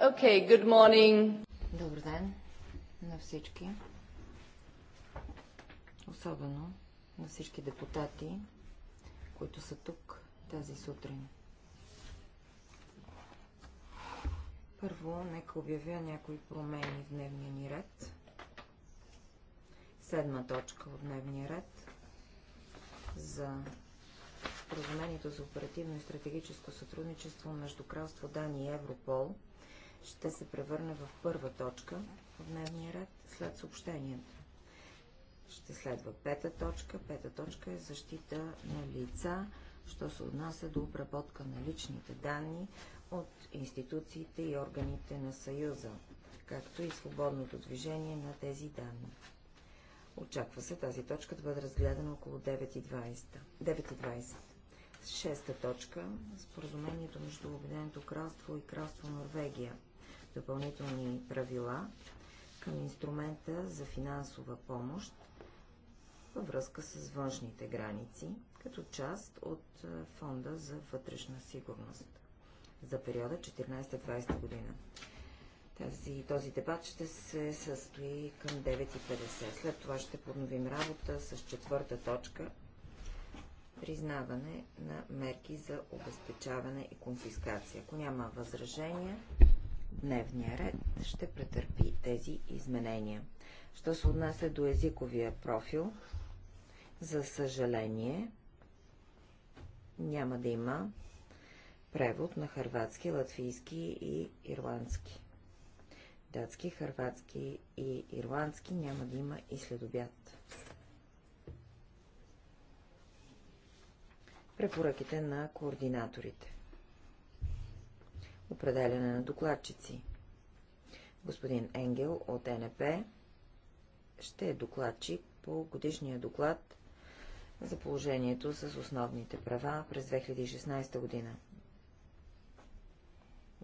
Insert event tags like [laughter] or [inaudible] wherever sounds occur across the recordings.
Okay, good morning. Добър ден на всички. Особено на всички депутати, които са тук тази сутрин. Първо, нека обявя някои промени в дневния ни ред. Седма точка от дневния ред за споразумението за оперативно и стратегическо сътрудничество между Кралство Дания и Европол – ще се превърне в първа точка в дневния ред след съобщението. Ще следва пета точка. Пета точка е защита на лица, що се отнася до обработка на личните данни от институциите и органите на Съюза, както и свободното движение на тези данни. Очаква се тази точка да бъде разгледана около 9.20. Шеста точка – споразумението между Обединеното кралство и кралство Норвегия – допълнителни правила към инструмента за финансова помощ във връзка с външните граници, като част от Фонда за вътрешна сигурност за периода 14-20 година. Тази, този дебат ще се състои към 9.50. След това ще подновим работа с четвърта точка признаване на мерки за обезпечаване и конфискация. Ако няма възражения, дневния ред ще претърпи тези изменения. Що се отнася до езиковия профил, за съжаление няма да има превод на хърватски, латвийски и ирландски. Датски, хърватски и ирландски няма да има и следобят. Препоръките на координаторите определяне на докладчици. Господин Енгел от НП ще е докладчик по годишния доклад за положението с основните права през 2016 година.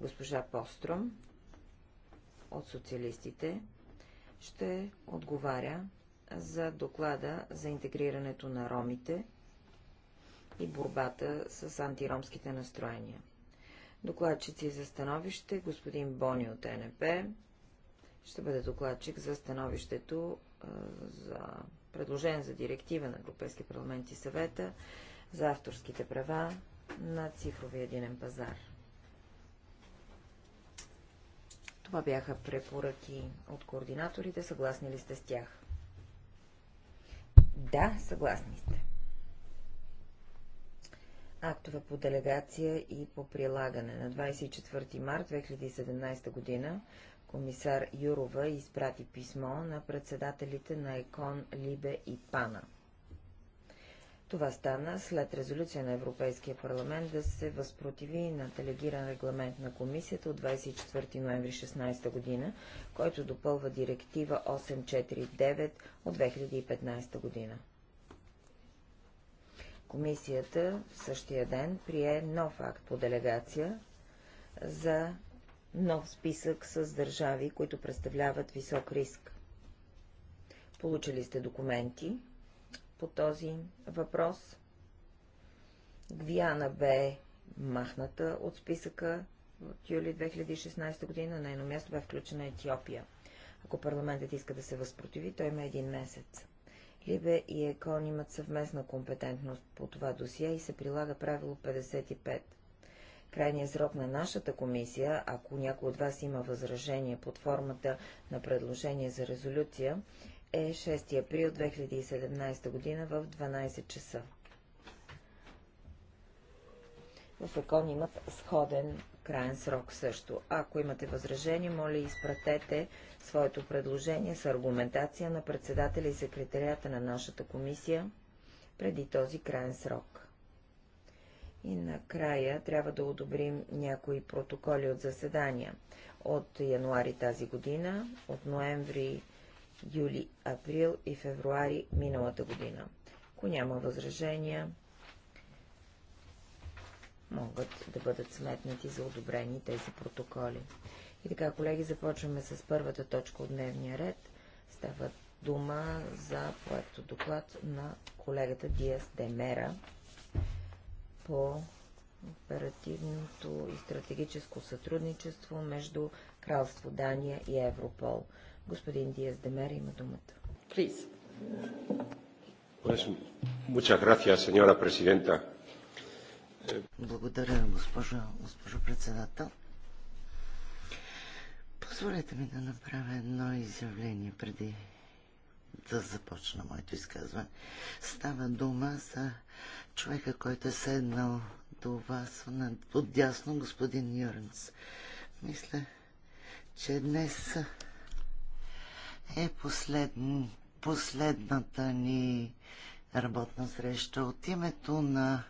Госпожа Постром от социалистите ще отговаря за доклада за интегрирането на ромите и борбата с антиромските настроения. Докладчици за становище, господин Бони от НП, ще бъде докладчик за становището за предложение за директива на Европейския парламент и съвета за авторските права на цифровия единен пазар. Това бяха препоръки от координаторите. Съгласни ли сте с тях? Да, съгласни сте актове по делегация и по прилагане. На 24 март 2017 година комисар Юрова изпрати писмо на председателите на ЕКОН, Либе и ПАНА. Това стана след резолюция на Европейския парламент да се възпротиви на делегиран регламент на комисията от 24 ноември 16 година, който допълва директива 849 от 2015 година. Комисията в същия ден прие нов акт по делегация за нов списък с държави, които представляват висок риск. Получили сте документи по този въпрос. Гвиана бе махната от списъка от юли 2016 година, на едно място бе включена Етиопия. Ако парламентът иска да се възпротиви, той има един месец. Либе и ЕКОН имат съвместна компетентност по това досие и се прилага правило 55. Крайният срок на нашата комисия, ако някой от вас има възражение под формата на предложение за резолюция, е 6 април 2017 година в 12 часа. В ЕКОН имат сходен крайен срок също. Ако имате възражение, моля изпратете своето предложение с аргументация на председателя и секретарията на нашата комисия преди този крайен срок. И накрая трябва да одобрим някои протоколи от заседания от януари тази година, от ноември, юли, април и февруари миналата година. Ако няма възражения, могат да бъдат сметнати за одобрени тези протоколи. И така, колеги, започваме с първата точка от дневния ред. Става дума за проекто доклад на колегата Диас Демера по оперативното и стратегическо сътрудничество между Кралство Дания и Европол. Господин Диас Демер има думата. Please. Pues, muchas gracias, señora presidenta. Благодаря, госпожо, госпожо председател. Позволете ми да направя едно изявление преди да започна моето изказване. Става дума за човека, който е седнал до вас отдясно, господин Йорнс. Мисля, че днес е последната ни работна среща. От името на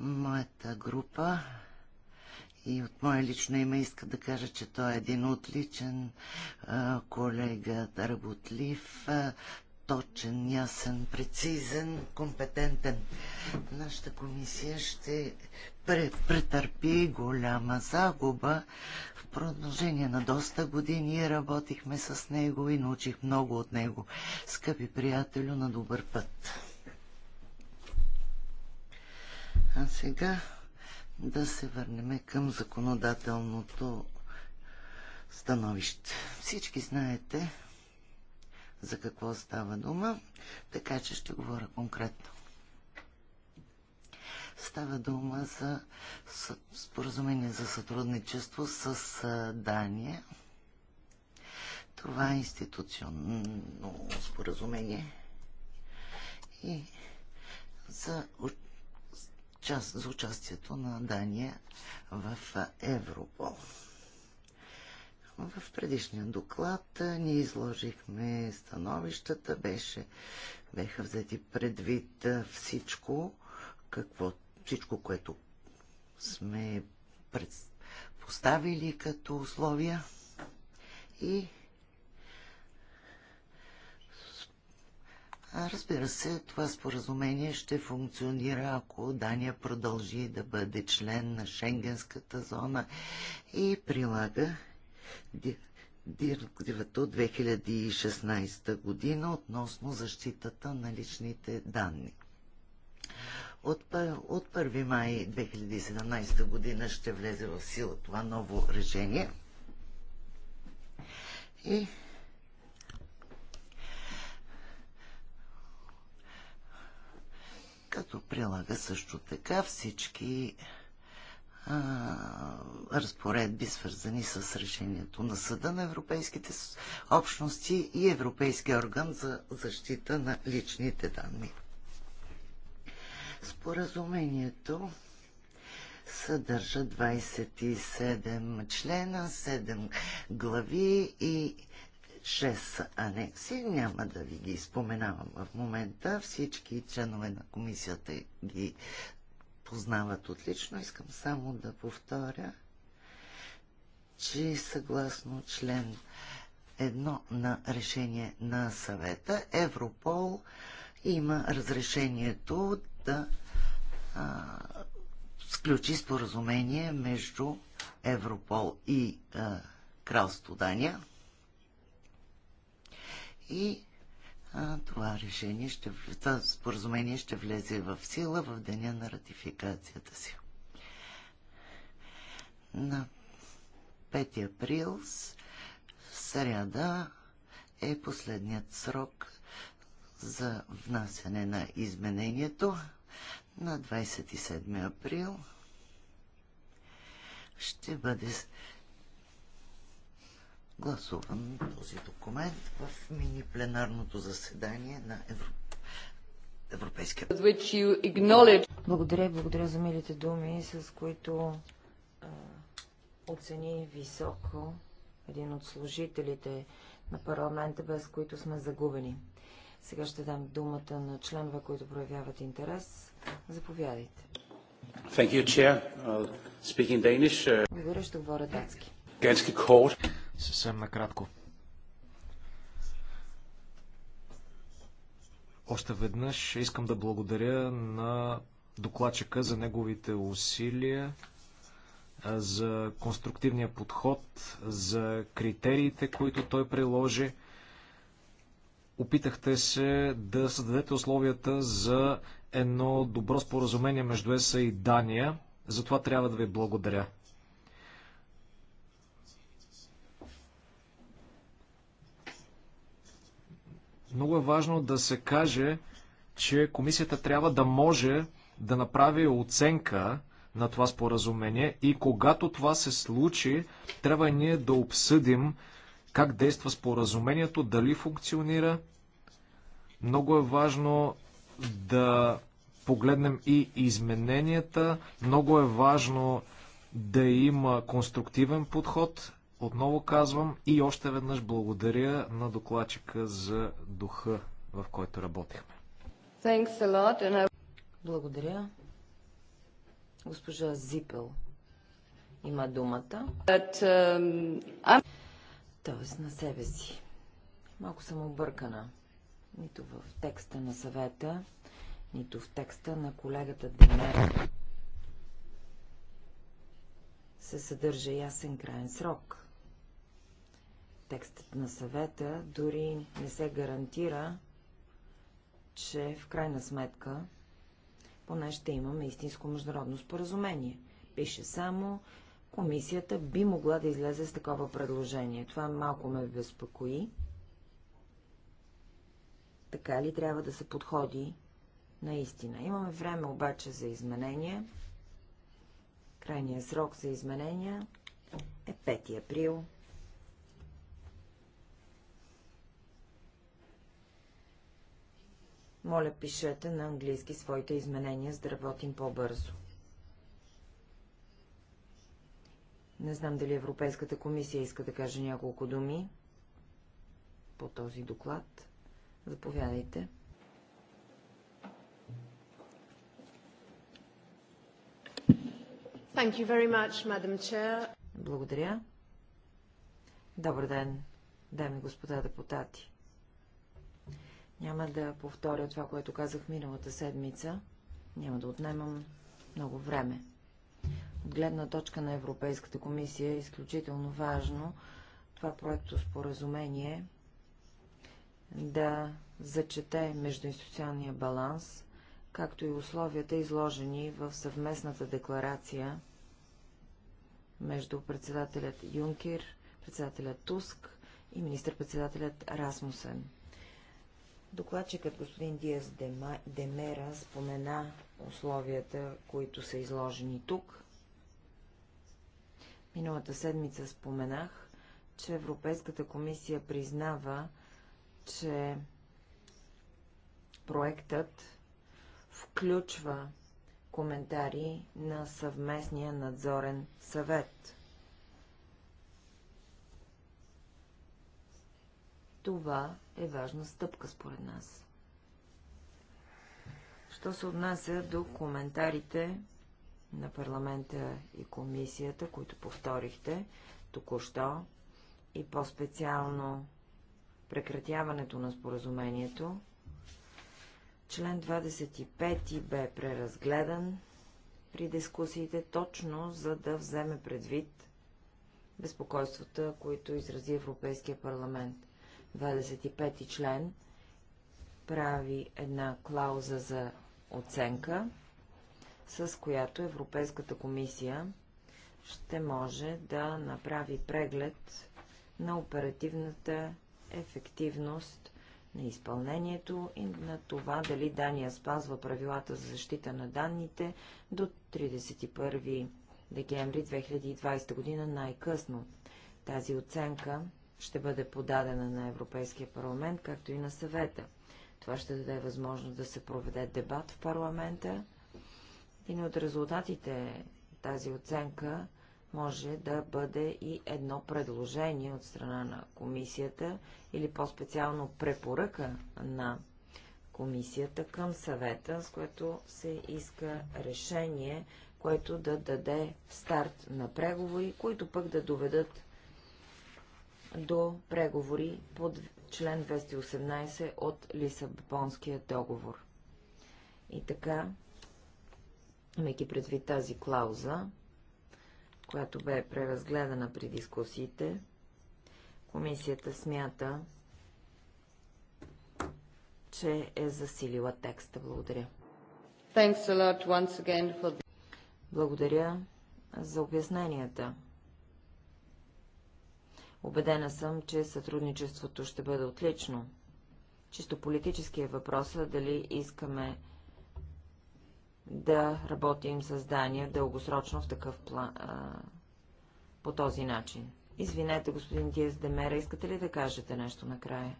Моята група и от мое лично име иска да кажа, че той е един отличен а, колега, работлив, а, точен, ясен, прецизен, компетентен. Нашата комисия ще претърпи голяма загуба. В продължение на доста години работихме с него и научих много от него. Скъпи приятелю, на добър път! А сега да се върнем към законодателното становище. Всички знаете за какво става дума, така че ще говоря конкретно. Става дума за споразумение за сътрудничество с Дания. Това е институционно споразумение и за част, за участието на Дания в Европол. В предишния доклад ние изложихме становищата, беше, беха взети предвид всичко, какво, всичко, което сме пред, поставили като условия и Разбира се, това споразумение ще функционира, ако Дания продължи да бъде член на Шенгенската зона и прилага директивата от 2016 година относно защитата на личните данни. От, от 1 май 2017 година ще влезе в сила това ново решение. И като прилага също така всички а, разпоредби, свързани с решението на Съда на Европейските общности и Европейския орган за защита на личните данни. Споразумението съдържа 27 члена, 7 глави и 6 анекси. Няма да ви ги споменавам в момента. Всички членове на комисията ги познават отлично. Искам само да повторя, че съгласно член 1 на решение на съвета, Европол има разрешението да а, сключи споразумение между Европол и а, Кралство Дания и а, това решение, ще, това споразумение ще влезе в сила в деня на ратификацията си. На 5 април, сряда, е последният срок за внасяне на изменението. На 27 април ще бъде гласуван този документ в мини пленарното заседание на Европа. Европейския. Благодаря, благодаря за милите думи, с които а, оцени високо един от служителите на парламента, без които сме загубени. Сега ще дам думата на членове, които проявяват интерес. Заповядайте. Thank you, Chair. Uh, speaking Danish. Uh... Благодаря, ще говоря датски съвсем накратко. Още веднъж искам да благодаря на докладчика за неговите усилия, за конструктивния подход, за критериите, които той приложи. Опитахте се да създадете условията за едно добро споразумение между ЕСА и Дания. За това трябва да ви благодаря. Много е важно да се каже, че комисията трябва да може да направи оценка на това споразумение и когато това се случи, трябва и ние да обсъдим как действа споразумението, дали функционира. Много е важно да погледнем и измененията. Много е важно да има конструктивен подход отново казвам и още веднъж благодаря на докладчика за духа, в който работихме. Благодаря. Госпожа Зипел има думата. But, um, Тоест на себе си. Малко съм объркана. Нито в текста на съвета, нито в текста на колегата Демер се съдържа ясен крайен срок текстът на съвета, дори не се гарантира, че в крайна сметка поне ще имаме истинско международно споразумение. Пише само, комисията би могла да излезе с такова предложение. Това малко ме безпокои. Така ли трябва да се подходи наистина? Имаме време обаче за изменения. Крайният срок за изменения е 5 април Моля, пишете на английски своите изменения, за да работим по-бързо. Не знам дали Европейската комисия иска да каже няколко думи по този доклад. Заповядайте. Thank you very much, Madam Chair. Благодаря. Добър ден, дами и господа депутати. Няма да повторя това, което казах миналата седмица. Няма да отнемам много време. От гледна точка на Европейската комисия е изключително важно това проекто споразумение да зачете междуинституционния баланс, както и условията изложени в съвместната декларация между председателят Юнкер, председателят Туск и министър-председателят Расмусен. Докладчикът господин Диас Демера спомена условията, които са изложени тук. Миналата седмица споменах, че Европейската комисия признава, че проектът включва коментари на съвместния надзорен съвет. Това е важна стъпка според нас. Що се отнася до коментарите на парламента и комисията, които повторихте току-що, и по-специално прекратяването на споразумението, член 25 бе преразгледан при дискусиите точно за да вземе предвид безпокойствата, които изрази Европейския парламент. 25 член прави една клауза за оценка, с която Европейската комисия ще може да направи преглед на оперативната ефективност на изпълнението и на това дали Дания спазва правилата за защита на данните до 31 декември 2020 година най-късно. Тази оценка ще бъде подадена на Европейския парламент, както и на съвета. Това ще даде възможност да се проведе дебат в парламента. Един от резултатите тази оценка може да бъде и едно предложение от страна на комисията или по-специално препоръка на комисията към съвета, с което се иска решение, което да даде старт на преговори, които пък да доведат до преговори под член 218 от Лисабонския договор. И така, имайки предвид тази клауза, която бе преразгледана при дискусиите, комисията смята, че е засилила текста. Благодаря. Благодаря за обясненията. Обедена съм, че сътрудничеството ще бъде отлично. Чисто политически е въпроса дали искаме да работим с Дания дългосрочно в такъв план, а, по този начин. Извинете, господин Диас Демера, искате ли да кажете нещо накрая?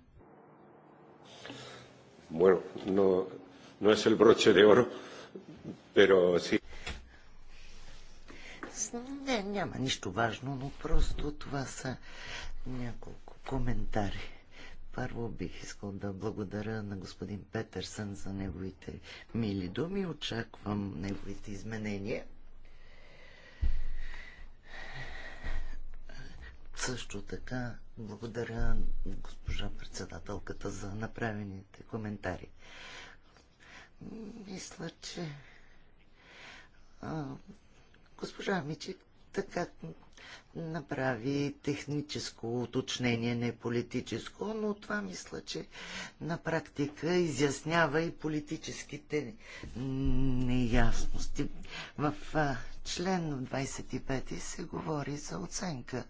Bueno, no, no es el broche de oro, pero sí не, няма нищо важно, но просто това са няколко коментари. Първо бих искал да благодаря на господин Петърсън за неговите мили думи. Очаквам неговите изменения. Също така благодаря госпожа председателката за направените коментари. Мисля, че Госпожа Мичик така направи техническо уточнение, не политическо, но това мисля, че на практика изяснява и политическите неясности. В член 25 се говори за оценка,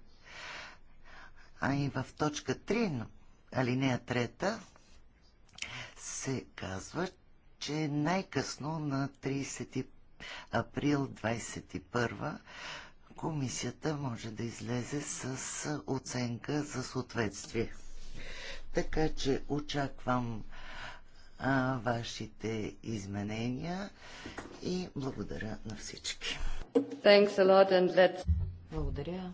а и в точка 3, алинея 3, се казва, че най-късно на 35 април 21 комисията може да излезе с оценка за съответствие. Така че очаквам а, вашите изменения и благодаря на всички. Благодаря.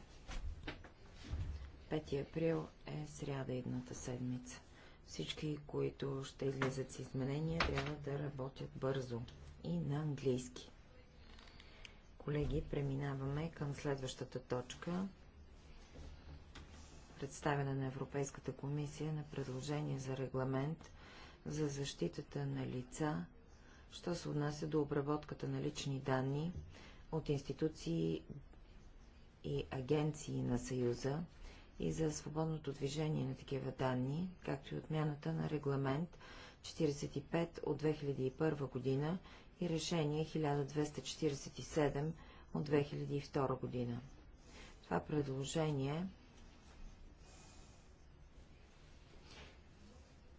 5 април е сряда едната седмица. Всички, които ще излизат с изменения, трябва да работят бързо и на английски. Колеги, преминаваме към следващата точка. Представяне на Европейската комисия на предложение за регламент за защитата на лица, що се отнася до обработката на лични данни от институции и агенции на Съюза и за свободното движение на такива данни, както и отмяната на регламент 45 от 2001 година и решение 1247 от 2002 година. Това предложение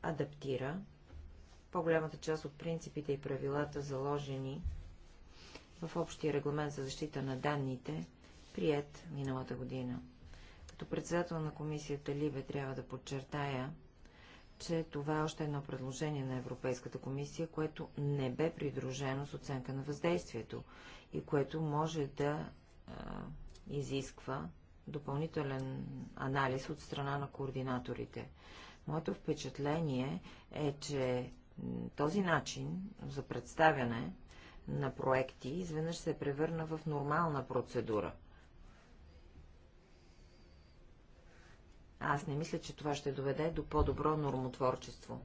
адаптира по-голямата част от принципите и правилата, заложени в Общия регламент за защита на данните, прият миналата година. Като председател на комисията Либе трябва да подчертая, че това е още едно предложение на Европейската комисия, което не бе придружено с оценка на въздействието и което може да а, изисква допълнителен анализ от страна на координаторите. Моето впечатление е, че този начин за представяне на проекти изведнъж се превърна в нормална процедура – Аз не мисля, че това ще доведе до по-добро нормотворчество.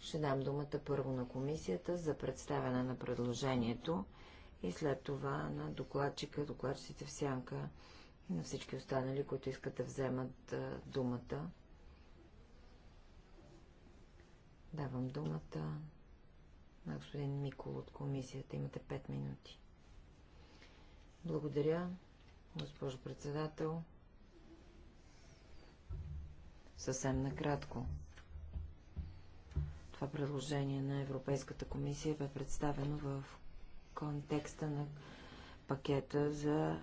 Ще дам думата първо на комисията за представяне на предложението и след това на докладчика, докладчиците в сянка и на всички останали, които искат да вземат думата. Давам думата на господин Микол от комисията. Имате 5 минути. Благодаря, госпожо председател съвсем накратко. Това предложение на Европейската комисия бе представено в контекста на пакета за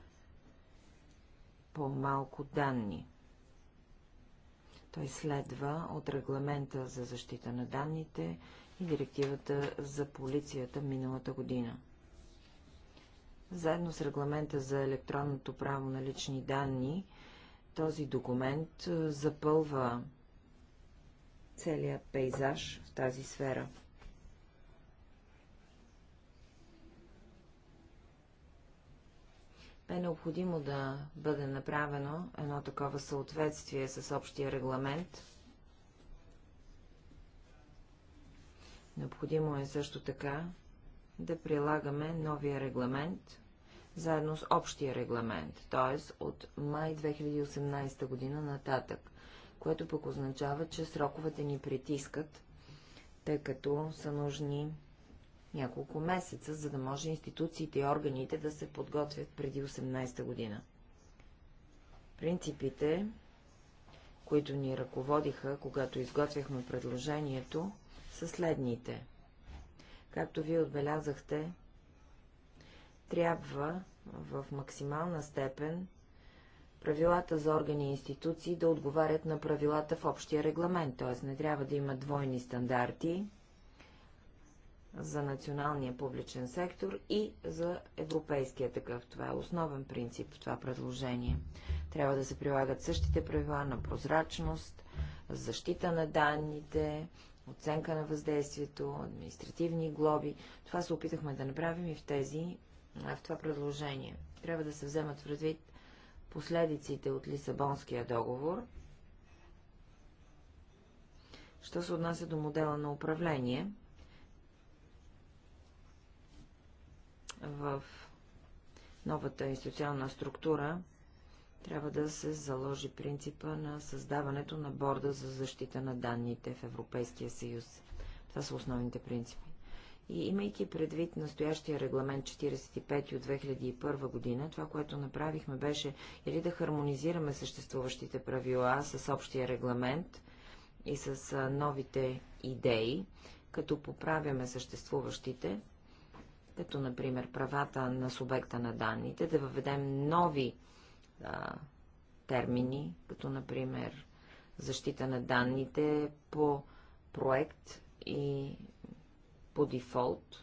по-малко данни. Той следва от регламента за защита на данните и директивата за полицията миналата година. Заедно с регламента за електронното право на лични данни, този документ е, запълва целият пейзаж в тази сфера. е необходимо да бъде направено едно такова съответствие с общия регламент. Необходимо е също така да прилагаме новия регламент заедно с общия регламент, т.е. от май 2018 година нататък, което пък означава, че сроковете ни притискат, тъй като са нужни няколко месеца, за да може институциите и органите да се подготвят преди 18 година. Принципите, които ни ръководиха, когато изготвяхме предложението, са следните. Както вие отбелязахте, трябва в максимална степен правилата за органи и институции да отговарят на правилата в общия регламент, т.е. не трябва да има двойни стандарти за националния публичен сектор и за европейския такъв. Това е основен принцип в това предложение. Трябва да се прилагат същите правила на прозрачност, защита на данните, оценка на въздействието, административни глоби. Това се опитахме да направим и в тези в това предложение. Трябва да се вземат в предвид последиците от Лисабонския договор, що се отнася до модела на управление в новата институционална структура, трябва да се заложи принципа на създаването на борда за защита на данните в Европейския съюз. Това са основните принципи. И имайки предвид настоящия регламент 45 от 2001 година, това, което направихме беше или да хармонизираме съществуващите правила с общия регламент и с новите идеи, като поправяме съществуващите, като например правата на субекта на данните, да въведем нови а, термини, като например защита на данните по проект и по дефолт.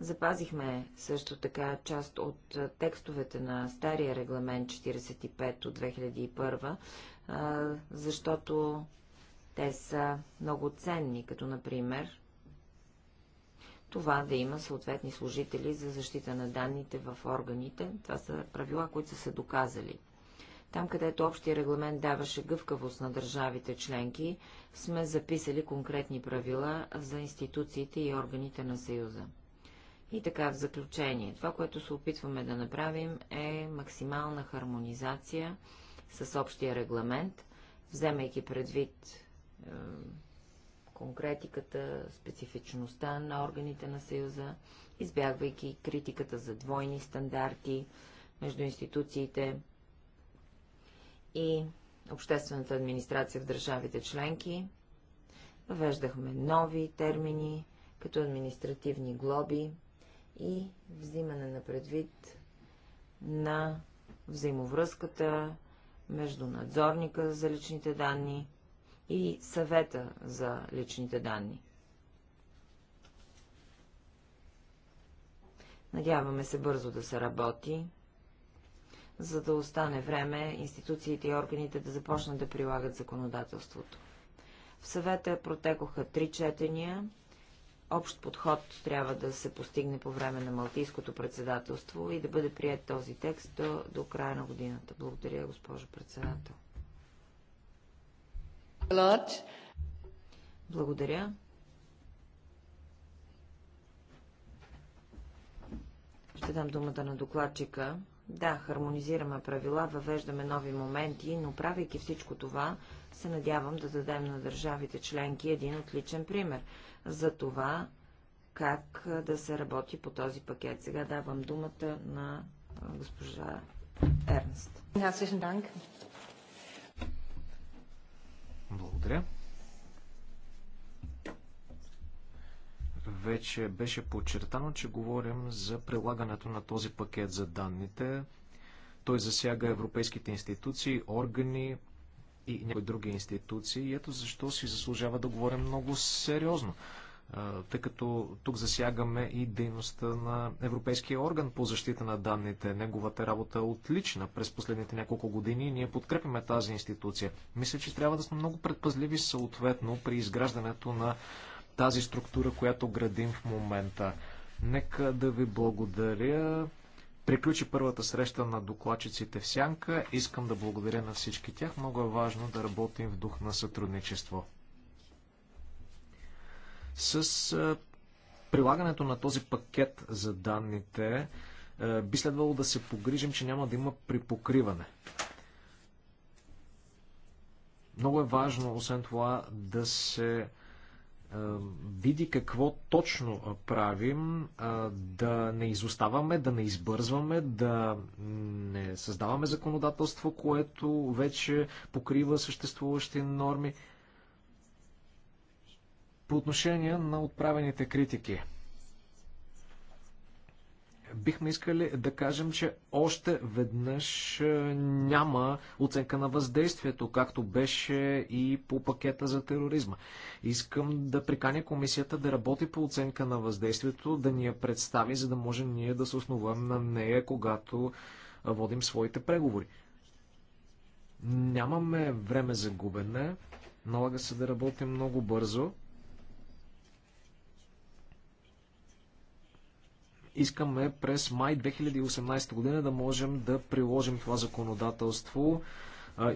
Запазихме също така част от текстовете на стария регламент 45 от 2001, защото те са много ценни, като например това да има съответни служители за защита на данните в органите. Това са правила, които са се доказали. Там, където общия регламент даваше гъвкавост на държавите членки, сме записали конкретни правила за институциите и органите на Съюза. И така, в заключение, това, което се опитваме да направим е максимална хармонизация с общия регламент, вземайки предвид е, конкретиката, специфичността на органите на Съюза, избягвайки критиката за двойни стандарти между институциите, и обществената администрация в държавите членки. Въвеждахме нови термини, като административни глоби и взимане на предвид на взаимовръзката между надзорника за личните данни и съвета за личните данни. Надяваме се бързо да се работи за да остане време институциите и органите да започнат да прилагат законодателството. В съвета протекоха три четения. Общ подход трябва да се постигне по време на Малтийското председателство и да бъде прият този текст до, до края на годината. Благодаря, госпожо председател. Благодаря. Ще дам думата на докладчика. Да, хармонизираме правила, въвеждаме нови моменти, но правейки всичко това, се надявам да дадем на държавите членки един отличен пример за това, как да се работи по този пакет. Сега давам думата на госпожа Ернст. Благодаря. Вече беше подчертано, че говорим за прилагането на този пакет за данните. Той засяга европейските институции, органи и някои други институции. И ето защо си заслужава да говорим много сериозно тъй като тук засягаме и дейността на Европейския орган по защита на данните. Неговата работа е отлична през последните няколко години и ние подкрепяме тази институция. Мисля, че трябва да сме много предпазливи съответно при изграждането на тази структура, която градим в момента. Нека да ви благодаря. Приключи първата среща на докладчиците в Сянка. Искам да благодаря на всички тях. Много е важно да работим в дух на сътрудничество. С прилагането на този пакет за данните би следвало да се погрижим, че няма да има припокриване. Много е важно, освен това, да се види какво точно правим, да не изоставаме, да не избързваме, да не създаваме законодателство, което вече покрива съществуващи норми. По отношение на отправените критики – бихме искали да кажем, че още веднъж е, няма оценка на въздействието, както беше и по пакета за тероризма. Искам да приканя комисията да работи по оценка на въздействието, да ни я представи, за да може ние да се основаем на нея, когато водим своите преговори. Нямаме време за губене. Налага се да работим много бързо. Искаме през май 2018 година да можем да приложим това законодателство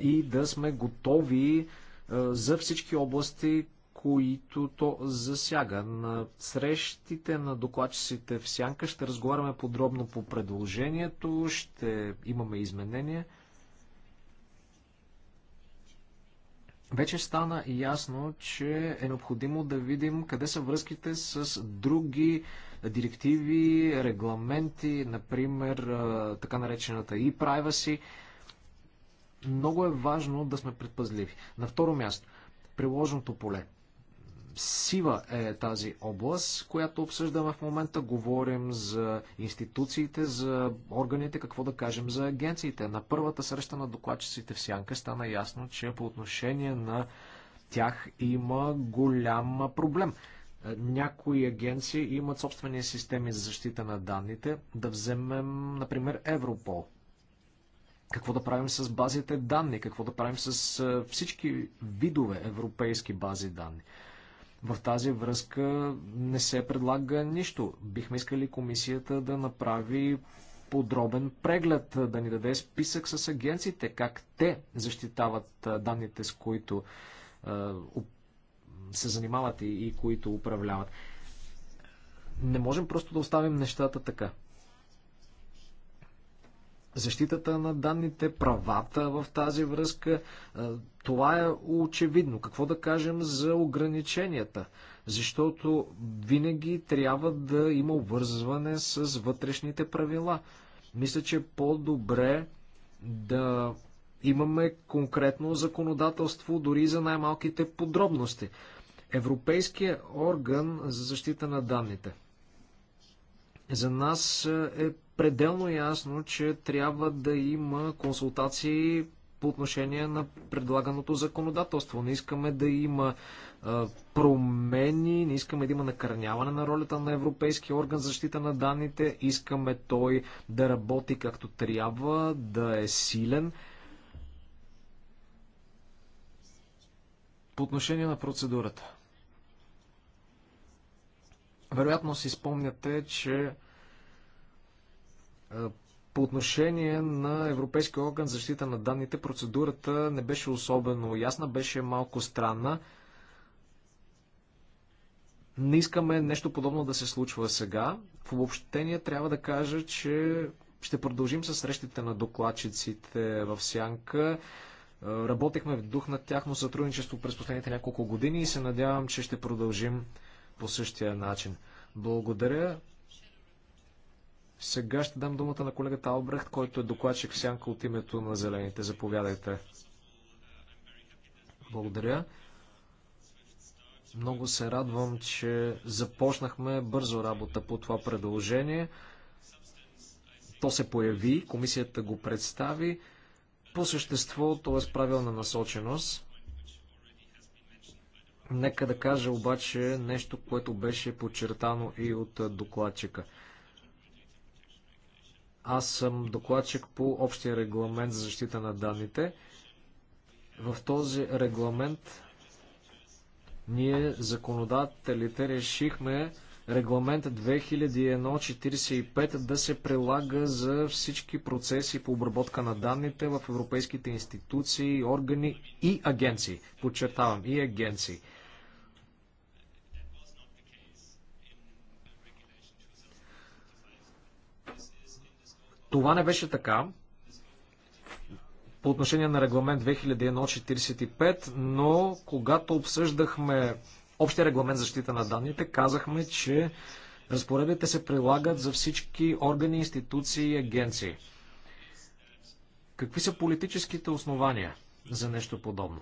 и да сме готови за всички области, които то засяга. На срещите на докладчиците в Сянка ще разговаряме подробно по предложението, ще имаме изменения. Вече стана ясно, че е необходимо да видим къде са връзките с други директиви, регламенти, например така наречената e-privacy. Много е важно да сме предпазливи. На второ място, приложното поле. Сива е тази област, която обсъждаме в момента. Говорим за институциите, за органите, какво да кажем за агенциите. На първата среща на докладчиците в Сянка стана ясно, че по отношение на тях има голям проблем. Е, някои агенции имат собствени системи за защита на данните. Да вземем, например, Европол. Какво да правим с базите данни? Какво да правим с е, всички видове европейски бази данни? В тази връзка не се предлага нищо. Бихме искали комисията да направи подробен преглед, е, да ни даде списък с агенциите, как те защитават данните, с които се занимават и, и които управляват. Не можем просто да оставим нещата така. Защитата на данните, правата в тази връзка, е, това е очевидно. Какво да кажем за ограниченията? Защото винаги трябва да има обвързване с вътрешните правила. Мисля, че е по-добре да имаме конкретно законодателство дори за най-малките подробности. Европейския орган за защита на данните. За нас е пределно ясно, че трябва да има консултации по отношение на предлаганото законодателство. Не искаме да има промени, не искаме да има накърняване на ролята на Европейския орган за защита на данните, искаме той да работи както трябва, да е силен. По отношение на процедурата. Вероятно си спомняте, че е, по отношение на Европейския орган за защита на данните, процедурата не беше особено ясна, беше малко странна. Не искаме нещо подобно да се случва сега. В обобщение трябва да кажа, че ще продължим с срещите на докладчиците в Сянка. Е, работехме в дух на тяхно сътрудничество през последните няколко години и се надявам, че ще продължим по същия начин. Благодаря. Сега ще дам думата на колегата Албрехт, който е докладчик сянка от името на Зелените. Заповядайте. Благодаря. Много се радвам, че започнахме бързо работа по това предложение. То се появи, комисията го представи. По същество то е с правилна насоченост. Нека да кажа обаче нещо, което беше подчертано и от докладчика. Аз съм докладчик по общия регламент за защита на данните. В този регламент ние, законодателите, решихме регламент 2001-45 да се прилага за всички процеси по обработка на данните в европейските институции, органи и агенции. Подчертавам, и агенции. Това не беше така по отношение на регламент 2001-45, но когато обсъждахме общия регламент за защита на данните, казахме, че разпоредбите се прилагат за всички органи, институции и агенции. Какви са политическите основания за нещо подобно?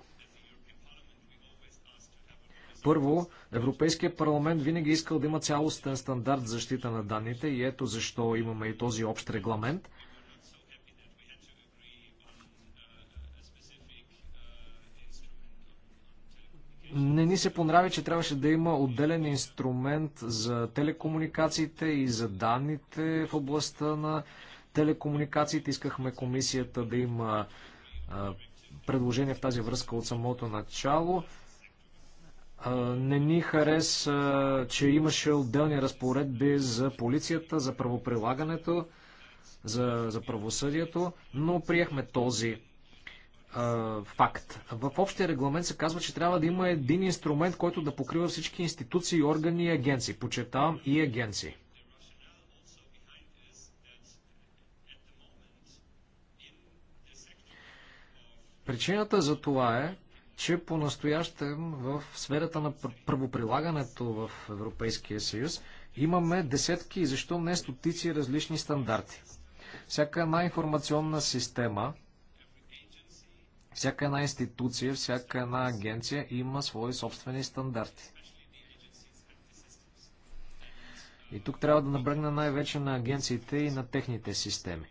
Първо, Европейския парламент винаги е искал да има цялостен стандарт защита на данните и ето защо имаме и този общ регламент. Не ни се понрави, че трябваше да има отделен инструмент за телекомуникациите и за данните в областта на телекомуникациите. Искахме комисията да има предложение в тази връзка от самото начало. Не ни хареса, че имаше отделни разпоредби за полицията, за правоприлагането, за, за правосъдието, но приехме този факт. В общия регламент се казва, че трябва да има един инструмент, който да покрива всички институции, органи и агенции. Почетавам и агенции. Причината за това е, че по-настоящем в сферата на правоприлагането в Европейския съюз имаме десетки, и защо не стотици различни стандарти. Всяка една информационна система, всяка една институция, всяка една агенция има свои собствени стандарти. И тук трябва да набръгна най-вече на агенциите и на техните системи.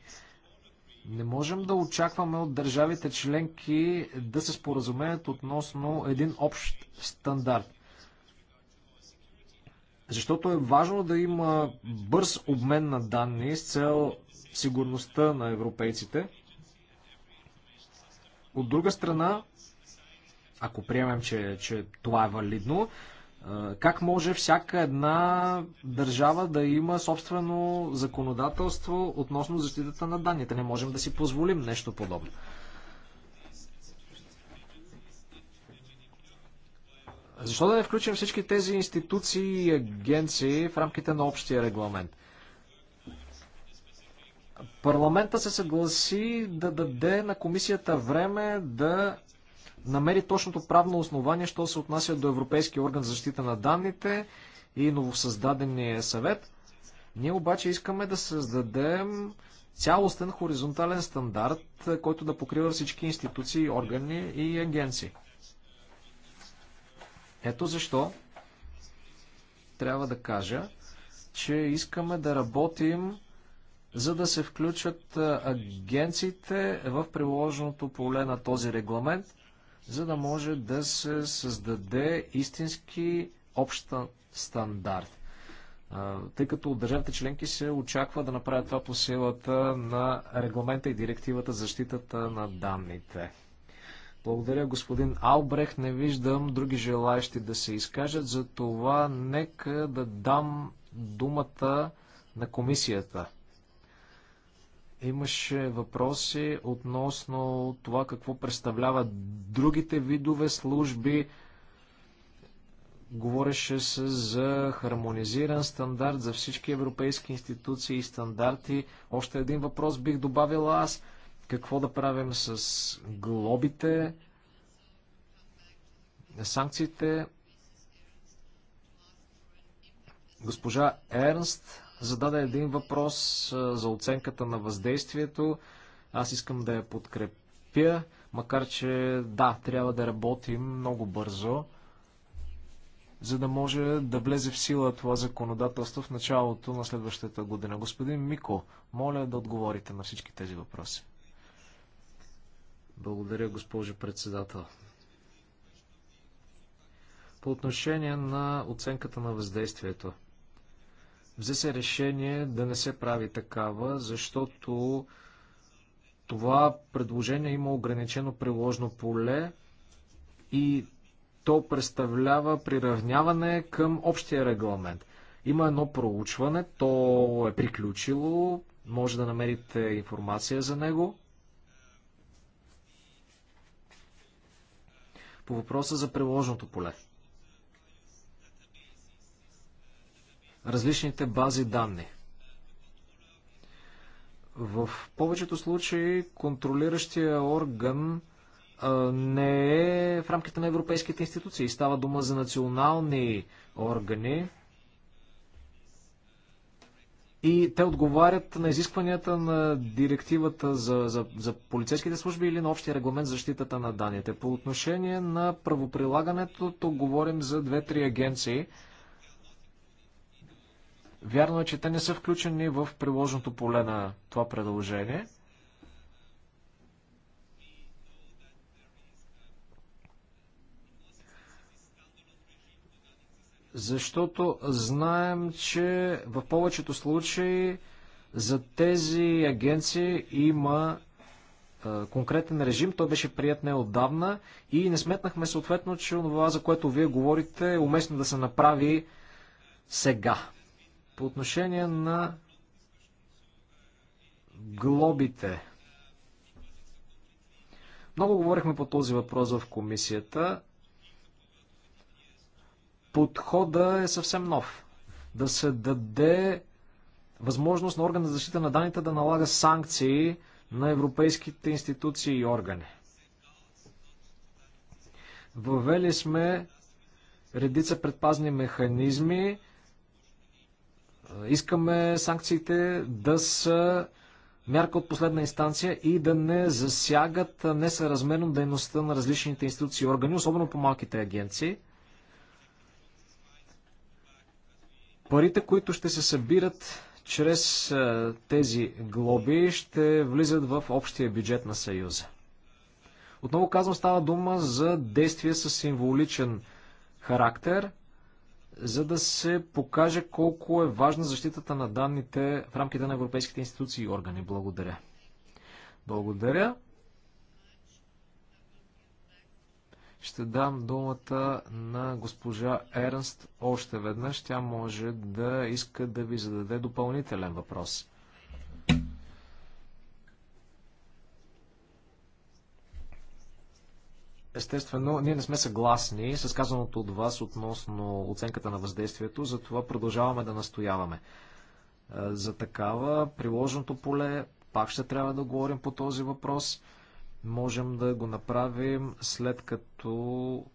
Не можем да очакваме от държавите членки да се споразумеят относно един общ стандарт. Защото е важно да има бърз обмен на данни с цел сигурността на европейците. От друга страна, ако приемем, че, че това е валидно, как може всяка една държава да има собствено законодателство относно защитата на данните? Не можем да си позволим нещо подобно. Защо да не включим всички тези институции и агенции в рамките на общия регламент? Парламента се съгласи да даде на комисията време да намери точното правно основание, що се отнася до Европейския орган за защита на данните и новосъздадения съвет. Ние обаче искаме да създадем цялостен хоризонтален стандарт, който да покрива всички институции, органи и агенции. Ето защо трябва да кажа, че искаме да работим за да се включат агенциите в приложеното поле на този регламент за да може да се създаде истински общ стандарт. Тъй като от държавите членки се очаква да направят това по силата на регламента и директивата за защитата на данните. Благодаря, господин Албрех. Не виждам други желаящи да се изкажат, за това нека да дам думата на комисията. Имаше въпроси относно това какво представляват другите видове служби. Говореше се за хармонизиран стандарт за всички европейски институции и стандарти. Още един въпрос бих добавила аз. Какво да правим с глобите, санкциите? Госпожа Ернст зададе един въпрос за оценката на въздействието. Аз искам да я подкрепя, макар че да, трябва да работим много бързо, за да може да влезе в сила това законодателство в началото на следващата година. Господин Мико, моля да отговорите на всички тези въпроси. Благодаря, госпожо председател. По отношение на оценката на въздействието – Взе се решение да не се прави такава, защото това предложение има ограничено приложно поле и то представлява приравняване към общия регламент. Има едно проучване, то е приключило, може да намерите информация за него. По въпроса за приложното поле. различните бази данни. В повечето случаи контролиращия орган не е в рамките на европейските институции. Става дума за национални органи и те отговарят на изискванията на директивата за, за, за полицейските служби или на общия регламент за защитата на данните. По отношение на правоприлагането, то говорим за две-три агенции – Вярно е, че те не са включени в приложното поле на това предложение. Защото знаем, че в повечето случаи за тези агенции има конкретен режим. Той беше прият не отдавна и не сметнахме съответно, че това, за което вие говорите, е уместно да се направи сега. По отношение на глобите. Много говорихме по този въпрос в комисията. Подхода е съвсем нов. Да се даде възможност на орган за защита на данните да налага санкции на европейските институции и органи. Въвели сме редица предпазни механизми, Искаме санкциите да са мярка от последна инстанция и да не засягат несъразмерно дейността на различните институции и органи, особено по малките агенции. Парите, които ще се събират чрез тези глоби, ще влизат в общия бюджет на Съюза. Отново казвам, става дума за действия с символичен характер – за да се покаже колко е важна защитата на данните в рамките на европейските институции и органи. Благодаря. Благодаря. Ще дам думата на госпожа Ернст още веднъж. Тя може да иска да ви зададе допълнителен въпрос. Естествено, ние не сме съгласни с казаното от вас относно оценката на въздействието, затова продължаваме да настояваме. Е, за такава приложеното поле, пак ще трябва да говорим по този въпрос. Можем да го направим след като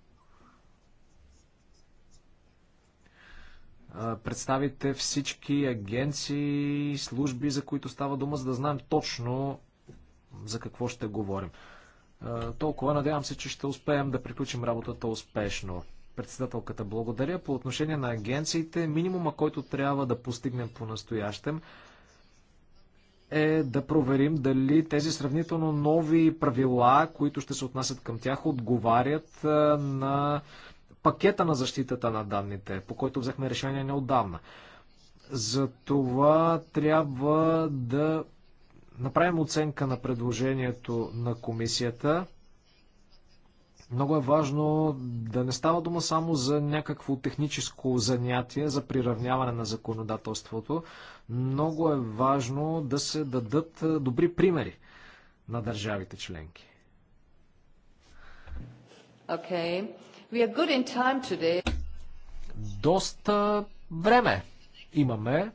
е, представите всички агенции, служби, за които става дума, за да знаем точно за какво ще говорим. Толкова надявам се, че ще успеем да приключим работата успешно. Председателката, благодаря. По отношение на агенциите, минимума, който трябва да постигнем по-настоящем, е да проверим дали тези сравнително нови правила, които ще се отнасят към тях, отговарят на пакета на защитата на данните, по който взехме решение неодавна. За това трябва да направим оценка на предложението на комисията. Много е важно да не става дума само за някакво техническо занятие за приравняване на законодателството. Много е важно да се дадат е, добри примери на държавите членки. Okay. We are good in time today. Доста време имаме.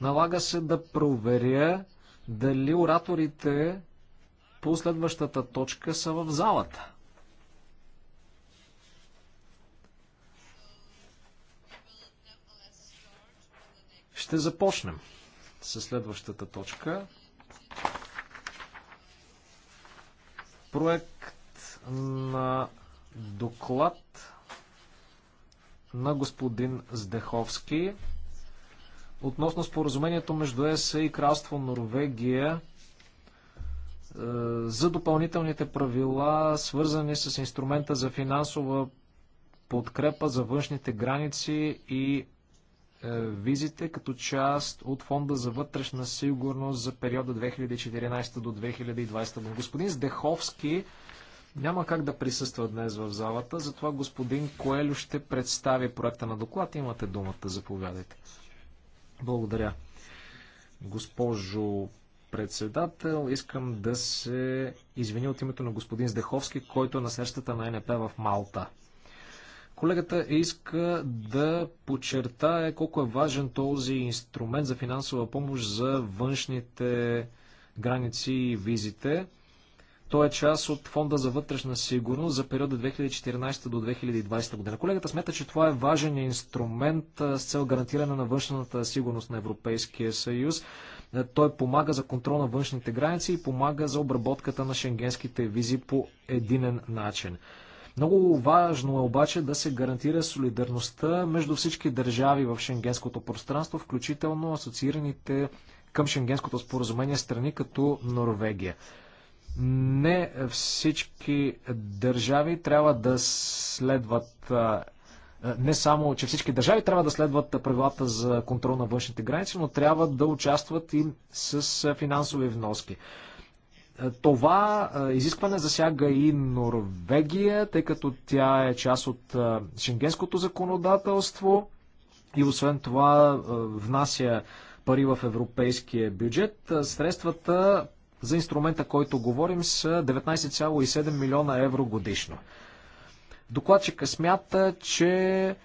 Налага се да проверя дали ораторите по следващата точка са в залата. Ще започнем с следващата точка. Проект на доклад на господин Здеховски Относно споразумението между ЕС и Кралство Норвегия е, за допълнителните правила, свързани с инструмента за финансова подкрепа за външните граници и е, визите като част от Фонда за вътрешна сигурност за периода 2014 до 2020 година. Господин Здеховски няма как да присъства днес в залата, затова господин Коелю ще представи проекта на доклад. Имате думата, заповядайте. Благодаря. Госпожо председател, искам да се извиня от името на господин Здеховски, който е на срещата на НП в Малта. Колегата иска да подчертае колко е важен този инструмент за финансова помощ за външните граници и визите. Той е част от Фонда за вътрешна сигурност за периода 2014 до 2020 година. Колегата смята, че това е важен инструмент с цел гарантиране на външната сигурност на Европейския съюз. Той помага за контрол на външните граници и помага за обработката на шенгенските визи по единен начин. Много важно е обаче да се гарантира солидарността между всички държави в шенгенското пространство, включително асоциираните към шенгенското споразумение страни като Норвегия. Не всички държави трябва да следват не само, че всички държави трябва да следват правилата за контрол на външните граници, но трябва да участват и с финансови вноски. Това изискване засяга и Норвегия, тъй като тя е част от шенгенското законодателство и освен това внася пари в европейския бюджет. Средствата за инструмента, който говорим, са 19,7 милиона евро годишно. Докладчика смята, че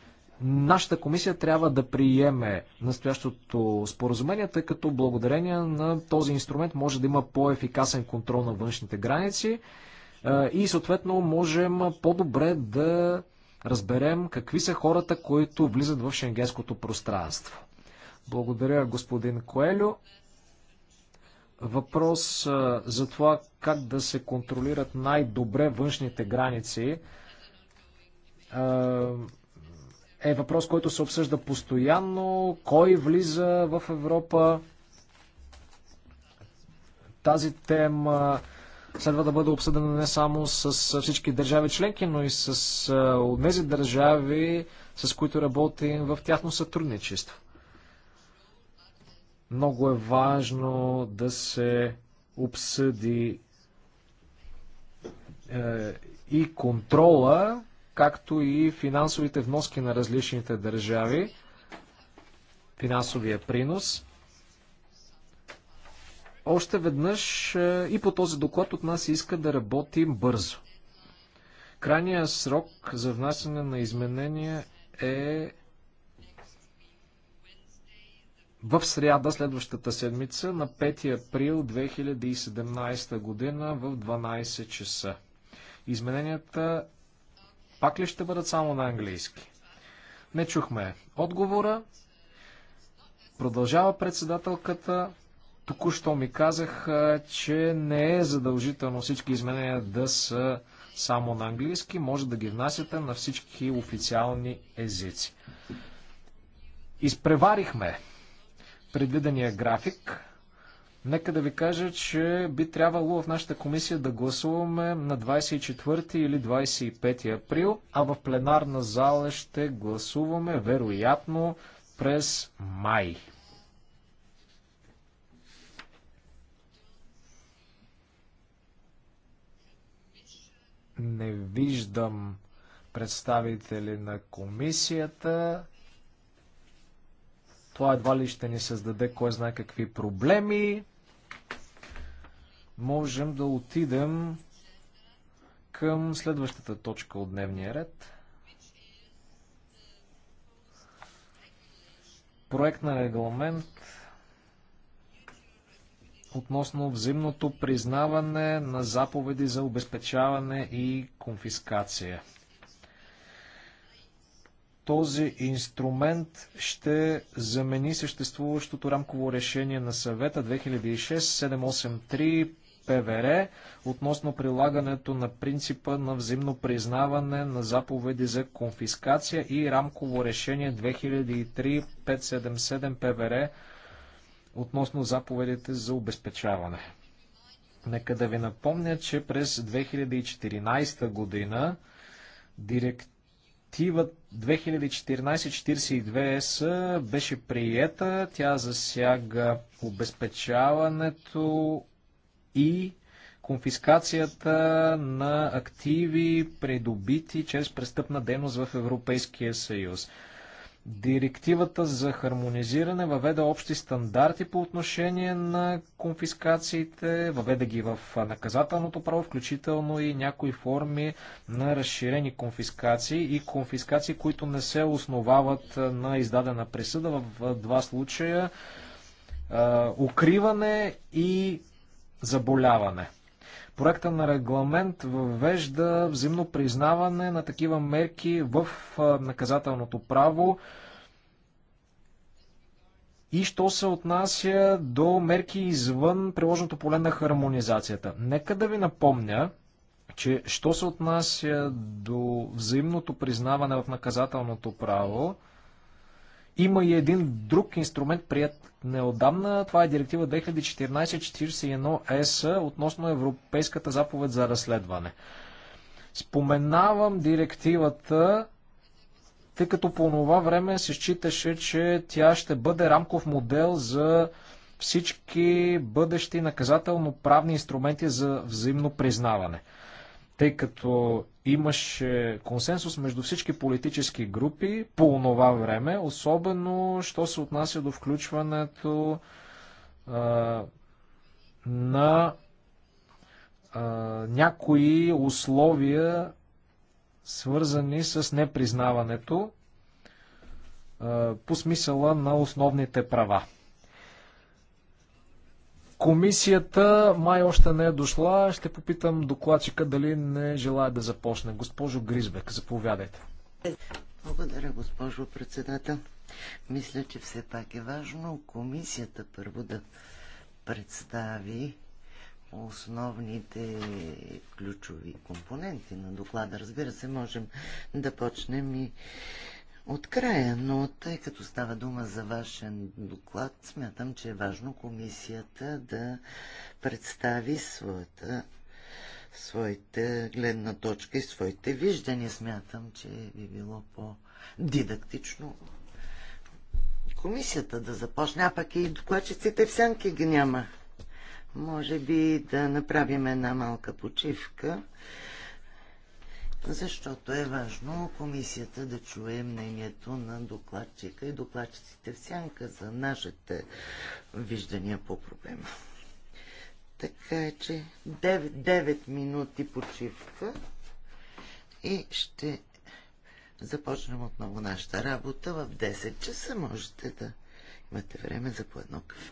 нашата комисия трябва да приеме настоящото споразумение, тъй като благодарение на този инструмент може да има по-ефикасен контрол на външните граници и съответно можем по-добре да разберем какви са хората, които влизат в шенгенското пространство. Благодаря господин Коелю въпрос за това как да се контролират най-добре външните граници е въпрос, който се обсъжда постоянно. Кой влиза в Европа? Тази тема следва да бъде обсъдена не само с всички държави членки, но и с тези държави, с които работим в тяхно сътрудничество. Много е важно да се обсъди е, и контрола, както и финансовите вноски на различните държави, финансовия принос. Още веднъж е, и по този доклад от нас иска да работим бързо. Крайният срок за внасяне на изменения е в сряда следващата седмица на 5 април 2017 година в 12 часа. Измененията пак ли ще бъдат само на английски? Не чухме отговора. Продължава председателката. Току-що ми казах, че не е задължително всички изменения да са само на английски. Може да ги внасяте на всички официални езици. Изпреварихме предвидения график. Нека да ви кажа, че би трябвало в нашата комисия да гласуваме на 24 или 25 април, а в пленарна зала ще гласуваме вероятно през май. Не виждам представители на комисията. Това едва ли ще ни създаде кой знае какви проблеми. Можем да отидем към следващата точка от дневния ред. Проект на регламент относно взаимното признаване на заповеди за обезпечаване и конфискация този инструмент ще замени съществуващото рамково решение на съвета 2006-783 ПВР относно прилагането на принципа на взаимно признаване на заповеди за конфискация и рамково решение 2003-577 ПВР относно заповедите за обезпечаване. Нека да ви напомня, че през 2014 година директива Директива 2014-42 ЕС беше приета. Тя засяга обезпечаването и конфискацията на активи, придобити чрез престъпна дейност в Европейския съюз. Директивата за хармонизиране въведе общи стандарти по отношение на конфискациите, въведе ги в наказателното право, включително и някои форми на разширени конфискации и конфискации, които не се основават на издадена присъда в два случая укриване и заболяване. Проекта на регламент въвежда взаимно признаване на такива мерки в наказателното право. И що се отнася до мерки извън приложното поле на хармонизацията. Нека да ви напомня, че що се отнася до взаимното признаване в наказателното право, има и един друг инструмент, прият неодавна. Това е директива 2014-41 ЕС относно Европейската заповед за разследване. Споменавам директивата, тъй като по това време се считаше, че тя ще бъде рамков модел за всички бъдещи наказателно-правни инструменти за взаимно признаване тъй като имаше консенсус между всички политически групи по това време, особено що се отнася до включването а, на а, някои условия, свързани с непризнаването а, по смисъла на основните права. Комисията май още не е дошла. Ще попитам докладчика дали не желая да започне. Госпожо Гризбек, заповядайте. Благодаря, госпожо председател. Мисля, че все пак е важно комисията първо да представи основните ключови компоненти на доклада. Разбира се, можем да почнем и от края, но тъй като става дума за вашен доклад, смятам, че е важно комисията да представи своята своите гледна точка и своите виждания. Смятам, че би било по-дидактично комисията да започне, а пък и докладчиците в сянки ги няма. Може би да направим една малка почивка защото е важно комисията да чуе мнението на докладчика и докладчиците в сянка за нашите виждания по проблема. Така е, че 9, 9 минути почивка и ще започнем отново нашата работа в 10 часа. Можете да имате време за по едно кафе.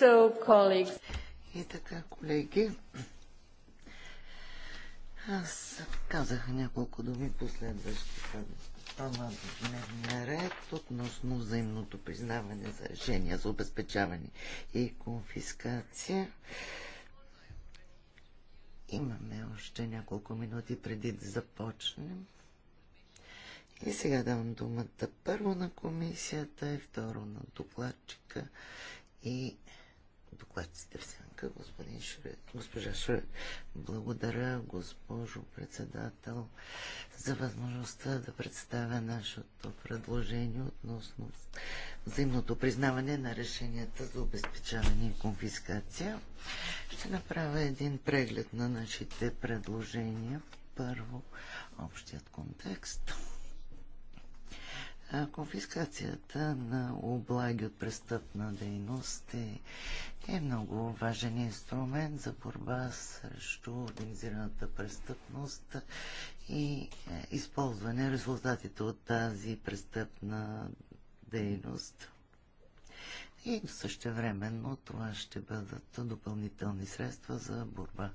So, colleagues. И така, колеги, аз казах няколко думи последващите тема дневния ред относно взаимното признаване за решения за обезпечаване и конфискация. Имаме още няколко минути преди да започнем. И сега давам думата първо на комисията и второ на докладчика и Докладците, в сянка, господин Шред, госпожа Шред. Благодаря, госпожо председател, за възможността да представя нашето предложение относно взаимното признаване на решенията за обезпечаване и конфискация. Ще направя един преглед на нашите предложения. Първо, общият контекст конфискацията на облаги от престъпна дейност е, е много важен инструмент за борба срещу организираната престъпност и е, използване резултатите от тази престъпна дейност и същевременно това ще бъдат допълнителни средства за борба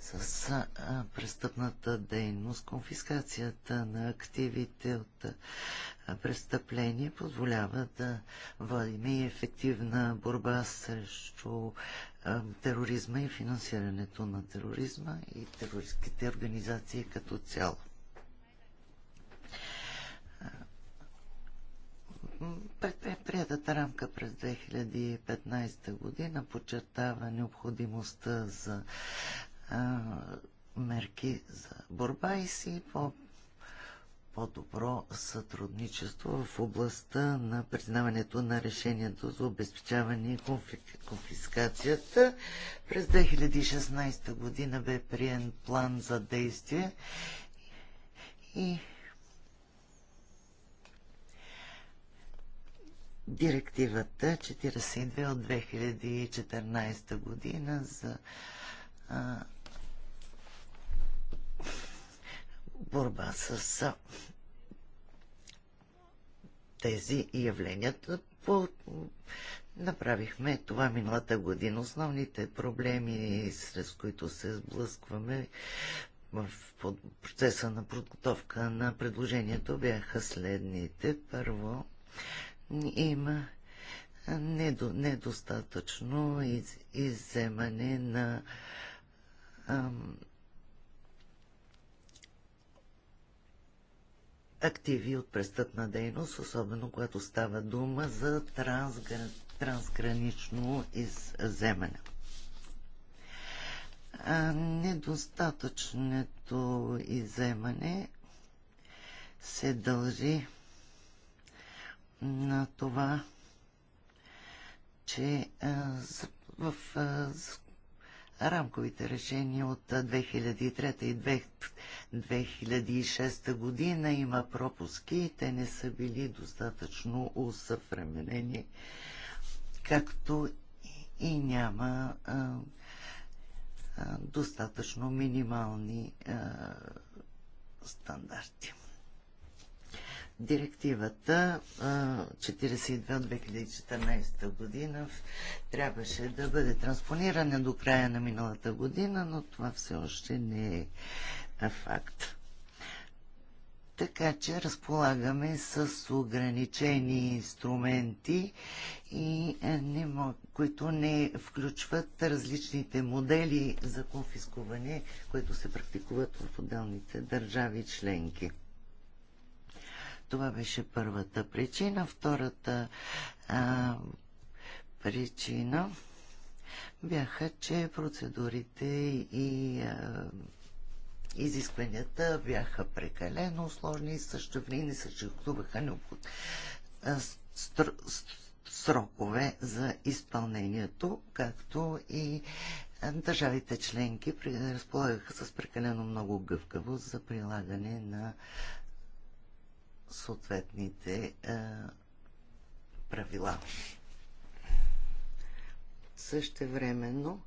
с престъпната дейност. Конфискацията на активите от престъпление позволява да водим и ефективна борба срещу тероризма и финансирането на тероризма и терористските организации като цяло. Е приятата рамка през 2015 година подчертава необходимостта за а, мерки за борба и си по по-добро сътрудничество в областта на признаването на решението за обезпечаване и конфискацията. През 2016 година бе приен план за действие и директивата 42 от 2014 година за а, борба с а, тези явленията. По, направихме това миналата година. Основните проблеми, с които се сблъскваме в процеса на подготовка на предложението бяха следните. Първо, има недо, недостатъчно из, изземане на ам, активи от престъпна дейност, особено когато става дума за трансгр... трансгранично изземане. А недостатъчното изземане се дължи на това, че е, в е, рамковите решения от 2003 е, и 2006 година има пропуски и те не са били достатъчно усъвременени, както и няма а, а, достатъчно минимални а, стандарти. Директивата 42 от 2014 година трябваше да бъде транспонирана до края на миналата година, но това все още не е факт. Така че разполагаме с ограничени инструменти, и е, не мог, които не включват различните модели за конфискуване, които се практикуват в отделните държави членки. Това беше първата причина. Втората а, причина бяха, че процедурите и а, изискванията бяха прекалено сложни и също не съществуваха необход... Стр... срокове за изпълнението, както и държавите членки разполагаха с прекалено много гъвкавост за прилагане на съответните правила. времено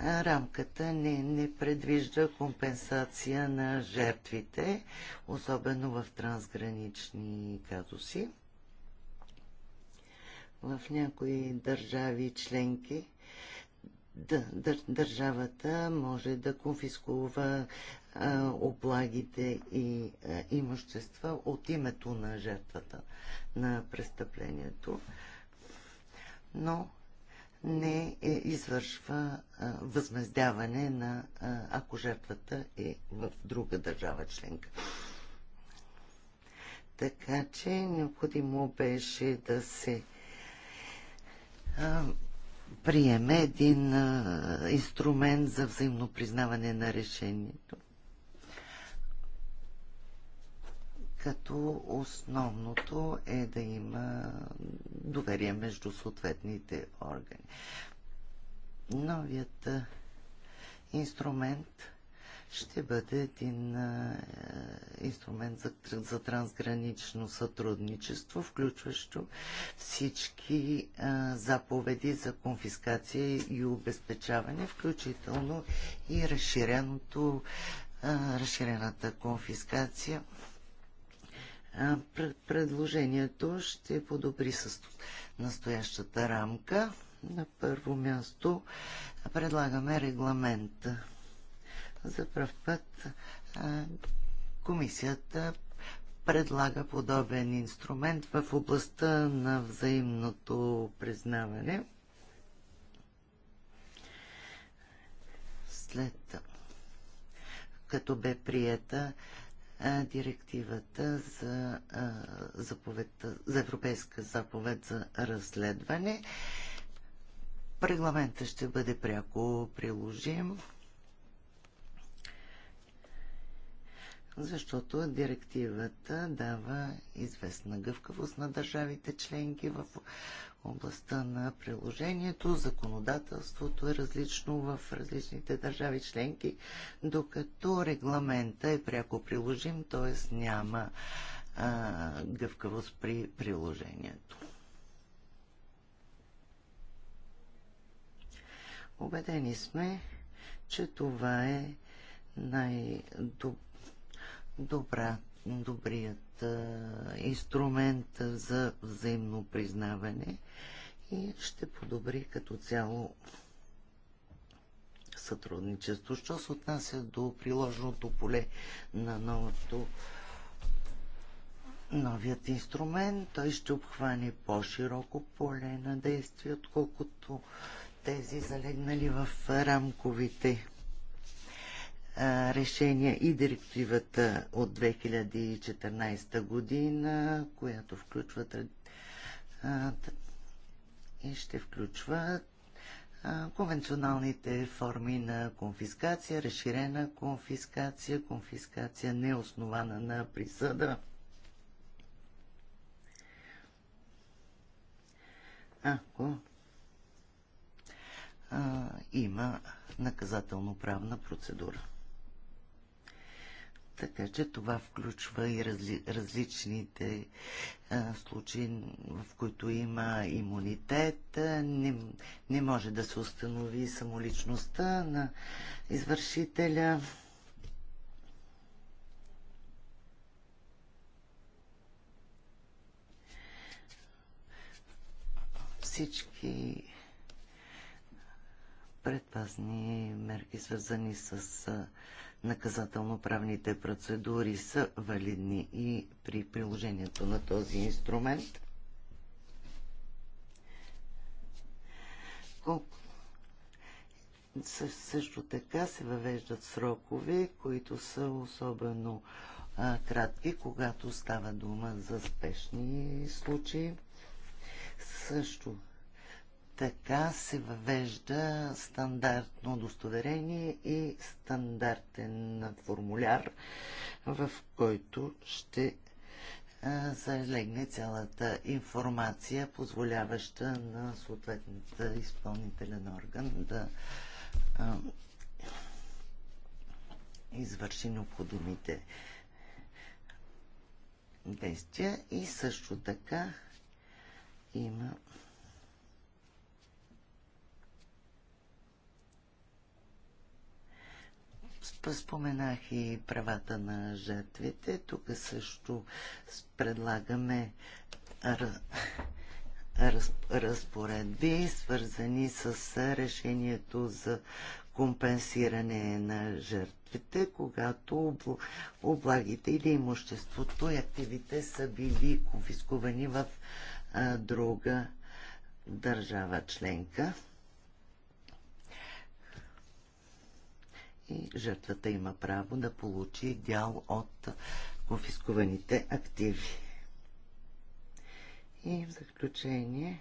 рамката не, не предвижда компенсация на жертвите, особено в трансгранични казуси. В някои държави членки държавата може да конфискува облагите и имущества от името на жертвата на престъплението, но не е, извършва възмездяване на ако жертвата е в друга държава членка. Така че необходимо беше да се приеме един инструмент за взаимно признаване на решението. като основното е да има доверие между съответните органи. Новият инструмент ще бъде един е, инструмент за, за трансгранично сътрудничество, включващо всички заповеди за конфискация и обезпечаване, включително и разширеното, разширената конфискация Предложението ще подобри с настоящата рамка. На първо място предлагаме регламента. За пръв път комисията предлага подобен инструмент в областта на взаимното признаване. След като бе приета директивата за, заповед, за Европейска заповед за разследване. Регламента ще бъде пряко приложим. защото директивата дава известна гъвкавост на държавите членки в областта на приложението. Законодателството е различно в различните държави членки, докато регламента е пряко приложим, т.е. няма а, гъвкавост при приложението. Обедени сме, че това е най-добър добра, добрият а, инструмент за взаимно признаване и ще подобри като цяло сътрудничество. Що се отнася до приложеното поле на новото новият инструмент, той ще обхване по-широко поле на действие, отколкото тези залегнали в рамковите решения и директивата от 2014 година, която включва и ще включва конвенционалните форми на конфискация, разширена конфискация, конфискация неоснована на присъда. Ако а, има наказателно-правна процедура. Така че това включва и разли, различните а, случаи, в които има имунитет. Не, не може да се установи самоличността на извършителя. Всички предпазни мерки, свързани с наказателно-правните процедури са валидни и при приложението на този инструмент. Колко също така се въвеждат срокове, които са особено а, кратки, когато става дума за спешни случаи. Също така се въвежда стандартно удостоверение и стандартен формуляр, в който ще залегне цялата информация, позволяваща на съответната изпълнителен орган да извърши необходимите действия и също така има Споменах и правата на жертвите. Тук също предлагаме разпоредби, свързани с решението за компенсиране на жертвите, когато облагите или имуществото и активите са били конфискувани в друга държава членка. и жертвата има право да получи дял от конфискуваните активи. И в заключение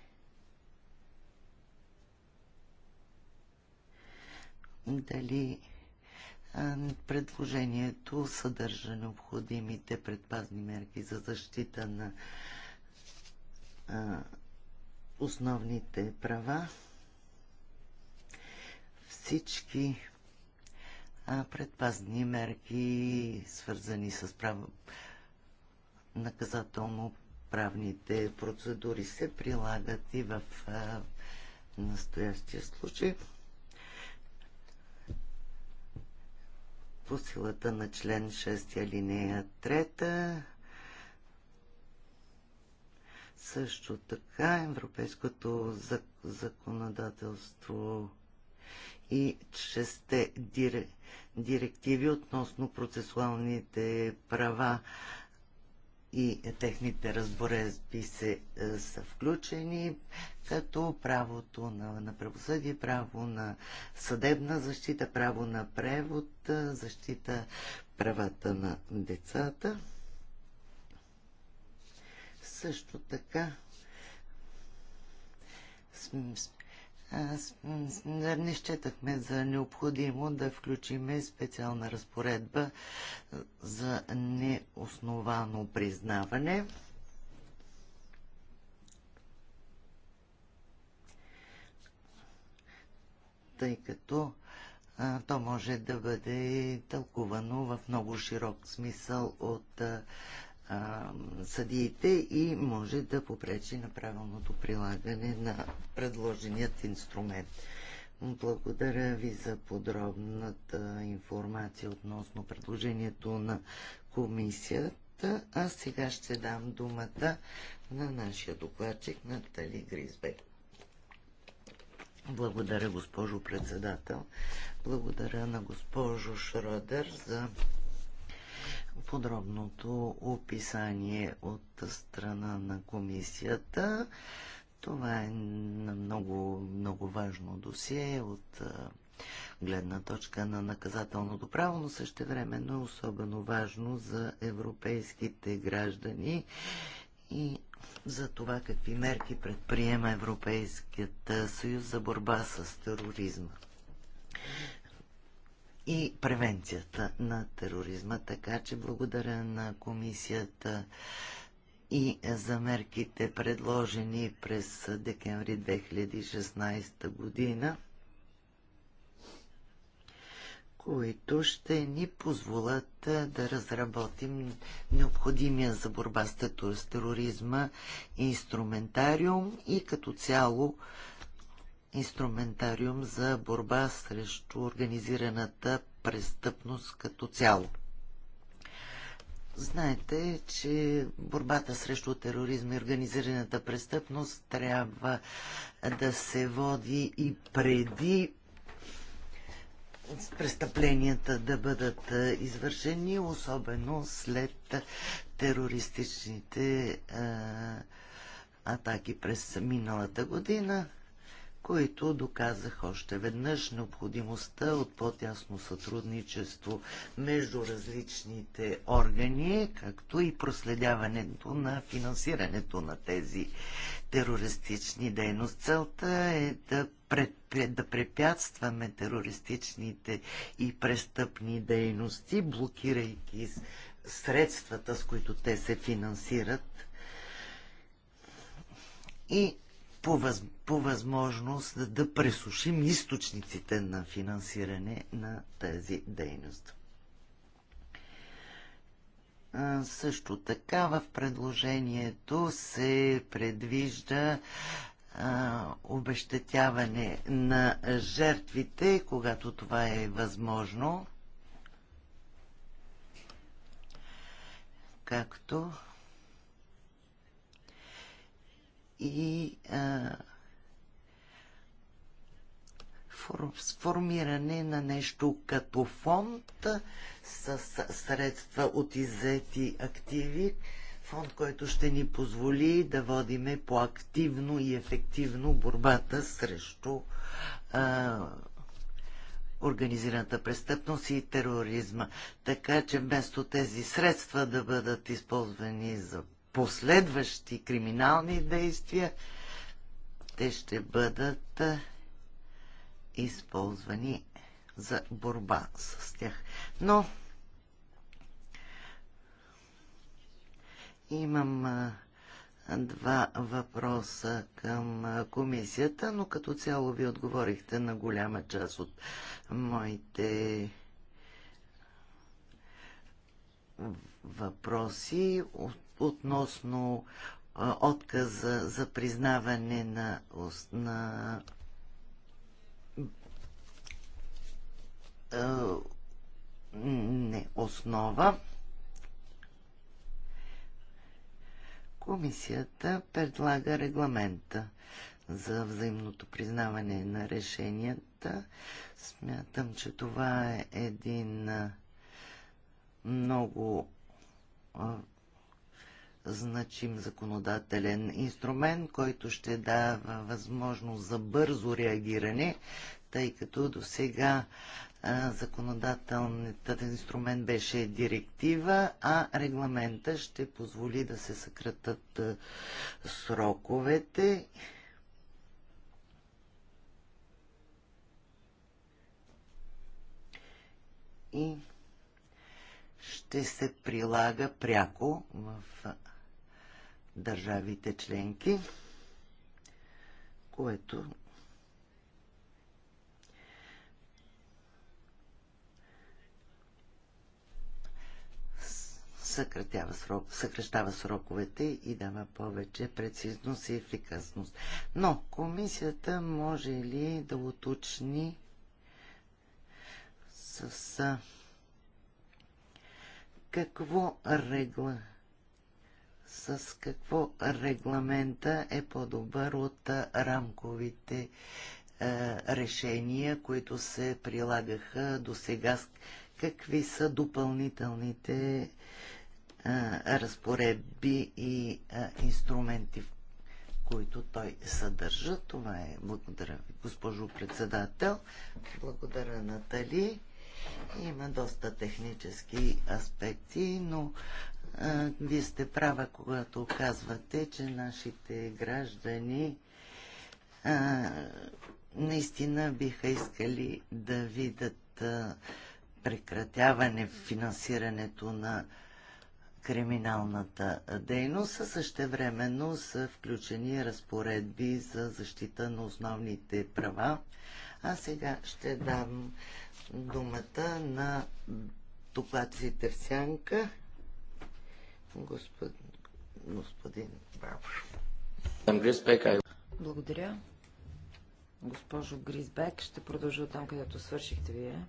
дали предложението съдържа необходимите предпазни мерки за защита на основните права. Всички предпазни мерки, свързани с прав... наказателно правните процедури се прилагат и в а, настоящия случай. По силата на член 6 алинея 3 също така европейското законодателство и шесте директиви относно процесуалните права и техните разборезби се, е, са включени, като правото на, на правосъдие, право на съдебна защита, право на превод, е, защита правата на децата. Също така не считахме за необходимо да включиме специална разпоредба е, за неосновано признаване. Тъй като а, то може да бъде тълкувано в много широк смисъл от а, съдиите и може да попречи на правилното прилагане на предложеният инструмент. Благодаря ви за подробната информация относно предложението на комисията. А сега ще дам думата на нашия докладчик Натали Гризбек. Благодаря, госпожо председател. Благодаря на госпожо Шродер за подробното описание от страна на комисията. Това е на много, много важно досие от гледна точка на наказателното право, но също времено е особено важно за европейските граждани и за това какви мерки предприема Европейският съюз за борба с тероризма и превенцията на тероризма. Така че благодаря на комисията и за мерките предложени през декември 2016 година, които ще ни позволят е, да разработим необходимия за борба с тероризма инструментариум и като цяло инструментариум за борба срещу организираната престъпност като цяло. Знаете, че борбата срещу тероризма и организираната престъпност трябва да се води и преди престъпленията да бъдат е, извършени, особено след терористичните а, е, атаки през миналата година които доказах още веднъж необходимостта от по-тясно сътрудничество между различните органи, както и проследяването на финансирането на тези терористични дейност. Целта е да, да препятстваме терористичните и престъпни дейности, блокирайки средствата, с които те се финансират и по възможност по възможност да пресушим източниците на финансиране на тази дейност. Също така в предложението се предвижда обещетяване на жертвите, когато това е възможно, както и а, сформиране на нещо като фонд с средства от иззети активи, фонд, който ще ни позволи да водиме по-активно и ефективно борбата срещу а, организираната престъпност и тероризма. Така че вместо тези средства да бъдат използвани за последващи криминални действия, те ще бъдат използвани за борба с тях. Но имам а, два въпроса към комисията, но като цяло ви отговорихте на голяма част от моите въпроси относно отказа за признаване на, на Е, не, основа. Комисията предлага регламента за взаимното признаване на решенията. Смятам, че това е един е, много е, значим законодателен инструмент, който ще дава възможност за бързо реагиране, тъй като до сега законодателният инструмент беше директива, а регламента ще позволи да се съкратат сроковете. И ще се прилага пряко в държавите членки, което съкратява срок, съкръщава сроковете и дава повече прецизност и ефикасност. Но комисията може ли да уточни с какво регла с какво регламента е по-добър от рамковите е, решения, които се прилагаха до сега. Какви са допълнителните разпоредби и инструменти, които той съдържа. Това е. Благодаря ви, госпожо председател. Благодаря, Натали. Има доста технически аспекти, но а, вие сте права, когато казвате, че нашите граждани а, наистина биха искали да видят а, прекратяване в финансирането на а, криминалната дейност, а времено са включени разпоредби за защита на основните права. А сега ще дам думата на докладците търсянка, господин Господ... господин Бабр. Благодаря. Госпожо Гризбек, ще продължа там, където свършихте вие.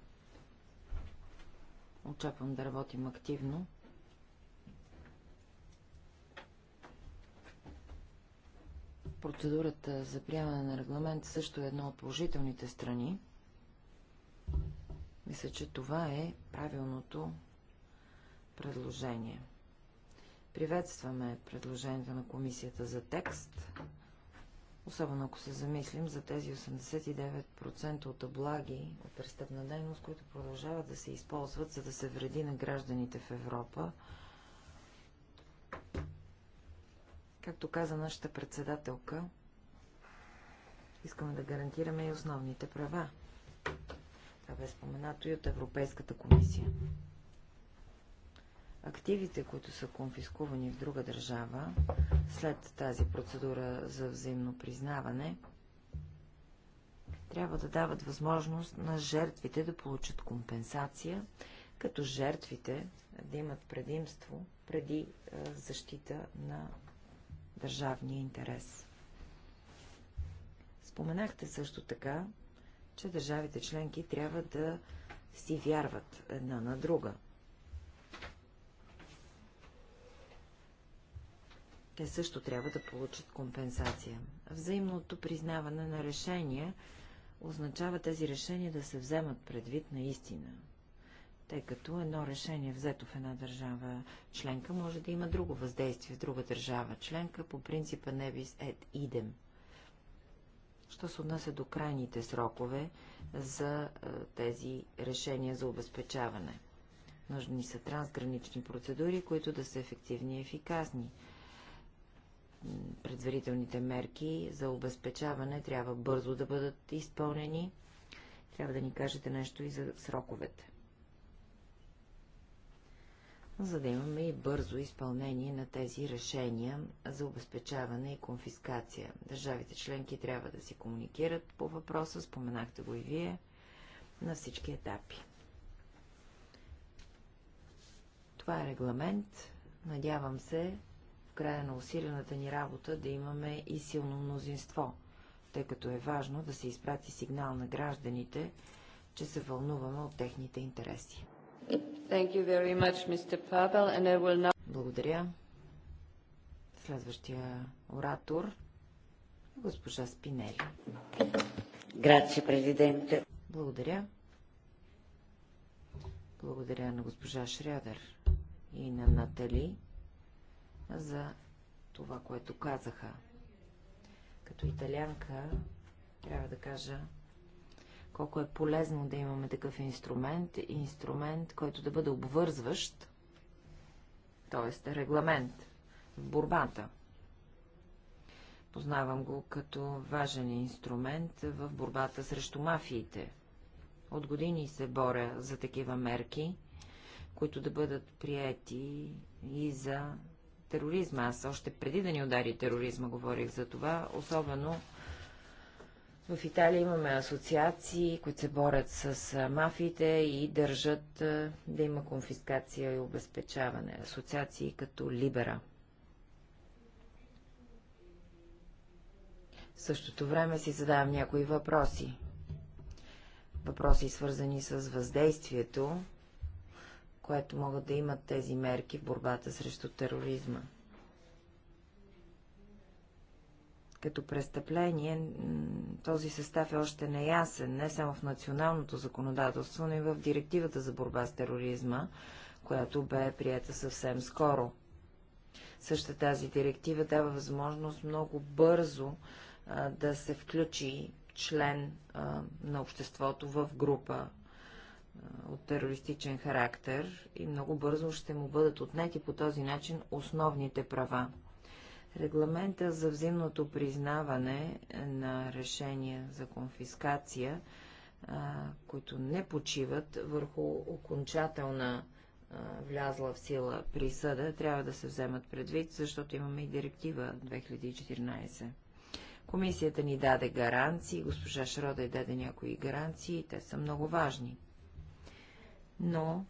Очаквам да работим активно Процедурата за приемане на регламент също е едно от положителните страни. Мисля, че това е правилното предложение. Приветстваме предложението на комисията за текст, особено ако се замислим за тези 89% от облаги от престъпна дейност, които продължават да се използват, за да се вреди на гражданите в Европа, Както каза нашата председателка, искаме да гарантираме и основните права. Това бе споменато и от Европейската комисия. Активите, които са конфискувани в друга държава, след тази процедура за взаимно признаване, трябва да дават възможност на жертвите да получат компенсация, като жертвите да имат предимство преди защита на държавния интерес. Споменахте също така, че държавите членки трябва да си вярват една на друга. Те също трябва да получат компенсация. Взаимното признаване на решения означава тези решения да се вземат предвид наистина тъй като едно решение взето в една държава членка може да има друго въздействие в друга държава членка по принципа Невис ед идем. Що се отнася до крайните срокове за е, тези решения за обезпечаване? Нужни са трансгранични процедури, които да са ефективни и ефикасни. Предварителните мерки за обезпечаване трябва бързо да бъдат изпълнени. Трябва да ни кажете нещо и за сроковете за да имаме и бързо изпълнение на тези решения за обезпечаване и конфискация. Държавите членки трябва да си комуникират по въпроса, споменахте го и вие, на всички етапи. Това е регламент. Надявам се в края на усилената ни работа да имаме и силно мнозинство, тъй като е важно да се изпрати сигнал на гражданите, че се вълнуваме от техните интереси. Much, Благодаря. Следващия оратор е госпожа Спинели. Грация, президенте. Благодаря. Благодаря на госпожа Шрядър и на Натали за това, което казаха. Като италянка трябва да кажа, колко е полезно да имаме такъв инструмент, инструмент, който да бъде обвързващ, т.е. регламент в борбата. Познавам го като важен инструмент в борбата срещу мафиите. От години се боря за такива мерки, които да бъдат приети и за тероризма. Аз още преди да ни удари тероризма говорих за това, особено в Италия имаме асоциации, които се борят с мафиите и държат да има конфискация и обезпечаване. Асоциации като Либера. В същото време си задавам някои въпроси. Въпроси свързани с въздействието, което могат да имат тези мерки в борбата срещу тероризма. като престъпление, този състав е още неясен, не само в националното законодателство, но и в директивата за борба с тероризма, която бе прията съвсем скоро. Същата тази директива дава възможност много бързо а, да се включи член а, на обществото в група от терористичен характер и много бързо ще му бъдат отнети по този начин основните права. Регламента за взаимното признаване на решения за конфискация, а, които не почиват върху окончателна а, влязла в сила присъда, трябва да се вземат предвид, защото имаме и директива 2014. Комисията ни даде гаранции, госпожа Шрода даде някои гаранции, те са много важни. Но,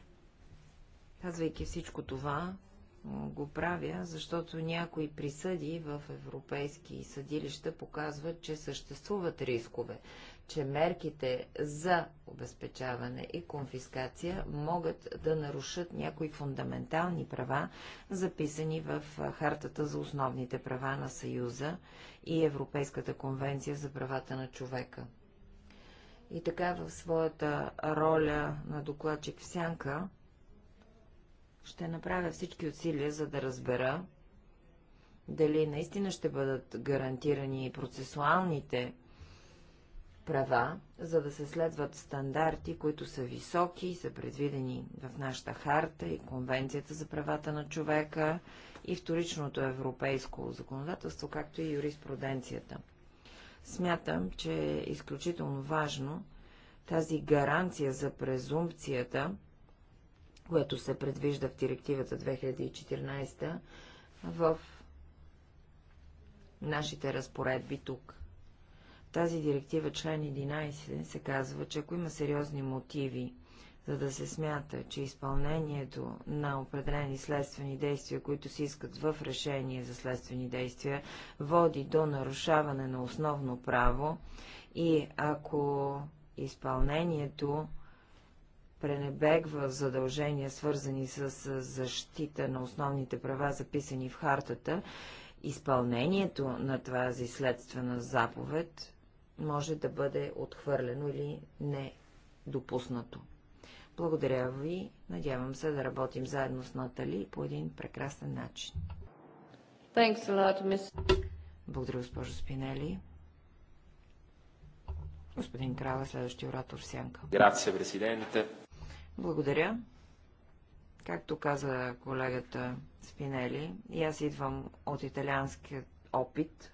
казвайки всичко това, го правя, защото някои присъди в европейски съдилища показват, че съществуват рискове, че мерките за обезпечаване и конфискация могат да нарушат някои фундаментални права, записани в Хартата за основните права на Съюза и Европейската конвенция за правата на човека. И така в своята роля на докладчик в Сянка, ще направя всички усилия, за да разбера дали наистина ще бъдат гарантирани процесуалните права, за да се следват стандарти, които са високи и са предвидени в нашата харта и Конвенцията за правата на човека и вторичното европейско законодателство, както и юриспруденцията. Смятам, че е изключително важно тази гаранция за презумпцията което се предвижда в директивата 2014 в нашите разпоредби тук. Тази директива, член 11, се казва, че ако има сериозни мотиви, за да се смята, че изпълнението на определени следствени действия, които се искат в решение за следствени действия, води до нарушаване на основно право и ако изпълнението пренебегва задължения, свързани с защита на основните права, записани в хартата, изпълнението на тази следствена заповед може да бъде отхвърлено или не допуснато. Благодаря ви. Надявам се да работим заедно с Натали по един прекрасен начин. Lot, Благодаря, госпожо Спинели. Господин Крава, следващия оратор Сянка. Грация, президенте. Благодаря. Както каза колегата Спинели, и аз идвам от италианският опит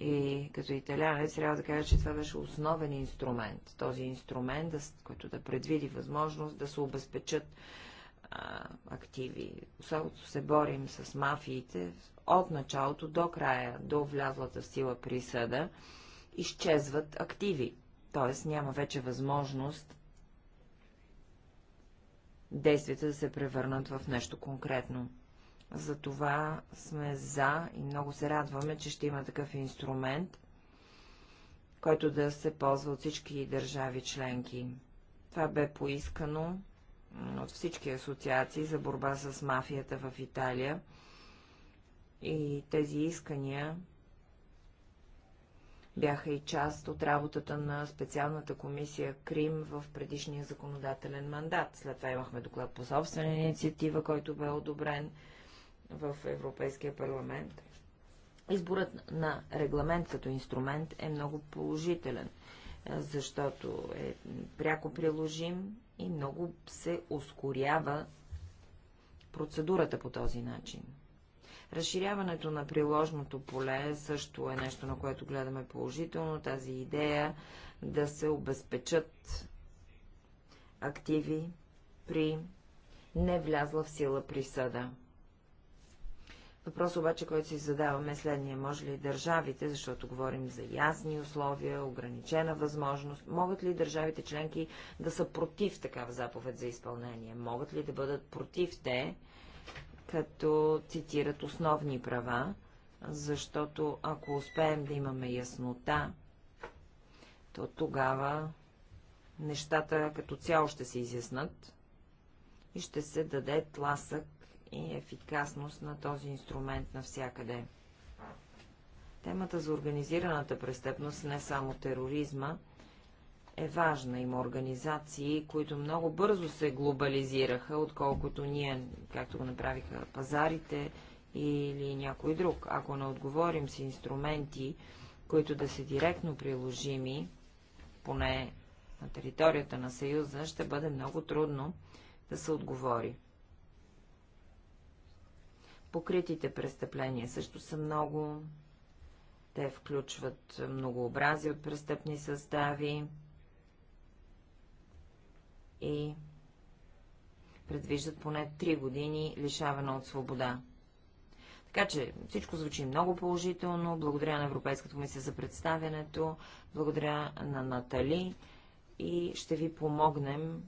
и като италянец трябва да кажа, че това беше основен инструмент. Този инструмент, който да предвиди възможност да се обезпечат а, активи. Особено се борим с мафиите от началото до края, до влязлата в сила присъда, изчезват активи. Т.е. няма вече възможност действията да се превърнат в нещо конкретно. Затова сме за и много се радваме, че ще има такъв инструмент, който да се ползва от всички държави членки. Това бе поискано от всички асоциации за борба с мафията в Италия и тези искания бяха и част от работата на специалната комисия Крим в предишния законодателен мандат. След това имахме доклад по собствена инициатива, който бе одобрен в Европейския парламент. Изборът на регламент като инструмент е много положителен, е, защото е пряко приложим и много се ускорява процедурата по този начин. Разширяването на приложното поле също е нещо, на което гледаме положително. Тази идея да се обезпечат активи при невлязла в сила присъда. Въпрос обаче, който си задаваме е следния. Може ли държавите, защото говорим за ясни условия, ограничена възможност, могат ли държавите членки да са против такава заповед за изпълнение? Могат ли да бъдат против те, като цитират основни права, защото ако успеем да имаме яснота, то тогава нещата като цяло ще се изяснат и ще се даде тласък и ефикасност на този инструмент навсякъде. Темата за организираната престъпност, не само тероризма, е важна. Има организации, които много бързо се глобализираха, отколкото ние, както го направиха пазарите или някой друг. Ако не отговорим с инструменти, които да са директно приложими, поне на територията на Съюза, ще бъде много трудно да се отговори. Покритите престъпления също са много. Те включват многообразие от престъпни състави, и предвиждат поне 3 години лишаване от свобода. Така че всичко звучи много положително. Благодаря на Европейската комисия за представянето, благодаря на Натали и ще ви помогнем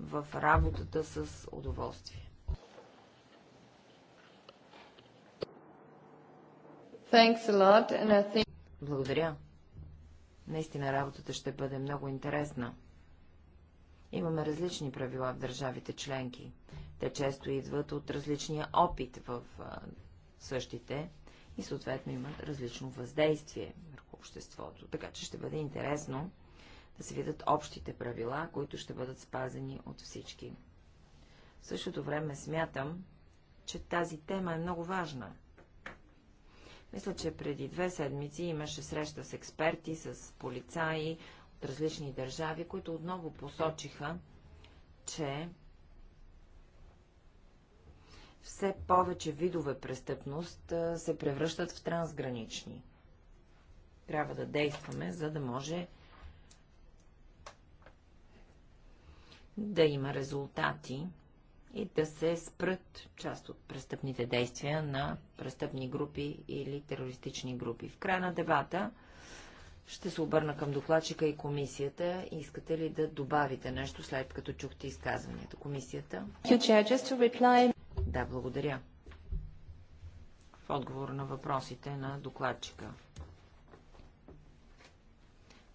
в работата с удоволствие. Think... Благодаря. Наистина работата ще бъде много интересна. Имаме различни правила в държавите членки. Те често идват от различния опит в същите и съответно имат различно въздействие върху обществото. Така че ще бъде интересно да се видят общите правила, които ще бъдат спазени от всички. В същото време смятам, че тази тема е много важна. Мисля, че преди две седмици имаше среща с експерти, с полицаи, от различни държави, които отново посочиха, че все повече видове престъпност се превръщат в трансгранични. Трябва да действаме, за да може да има резултати и да се спрат част от престъпните действия на престъпни групи или терористични групи. В края на дебата ще се обърна към докладчика и комисията. Искате ли да добавите нещо, след като чухте изказванията? Комисията? Да, благодаря. В отговор на въпросите на докладчика.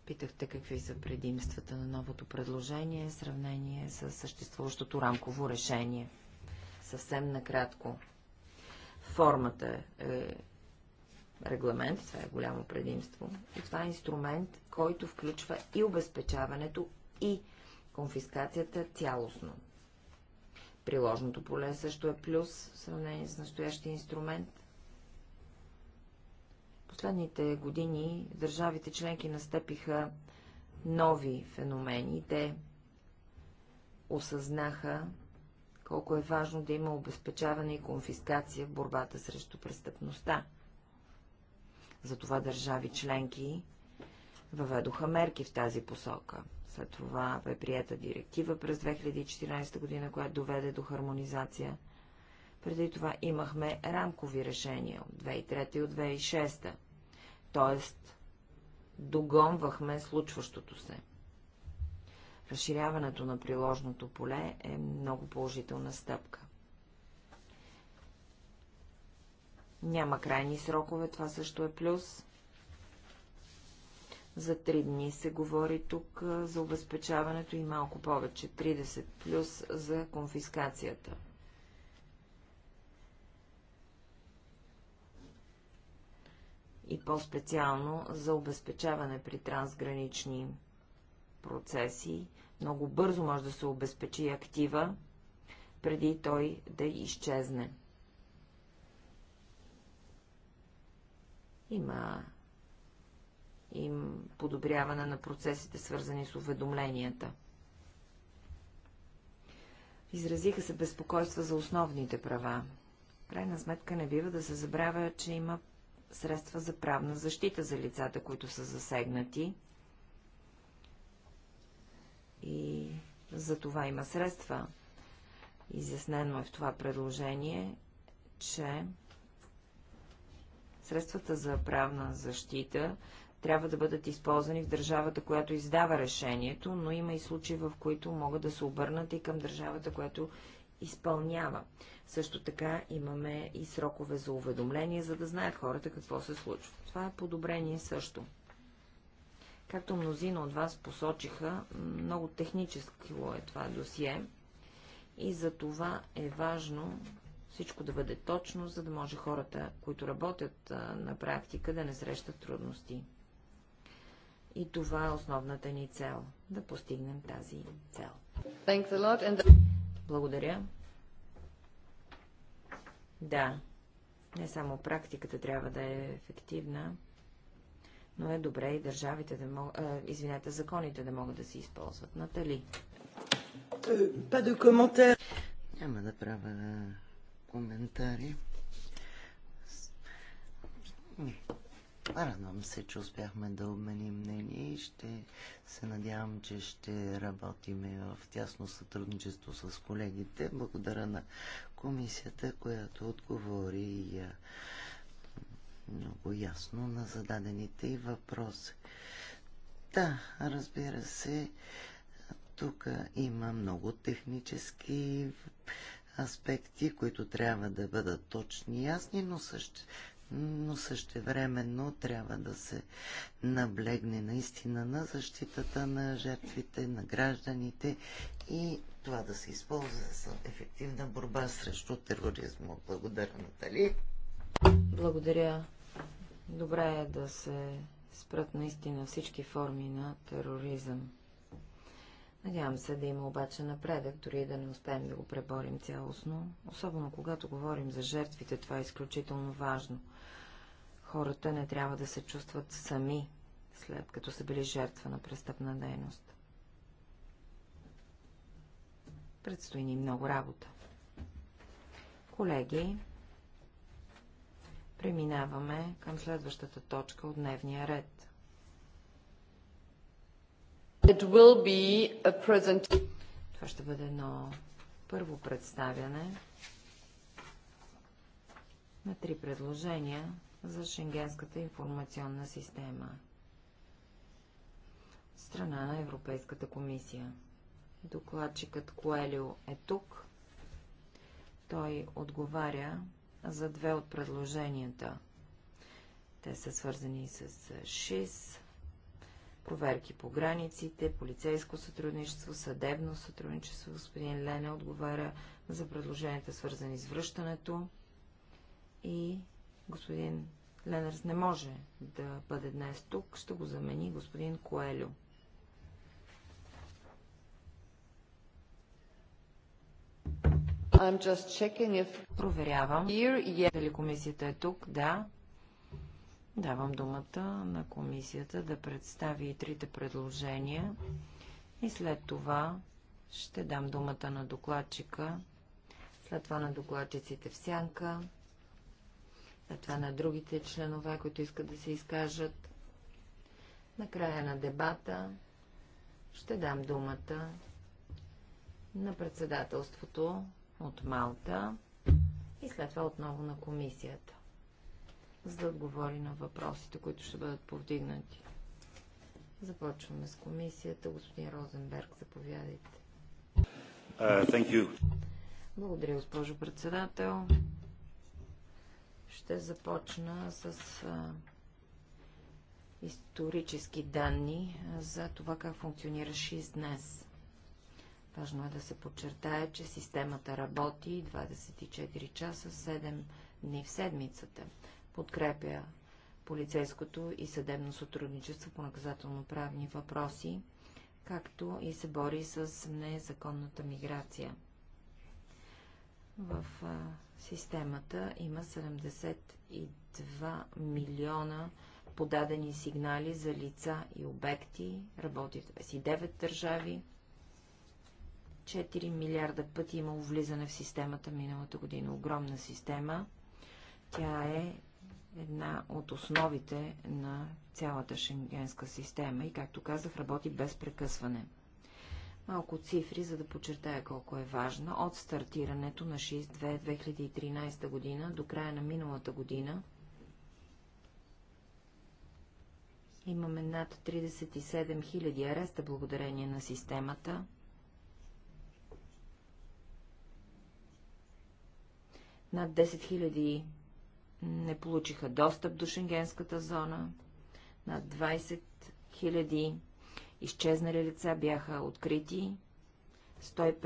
Питахте какви са предимствата на новото предложение в сравнение с съществуващото рамково решение. Съвсем накратко. Формата е регламент, това е голямо предимство, и това е инструмент, който включва и обезпечаването, и конфискацията цялостно. Приложното поле също е плюс в сравнение с настоящия инструмент. Последните години държавите членки настъпиха нови феномени. Те осъзнаха колко е важно да има обезпечаване и конфискация в борбата срещу престъпността. Затова държави членки въведоха мерки в тази посока. След това бе приета директива през 2014 година, която доведе до хармонизация. Преди това имахме рамкови решения от 2003 и от 2006, Тоест догонвахме случващото се. Разширяването на приложното поле е много положителна стъпка. Няма крайни срокове, това също е плюс. За 3 дни се говори тук за обезпечаването и малко повече. 30 плюс за конфискацията. И по-специално за обезпечаване при трансгранични процеси. Много бързо може да се обезпечи актива, преди той да изчезне. Има им подобряване на процесите, свързани с уведомленията. Изразиха се безпокойства за основните права. Крайна сметка не бива да се забравя, че има средства за правна защита за лицата, които са засегнати. И за това има средства. Изяснено е в това предложение, че Средствата за правна защита трябва да бъдат използвани в държавата, която издава решението, но има и случаи, в които могат да се обърнат и към държавата, която изпълнява. Също така имаме и срокове за уведомление, за да знаят хората какво се случва. Това е подобрение също. Както мнозина от вас посочиха, много техническо е това досие и за това е важно всичко да бъде точно, за да може хората, които работят на практика, да не срещат трудности. И това е основната ни цел – да постигнем тази цел. And... Благодаря. Да, не само практиката трябва да е ефективна, но е добре и държавите да могат, извинете, законите да могат да се използват. Натали. Е, Няма да правя коментари. Радвам се, че успяхме да обменим мнение и ще се надявам, че ще работим в тясно сътрудничество с колегите. Благодаря на комисията, която отговори много ясно на зададените и въпроси. Да, разбира се, тук има много технически аспекти, които трябва да бъдат точни и ясни, но също, но същевременно трябва да се наблегне наистина на защитата на жертвите, на гражданите и това да се използва за ефективна борба срещу тероризма. Благодаря, Натали. Благодаря. Добре е да се спрат наистина всички форми на тероризъм. Надявам се да има обаче напредък, дори и да не успеем да го преборим цялостно. Особено когато говорим за жертвите, това е изключително важно. Хората не трябва да се чувстват сами, след като са били жертва на престъпна дейност. Предстои ни много работа. Колеги, преминаваме към следващата точка от дневния ред – това ще бъде едно първо представяне на три предложения за Шенгенската информационна система. Страна на Европейската комисия. Докладчикът Коелио е тук. Той отговаря за две от предложенията. Те са свързани с ШИС проверки по границите, полицейско сътрудничество, съдебно сътрудничество. Господин Лене отговаря за предложенията, свързани с връщането. И господин Ленърс не може да бъде днес тук. Ще го замени господин Коелю. I'm just checking if... Проверявам. Here, yeah. Дали комисията е тук? Да. Давам думата на комисията да представи и трите предложения и след това ще дам думата на докладчика, след това на докладчиците в сянка, след това на другите членове, които искат да се изкажат. Накрая на дебата ще дам думата на председателството от Малта и след това отново на комисията за да отговори на въпросите, които ще бъдат повдигнати. Започваме с комисията. Господин Розенберг, заповядайте. Uh, Благодаря, госпожо председател. Ще започна с а, исторически данни за това как функционираш и днес. Важно е да се подчертае, че системата работи 24 часа, 7 дни в седмицата подкрепя полицейското и съдебно сътрудничество по наказателно-правни въпроси, както и се бори с незаконната миграция. В а, системата има 72 милиона подадени сигнали за лица и обекти, работи в 29 държави, 4 милиарда пъти имало влизане в системата миналата година. Огромна система. Тя е една от основите на цялата шенгенска система и, както казах, работи без прекъсване. Малко цифри, за да подчертая колко е важна. От стартирането на 6.2 2013 година до края на миналата година имаме над 37 000 ареста благодарение на системата. Над 10 000 не получиха достъп до шенгенската зона. На 20 000 изчезнали лица бяха открити. 150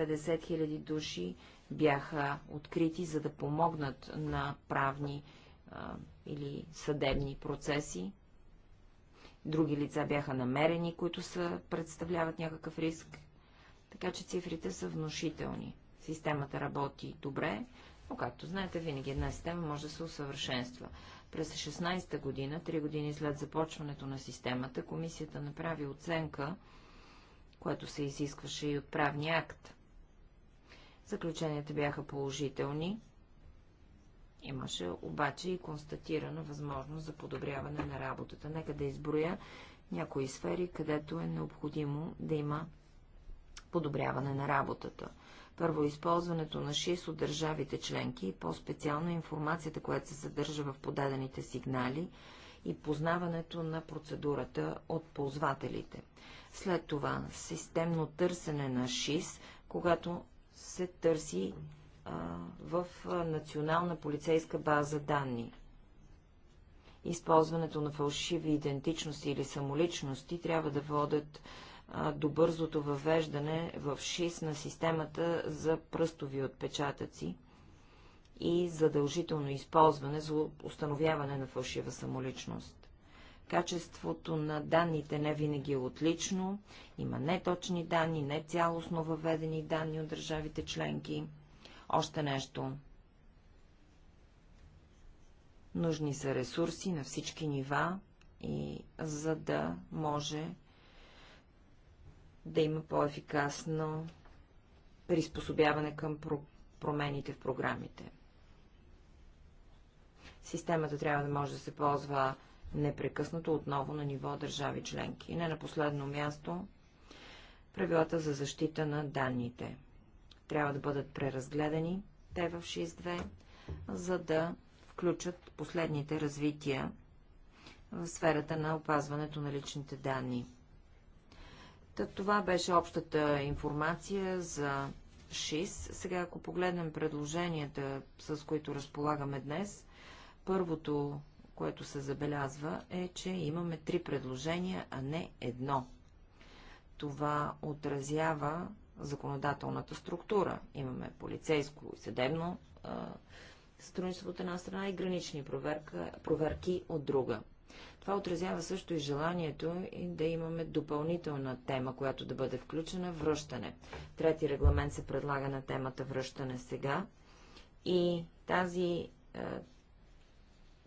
000 души бяха открити, за да помогнат на правни а, или съдебни процеси. Други лица бяха намерени, които са, представляват някакъв риск. Така че цифрите са внушителни. Системата работи добре, но, както знаете, винаги една система може да се усъвършенства. През 16-та година, три години след започването на системата, комисията направи оценка, което се изискваше и от правния акт. Заключенията бяха положителни, имаше обаче и констатирана възможност за подобряване на работата. Нека да изброя някои сфери, където е необходимо да има подобряване на работата – първо, използването на ШИС от държавите членки и по-специално информацията, която се съдържа в подадените сигнали и познаването на процедурата от ползвателите. След това, системно търсене на ШИС, когато се търси а, в национална полицейска база данни. Използването на фалшиви идентичности или самоличности трябва да водят до бързото въвеждане в ШИС на системата за пръстови отпечатъци и задължително използване за установяване на фалшива самоличност. Качеството на данните не винаги е отлично, има неточни данни, не цялостно въведени данни от държавите членки. Още нещо. Нужни са ресурси на всички нива и за да може да има по-ефикасно приспособяване към промените в програмите. Системата трябва да може да се ползва непрекъснато отново на ниво държави членки. И не на последно място, правилата за защита на данните. Трябва да бъдат преразгледани те в 6.2, за да включат последните развития в сферата на опазването на личните данни. Та това беше общата информация за ШИС. Сега, ако погледнем предложенията, с които разполагаме днес, първото, което се забелязва, е, че имаме три предложения, а не едно. Това отразява законодателната структура. Имаме полицейско и съдебно сътрудничество от една страна и гранични проверка, проверки от друга. Това отразява също и желанието и да имаме допълнителна тема, която да бъде включена – връщане. Трети регламент се предлага на темата връщане сега и тази е,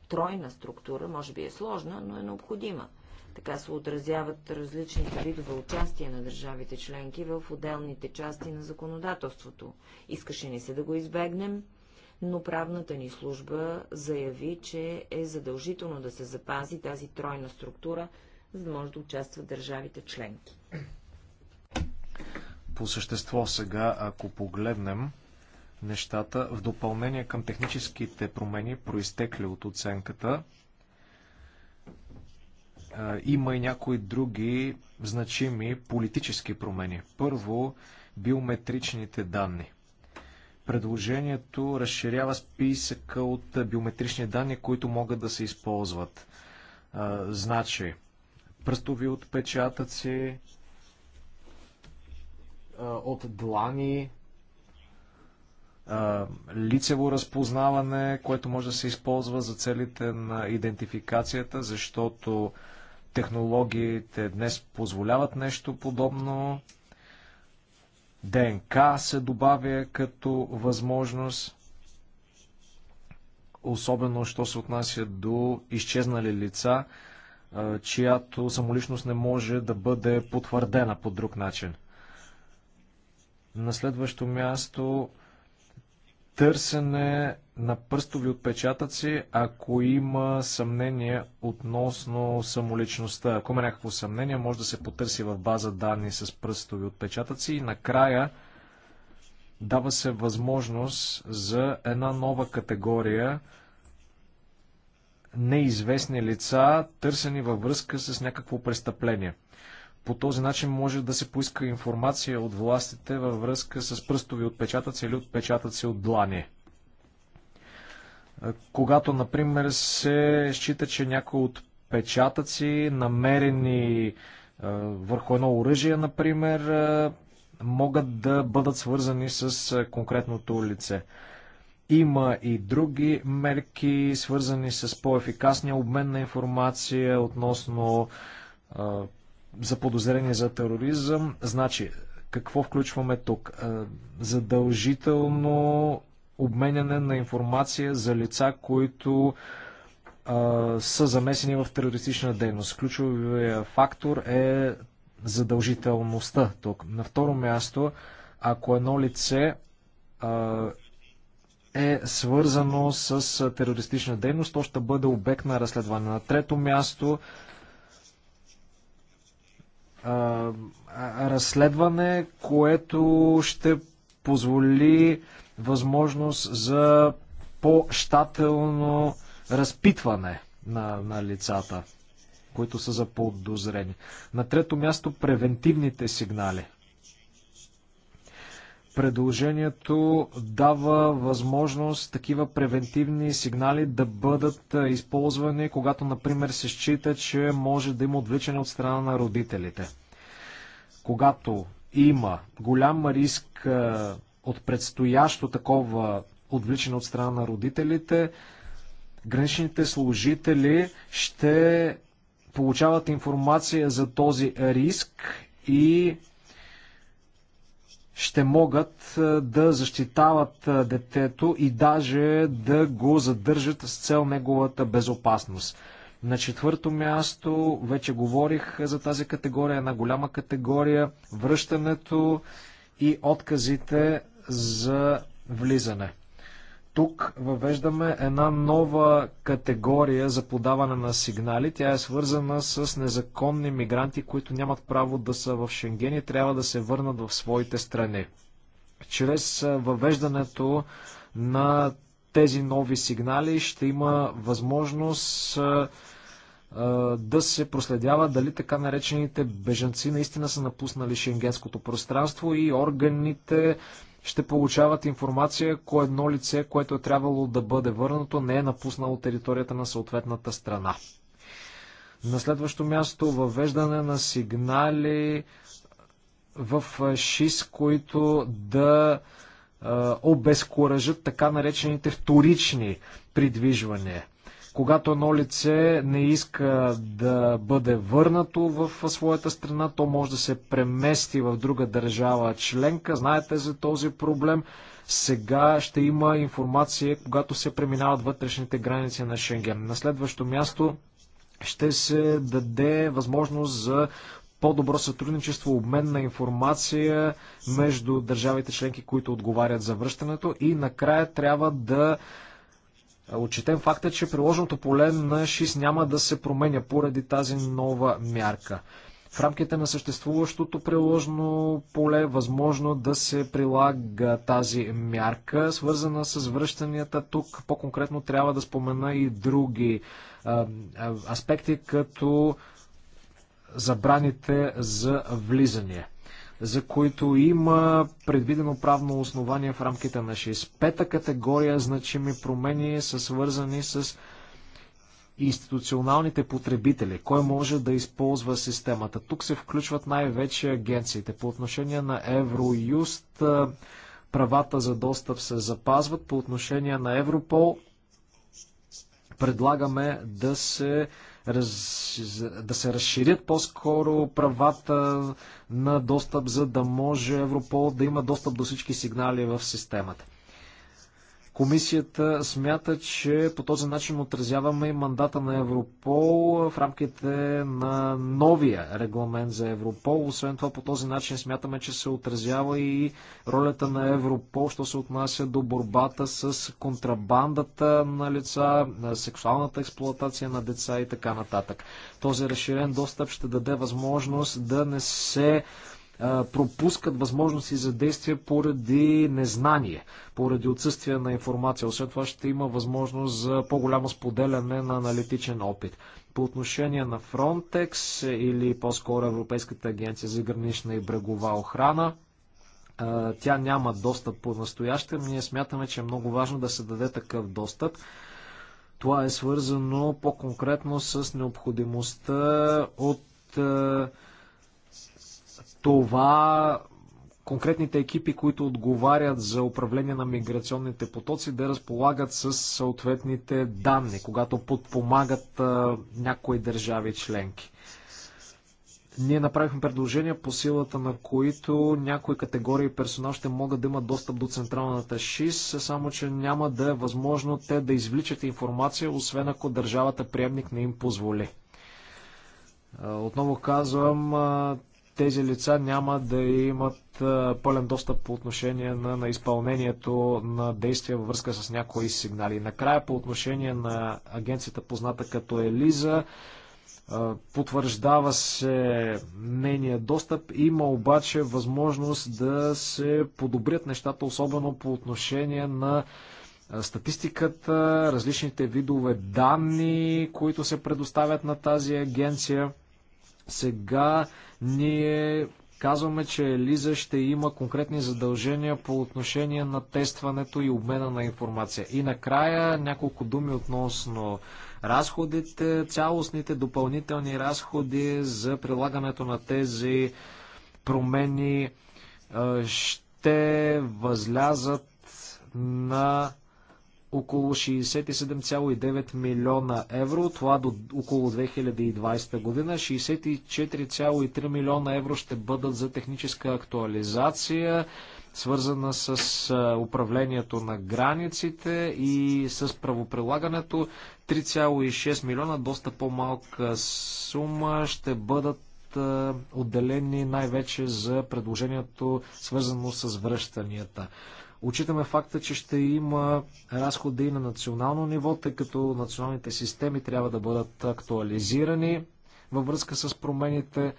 тройна структура може би е сложна, но е необходима. Така се отразяват различните видове участие на държавите членки в отделните части на законодателството. Искаше ни се да го избегнем, но правната ни служба заяви, че е задължително да се запази тази тройна структура, за да може да участват държавите членки. По същество сега, ако погледнем нещата, в допълнение към техническите промени, проистекли от оценката, има и някои други значими политически промени. Първо, биометричните данни. Предложението разширява списъка от биометрични данни, които могат да се използват. Значи, пръстови отпечатъци, от длани, лицево разпознаване, което може да се използва за целите на идентификацията, защото технологиите днес позволяват нещо подобно. ДНК се добавя като възможност, особено що се отнася до изчезнали лица, чиято самоличност не може да бъде потвърдена по друг начин. На следващо място търсене на пръстови отпечатъци, ако има съмнение относно самоличността. Ако има някакво съмнение, може да се потърси в база данни с пръстови отпечатъци и накрая дава се възможност за една нова категория неизвестни лица, търсени във връзка с някакво престъпление. По този начин може да се поиска информация от властите във връзка с пръстови отпечатъци или отпечатъци от длани. Когато, например, се счита, че някои отпечатъци, намерени върху едно оръжие, например, могат да бъдат свързани с конкретното лице. Има и други мерки, свързани с по-ефикасния обмен на информация относно за подозрение за тероризъм. Значи, какво включваме тук? Е, задължително обменяне на информация за лица, които а, е, са замесени в терористична дейност. Ключовия фактор е задължителността тук. На второ място, ако едно лице а, е, е свързано с терористична дейност, то ще бъде обект на разследване. На трето място, разследване, което ще позволи възможност за по-щателно разпитване на, на лицата, които са за подозрени. На трето място превентивните сигнали – Предложението дава възможност такива превентивни сигнали да бъдат използвани, когато, например, се счита, че може да има отвличане от страна на родителите. Когато има голям риск от предстоящо такова отвличане от страна на родителите, граничните служители ще получават информация за този риск и ще могат е, да защитават е, детето и даже да го задържат с цел неговата безопасност. На четвърто място, вече говорих за тази категория, една голяма категория, връщането и отказите за влизане. Тук въвеждаме една нова категория за подаване на сигнали. Тя е свързана с незаконни мигранти, които нямат право да са в Шенген и трябва да се върнат в своите страни. Чрез въвеждането на тези нови сигнали ще има възможност да се проследява дали така наречените бежанци наистина са напуснали шенгенското пространство и органите ще получават информация, кое едно лице, което е трябвало да бъде върнато, не е напуснало територията на съответната страна. На следващо място въвеждане на сигнали в ШИС, които да обезкуражат така наречените вторични придвижвания. Когато едно лице не иска да бъде върнато в своята страна, то може да се премести в друга държава членка. Знаете за този проблем. Сега ще има информация, когато се преминават вътрешните граници на Шенген. На следващо място ще се даде възможност за по-добро сътрудничество, обмен на информация между държавите членки, които отговарят за връщането и накрая трябва да отчетем факта, че приложеното поле на ШИС няма да се променя поради тази нова мярка. В рамките на съществуващото приложено поле възможно да се прилага тази мярка, свързана с връщанията. Тук по-конкретно трябва да спомена и други а, аспекти, като забраните за влизане за които има предвидено правно основание в рамките на 6. та категория значими промени са свързани с институционалните потребители. Кой може да използва системата? Тук се включват най-вече агенциите. По отношение на Евроюст, правата за достъп се запазват. По отношение на Европол, предлагаме да се раз... да се разширят по-скоро правата на достъп, за да може Европол да има достъп до всички сигнали в системата. Комисията смята, че по този начин отразяваме и мандата на Европол в рамките на новия регламент за Европол. Освен това, по този начин смятаме, че се отразява и ролята на Европол, що се отнася до борбата с контрабандата на лица, на сексуалната експлуатация на деца и така нататък. Този разширен достъп ще даде възможност да не се пропускат възможности за действие поради незнание, поради отсъствие на информация. Освен това ще има възможност за по-голямо споделяне на аналитичен опит. По отношение на Frontex или по-скоро Европейската агенция за гранична и брегова охрана, тя няма достъп по настояще. Ние смятаме, че е много важно да се даде такъв достъп. Това е свързано по-конкретно с необходимостта от това конкретните екипи, които отговарят за управление на миграционните потоци, да разполагат с съответните данни, когато подпомагат а, някои държави членки. Ние направихме предложения по силата на които някои категории персонал ще могат да имат достъп до централната ШИС, само че няма да е възможно те да извличат информация, освен ако държавата приемник не им позволи. Отново казвам, тези лица няма да имат пълен достъп по отношение на, на изпълнението на действия във връзка с някои сигнали. Накрая по отношение на агенцията позната като Елиза, потвърждава се нейния достъп. Има обаче възможност да се подобрят нещата, особено по отношение на статистиката, различните видове данни, които се предоставят на тази агенция. Сега ние казваме, че Лиза ще има конкретни задължения по отношение на тестването и обмена на информация. И накрая няколко думи относно разходите, цялостните допълнителни разходи за прилагането на тези промени ще възлязат на около 67,9 милиона евро, това до около 2020 година. 64,3 милиона евро ще бъдат за техническа актуализация, свързана с управлението на границите и с правоприлагането. 3,6 милиона, доста по-малка сума, ще бъдат отделени най-вече за предложението свързано с връщанията. Отчитаме факта, че ще има разходи и на национално ниво, тъй като националните системи трябва да бъдат актуализирани във връзка с промените.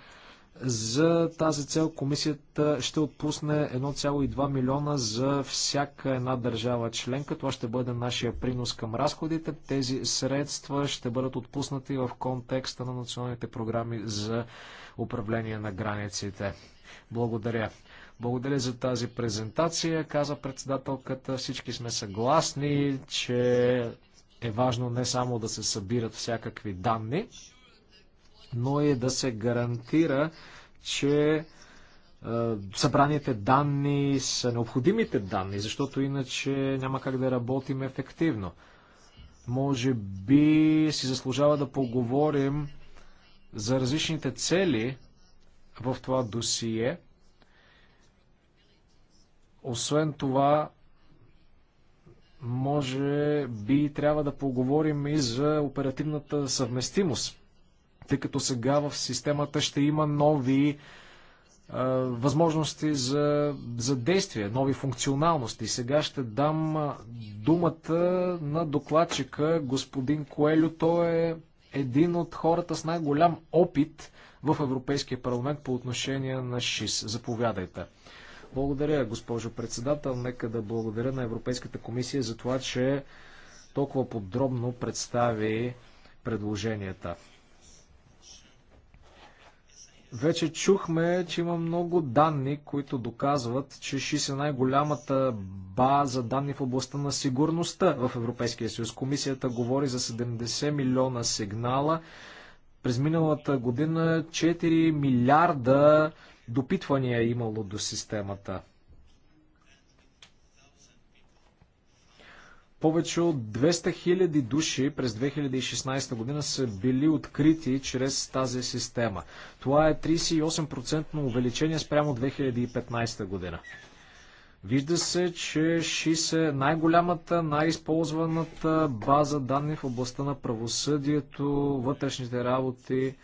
За тази цел комисията ще отпусне 1,2 милиона за всяка една държава членка. Това ще бъде нашия принос към разходите. Тези средства ще бъдат отпуснати в контекста на националните програми за управление на границите. Благодаря. Благодаря за тази презентация, каза председателката. Всички сме съгласни, че е важно не само да се събират всякакви данни, но и да се гарантира, че събраните данни са необходимите данни, защото иначе няма как да работим ефективно. Може би си заслужава да поговорим за различните цели в това досие – освен това, може би трябва да поговорим и за оперативната съвместимост, тъй като сега в системата ще има нови е, възможности за, за действие, нови функционалности. Сега ще дам е, думата на докладчика господин Коелю. Той е един от хората с най-голям опит в Европейския парламент по отношение на ШИС. Заповядайте. Благодаря, госпожо председател. Нека да благодаря на Европейската комисия за това, че толкова подробно представи предложенията. Вече чухме, че има много данни, които доказват, че ШИС е най-голямата база данни в областта на сигурността в Европейския съюз. Комисията говори за 70 милиона сигнала. През миналата година 4 милиарда допитвания е имало до системата. Повече от 200 000 души през 2016 година са били открити чрез тази система. Това е 38% увеличение спрямо 2015 година. Вижда се, че ШИС е най-голямата, най-използваната база данни в областта на правосъдието, вътрешните работи,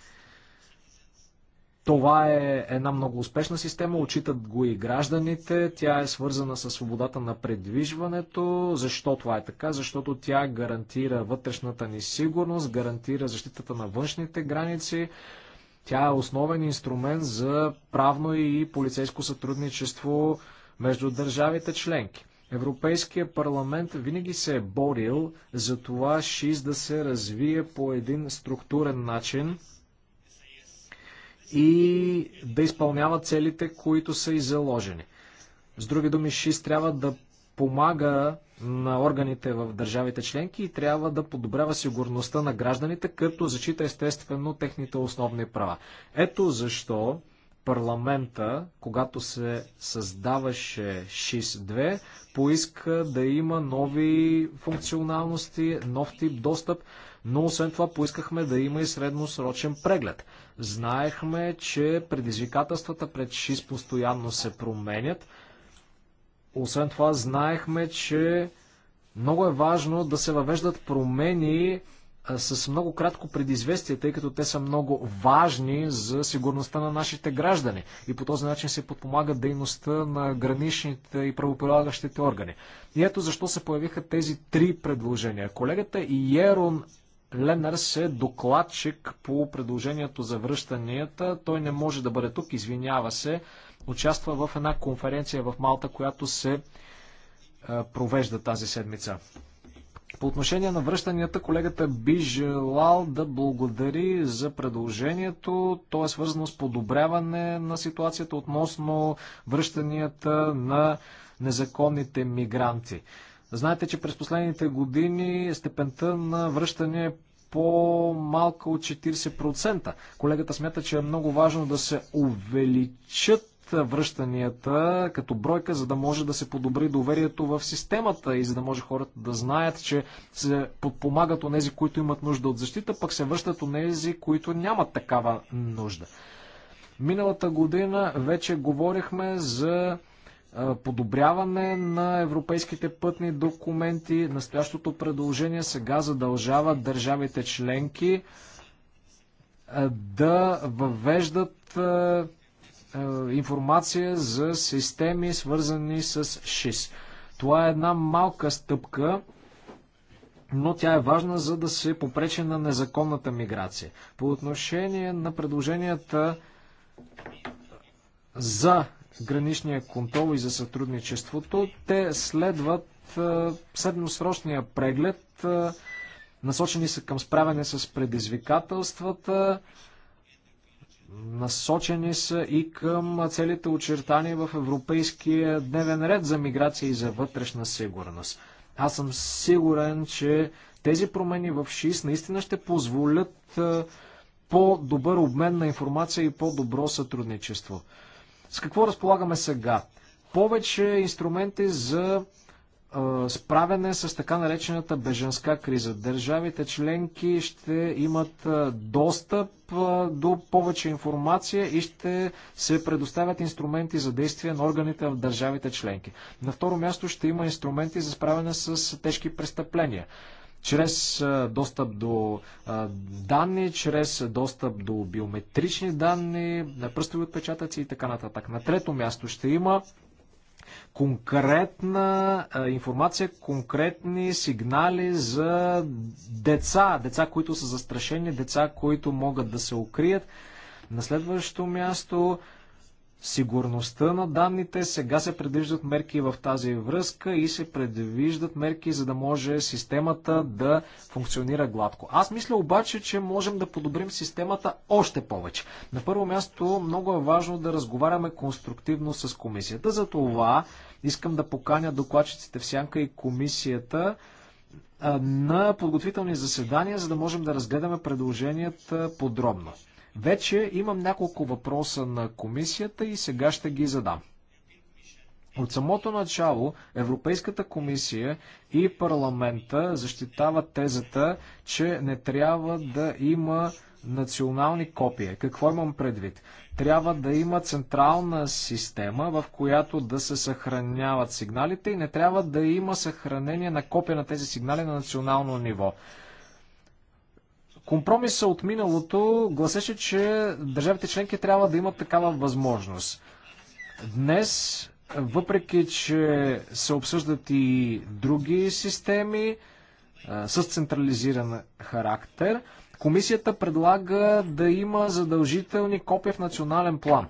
това е една много успешна система, отчитат го и гражданите. Тя е свързана с свободата на предвижването. Защо това е така? Защото тя гарантира вътрешната ни сигурност, гарантира защитата на външните граници. Тя е основен инструмент за правно и полицейско сътрудничество между държавите членки. Европейския парламент винаги се е борил за това ШИС да се развие по един структурен начин, и да изпълнява целите, които са и заложени. С други думи, ШИС трябва да помага на органите в държавите членки и трябва да подобрява сигурността на гражданите, като зачита естествено техните основни права. Ето защо парламента, когато се създаваше ШИС-2, поиска да има нови функционалности, нов тип достъп, но освен това поискахме да има и средносрочен преглед. Знаехме, че предизвикателствата пред ШИС постоянно се променят. Освен това, знаехме, че много е важно да се въвеждат промени с много кратко предизвестие, тъй като те са много важни за сигурността на нашите граждани. И по този начин се подпомага дейността на граничните и правополагащите органи. И ето защо се появиха тези три предложения. Колегата Иерон Ленърс е докладчик по предложението за връщанията. Той не може да бъде тук, извинява се. Участва в една конференция в Малта, която се е, провежда тази седмица. По отношение на връщанията, колегата би желал да благодари за предложението. То е свързано с подобряване на ситуацията относно връщанията на незаконните мигранти. Знаете, че през последните години степента на връщане е по-малка от 40%. Колегата смята, че е много важно да се увеличат връщанията като бройка, за да може да се подобри доверието в системата и за да може хората да знаят, че се подпомагат онези, които имат нужда от защита, пък се връщат нези, които нямат такава нужда. Миналата година вече говорихме за е, подобряване на европейските пътни документи. Настоящото предложение сега задължава държавите членки е, да въвеждат е, информация за системи, свързани с ШИС. Това е една малка стъпка, но тя е важна, за да се попречи на незаконната миграция. По отношение на предложенията за граничния контрол и за сътрудничеството, те следват е, средносрочния преглед, е, насочени са към справяне с предизвикателствата, насочени са и към целите очертания в Европейския дневен ред за миграция и за вътрешна сигурност. Аз съм сигурен, че тези промени в ШИС наистина ще позволят е, по-добър обмен на информация и по-добро сътрудничество. С какво разполагаме сега? Повече инструменти за справяне с така наречената беженска криза. Държавите членки ще имат достъп до повече информация и ще се предоставят инструменти за действие на органите в държавите членки. На второ място ще има инструменти за справяне с тежки престъпления чрез достъп до данни, чрез достъп до биометрични данни, на пръстови отпечатъци и така нататък. На трето място ще има конкретна информация, конкретни сигнали за деца, деца, които са застрашени, деца, които могат да се укрият. На следващото място сигурността на данните. Сега се предвиждат мерки в тази връзка и се предвиждат мерки, за да може системата да функционира гладко. Аз мисля обаче, че можем да подобрим системата още повече. На първо място много е важно да разговаряме конструктивно с комисията. За това искам да поканя докладчиците в сянка и комисията на подготвителни заседания, за да можем да разгледаме предложенията подробно. Вече имам няколко въпроса на комисията и сега ще ги задам. От самото начало Европейската комисия и парламента защитават тезата, че не трябва да има национални копия. Какво имам предвид? Трябва да има централна система, в която да се съхраняват сигналите и не трябва да има съхранение на копия на тези сигнали на национално ниво. Компромиса от миналото гласеше, че държавите членки трябва да имат такава възможност. Днес, въпреки че се обсъждат и други системи с централизиран характер, комисията предлага да има задължителни копия в национален план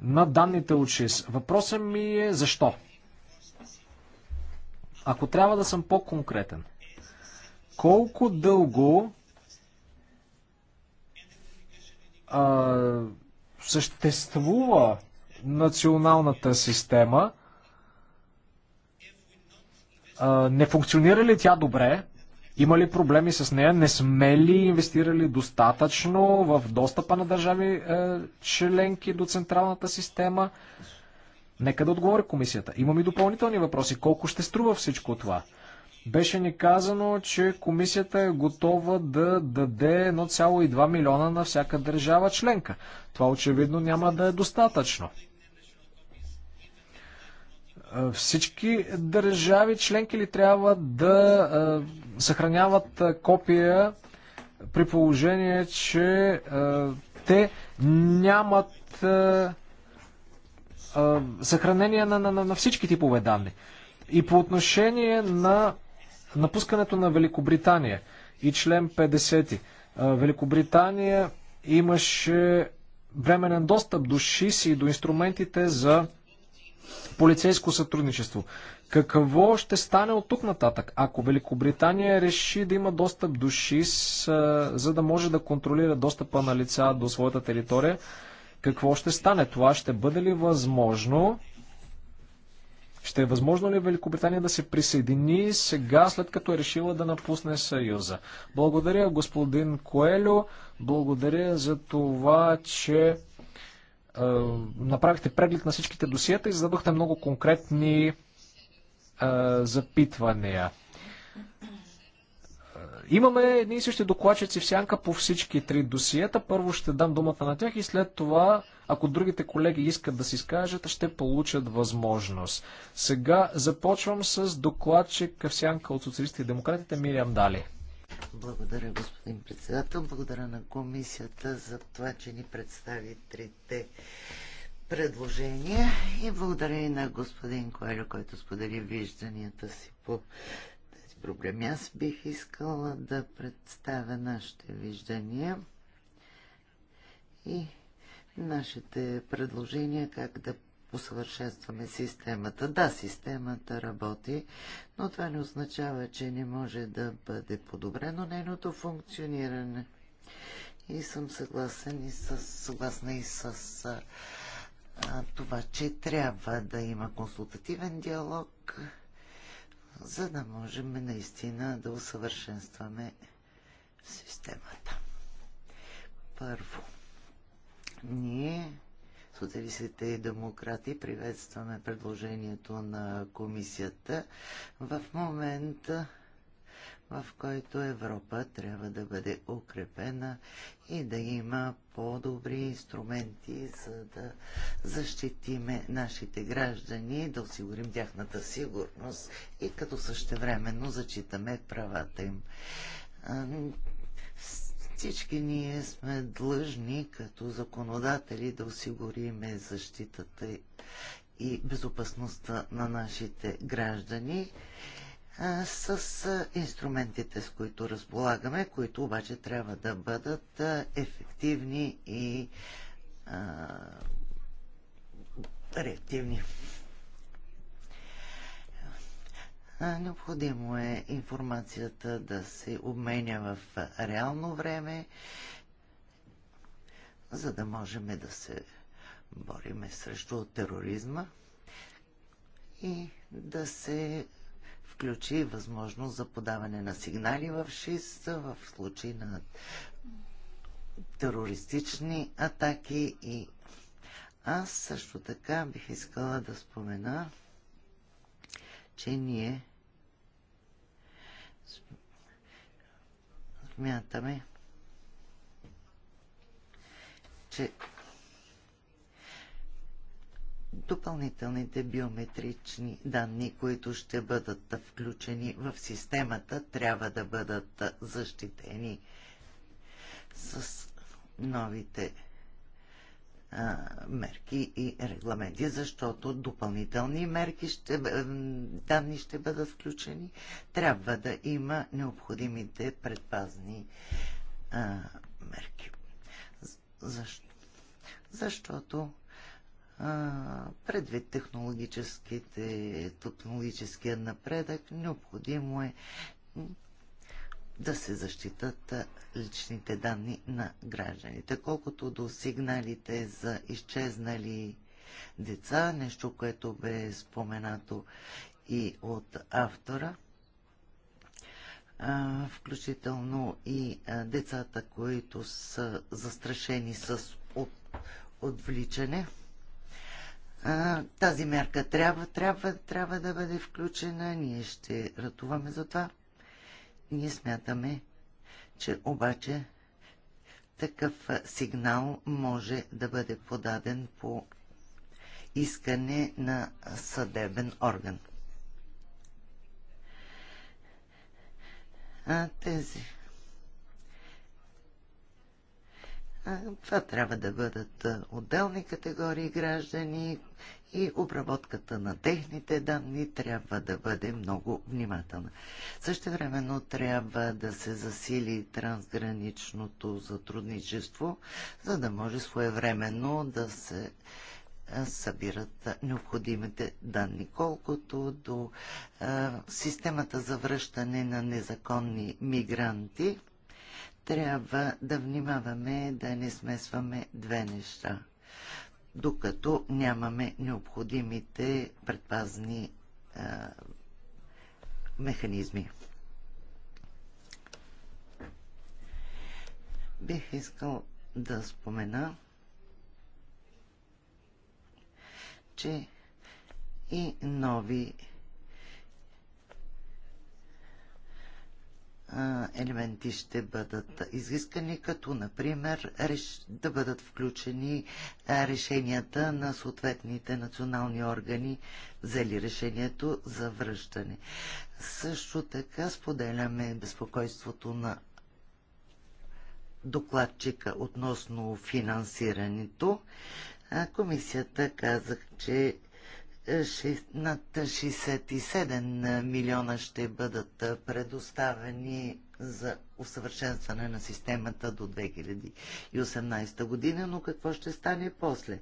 на данните от ШИС. Въпросът ми е защо? Ако трябва да съм по-конкретен, колко дълго а, съществува националната система, а, не функционира ли тя добре, има ли проблеми с нея, не сме ли инвестирали достатъчно в достъпа на държави а, е, членки до централната система, Нека да отговори комисията. Имам и допълнителни въпроси. Колко ще струва всичко това? Беше ни казано, че комисията е готова да даде 1,2 милиона на всяка държава членка. Това очевидно няма да е достатъчно. Всички държави членки ли трябва да съхраняват копия при положение, че те нямат съхранение на, на, на всички типове данни. И по отношение на напускането на Великобритания и член 50. Великобритания имаше временен достъп до ШИСИ и до инструментите за полицейско сътрудничество. Какво ще стане от тук нататък, ако Великобритания реши да има достъп до ШИС, за да може да контролира достъпа на лица до своята територия? Какво ще стане? Това ще бъде ли възможно? Ще е възможно ли Великобритания да се присъедини сега, след като е решила да напусне Съюза? Благодаря, господин Коелю. Благодаря за това, че е, направихте преглед на всичките досиета и зададохте много конкретни е, запитвания. Имаме едни и същи докладчици в сянка по всички три досиета. Първо ще дам думата на тях и след това ако другите колеги искат да си скажат, ще получат възможност. Сега започвам с докладчик Кавсянка от социалистите и демократите Мириам Дали. Благодаря, господин председател. Благодаря на комисията за това, че ни представи трите предложения и благодаря и на господин Коелю, който сподели вижданията си по тези проблеми. Аз бих искала да представя нашите виждания и нашите предложения как да усъвършенстваме системата. Да, системата работи, но това не означава, че не може да бъде подобрено нейното функциониране. И съм съгласен и с, съгласна и с а, това, че трябва да има консултативен диалог, за да можем наистина да усъвършенстваме системата. Първо. Ние, социалистите и демократи, приветстваме предложението на комисията в момента, в който Европа трябва да бъде укрепена и да има по-добри инструменти, за да защитиме нашите граждани, да осигурим тяхната сигурност и като същевременно зачитаме правата им всички ние сме длъжни като законодатели да осигурим защитата и безопасността на нашите граждани с инструментите, с които разполагаме, които обаче трябва да бъдат ефективни и реактивни. Необходимо е информацията да се обменя в реално време, за да можем да се бориме срещу тероризма и да се включи възможност за подаване на сигнали в ШИС в случай на терористични атаки и аз също така бих искала да спомена ние смятаме, че допълнителните биометрични данни, които ще бъдат включени в системата, трябва да бъдат защитени с новите мерки и регламенти, защото допълнителни мерки ще, данни ще бъдат включени. Трябва да има необходимите предпазни а, мерки. Защо? Защото предвид технологическите, технологическия напредък, необходимо е да се защитат личните данни на гражданите. Колкото до сигналите за изчезнали деца, нещо, което бе споменато и от автора, включително и децата, които са застрашени с от, отвличане. Тази мерка трябва, трябва, трябва да бъде включена. Ние ще ратуваме за това. Ние смятаме, че обаче такъв сигнал може да бъде подаден по искане на съдебен орган. А, тези Това трябва да бъдат отделни категории граждани и обработката на техните данни трябва да бъде много внимателна. Също времено трябва да се засили трансграничното затрудничество, за да може своевременно да се събират необходимите данни. Колкото до а, системата за връщане на незаконни мигранти, трябва да внимаваме да не смесваме две неща, докато нямаме необходимите предпазни а, механизми. Бих искал да спомена, че и нови елементи ще бъдат изискани, като например реш... да бъдат включени решенията на съответните национални органи, взели решението за връщане. Също така споделяме безпокойството на докладчика относно финансирането. Комисията казах, че е, над 67 милиона ще бъдат е, предоставени за усъвършенстване на системата до 2018 година, но какво ще стане после?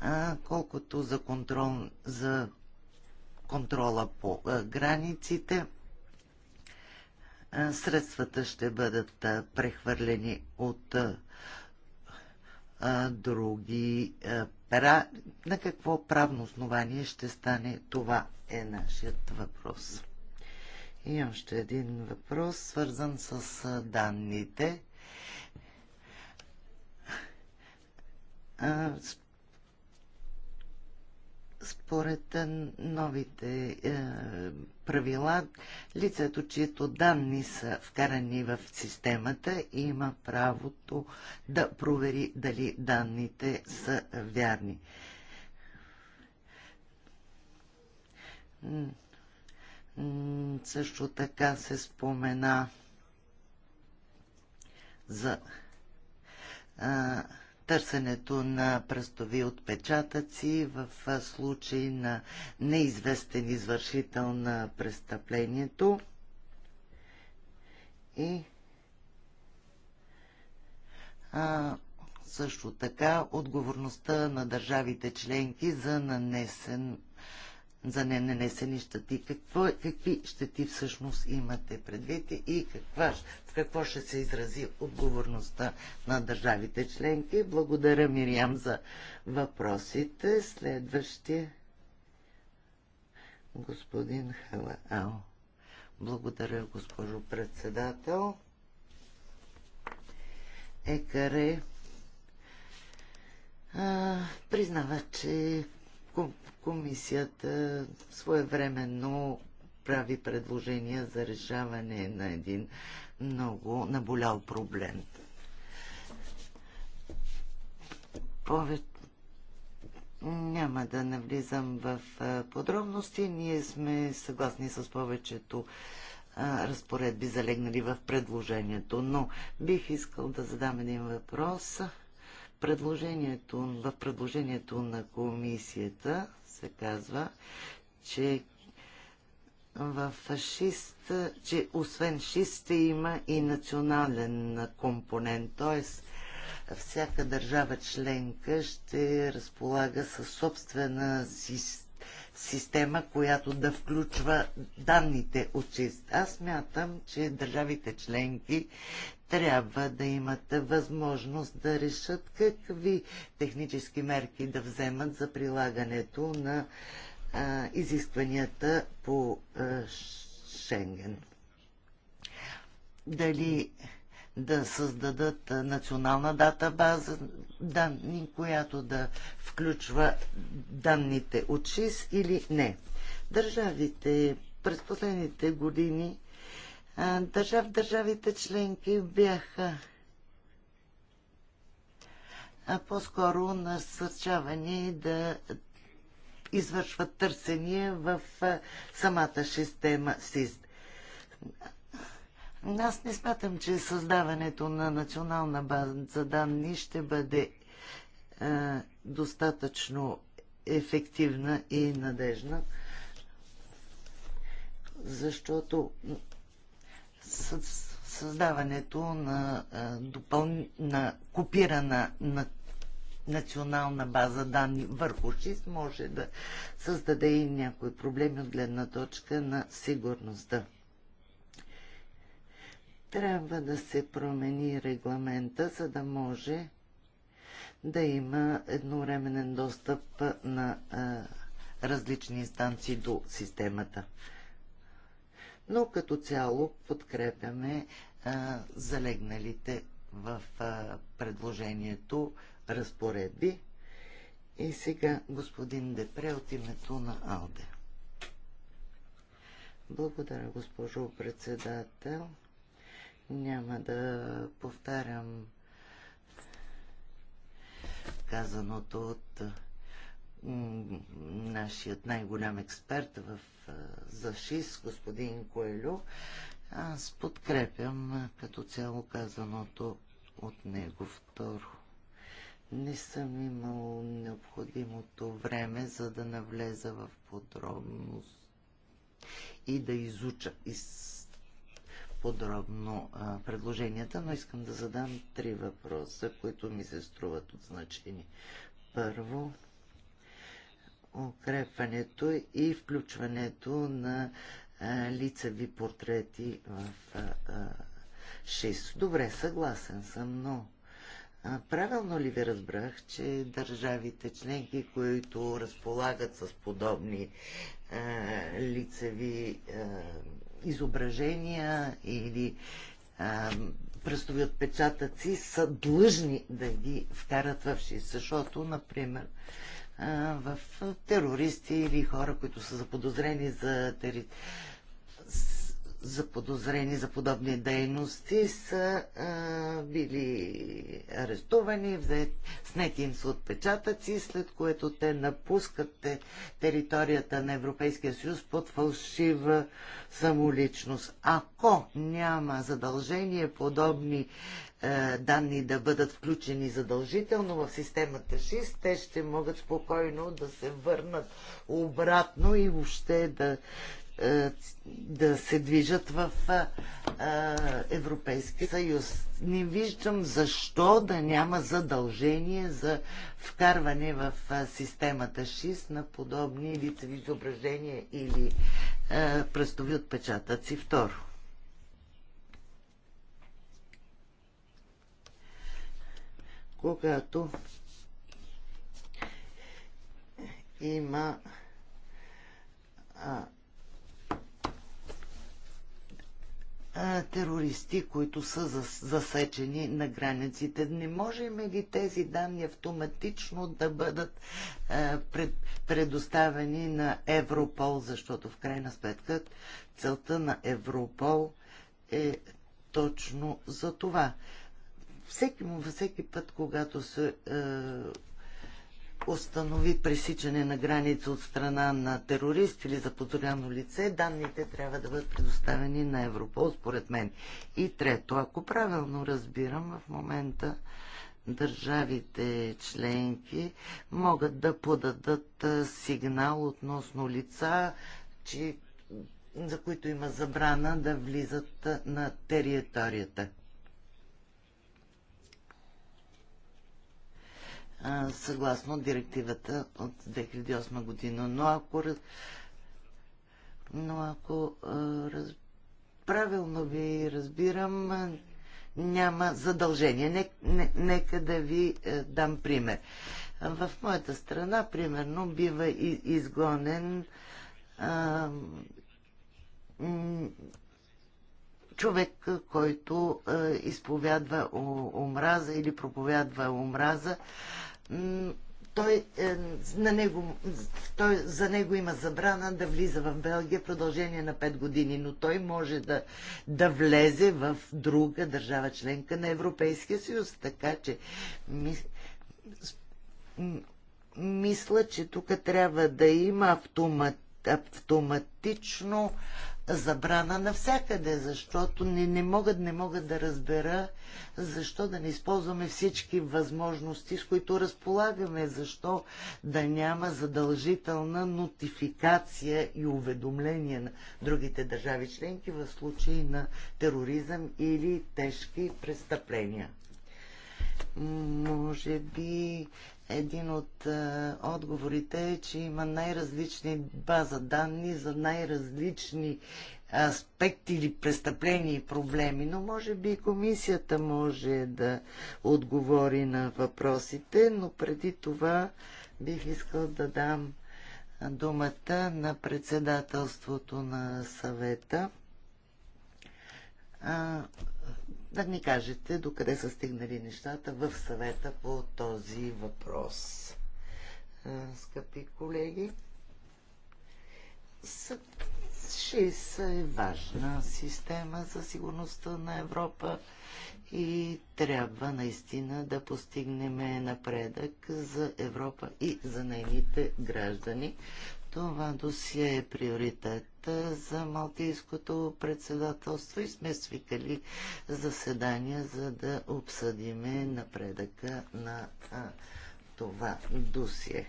А, колкото за, контрол, за контрола по е, границите, средствата ще бъдат прехвърлени от други на какво правно основание ще стане това е нашият въпрос. И още един въпрос, свързан с данните. Според новите е, правила, лицето, чието данни са вкарани в системата, има правото да провери дали данните са вярни. Също така се спомена за а, търсенето на пръстови отпечатъци в случай на неизвестен извършител на престъплението и а, също така отговорността на държавите членки за нанесен за нанесени щети. Какво, какви щети всъщност имате предвид и каква, в какво ще се изрази отговорността на държавите членки? Благодаря, Мириам, за въпросите. Следващия господин Халаал. Благодаря, госпожо председател. Екаре а, признава, че комисията своевременно прави предложения за решаване на един много наболял проблем. Повече няма да навлизам в подробности. Ние сме съгласни с повечето разпоредби, залегнали в предложението, но бих искал да задам един въпрос предложението, в предложението на комисията се казва, че в шист, че освен шист има и национален компонент, т.е. всяка държава членка ще разполага със собствена система система, която да включва данните от ЧИСТ. Аз мятам, че държавите членки трябва да имат възможност да решат какви технически мерки да вземат за прилагането на а, изискванията по а, Шенген. Дали да създадат национална дата база данни, която да включва данните от ШИС или не. Държавите през последните години Държав, държавите членки бяха по-скоро насърчавани да извършват търсения в самата система СИС. Аз не смятам, че създаването на национална база за данни ще бъде а, достатъчно ефективна и надежна, защото създаването на, допъл... на копирана на национална база данни върху ШИС може да създаде и някои проблеми от гледна точка на сигурността. Трябва да се промени регламента, за да може да има едновременен достъп на а, различни инстанции до системата но като цяло подкрепяме а, залегналите в а, предложението разпоредби. И сега господин Депре от името на Алде. Благодаря, госпожо председател. Няма да повтарям казаното от нашият най-голям експерт в, ЗАШИС, господин Коелю. Аз подкрепям като цяло казаното от него второ. Не съм имал необходимото време, за да навлеза в подробност и да изуча из... подробно а, предложенията, но искам да задам три въпроса, които ми се струват от значение. Първо, укрепването и включването на лицеви портрети в ШИС. Добре, съгласен съм, но правилно ли ви разбрах, че държавите членки, които разполагат с подобни лицеви изображения или пръстови отпечатъци, са длъжни да ги вкарат в ШИС, защото, например, в терористи или хора, които са заподозрени за територията заподозрени за подобни дейности са а, били арестувани, взет, снети им са отпечатъци, след което те напускат територията на Европейския съюз под фалшива самоличност. Ако няма задължение подобни а, данни да бъдат включени задължително в системата 6, те ще могат спокойно да се върнат обратно и въобще да е, да се движат в е, е, Европейския съюз. Не виждам защо да няма задължение за вкарване в системата ШИС на подобни лицеви изображения или пръстови отпечатъци. Второ. Когато има а, терористи, които са засечени на границите. Не можем ли тези данни автоматично да бъдат пред, предоставени на Европол, защото в крайна сметка целта на Европол е точно за това. Всеки, всеки път, когато се е, установи пресичане на граница от страна на терорист или заподозряно лице, данните трябва да бъдат предоставени на Европол, според мен. И трето, ако правилно разбирам, в момента държавите членки могат да подадат сигнал относно лица, че, за които има забрана да влизат на територията. съгласно директивата от 2008 година. Но ако, но ако раз, правилно ви разбирам, няма задължение. Не, не, нека да ви дам пример. В моята страна, примерно, бива изгонен човек, който изповядва омраза или проповядва омраза той, е, на него, той, за него има забрана да влиза в Белгия в продължение на 5 години, но той може да, да влезе в друга държава членка на Европейския съюз. Така че мис, мисля, че тук трябва да има автомат, автоматично забрана навсякъде, защото не, не могат, не могат да разбера защо да не използваме всички възможности, с които разполагаме, защо да няма задължителна нотификация и уведомление на другите държави членки в случай на тероризъм или тежки престъпления. Може би един от а, е, отговорите е, че има най-различни база данни за най-различни аспекти или престъпления и проблеми, но може би и комисията може да отговори на въпросите, но преди това бих искал да дам думата на председателството на съвета а, да ни кажете докъде са стигнали нещата в съвета по този въпрос. А, скъпи колеги, ШИС е важна система за сигурността на Европа и трябва наистина да постигнем напредък за Европа и за нейните граждани. Това досие е приоритет за Малтийското председателство и сме свикали заседания, за да обсъдиме напредъка на това досие.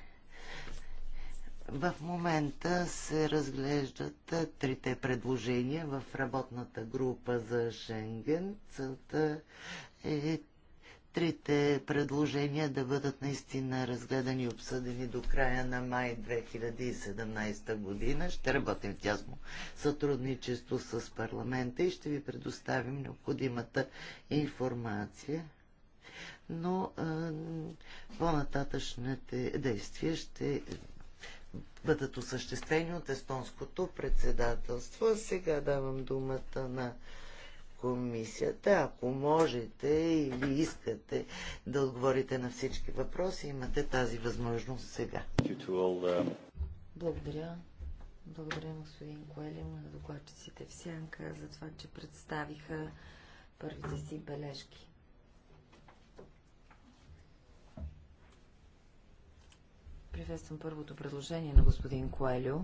В момента се разглеждат трите предложения в работната група за Шенген. Целта е трите предложения да бъдат наистина разгледани и обсъдени до края на май 2017 година. Ще работим в тясно сътрудничество с парламента и ще ви предоставим необходимата информация. Но по-нататъчните действия ще бъдат осъществени от естонското председателство. Сега давам думата на комисията. Ако можете или искате да отговорите на всички въпроси, имате тази възможност сега. Uh, Благодаря. Благодаря, господин Коелин, на докладчиците в Сянка за това, че представиха първите си бележки. Приветствам първото предложение на господин Коелю.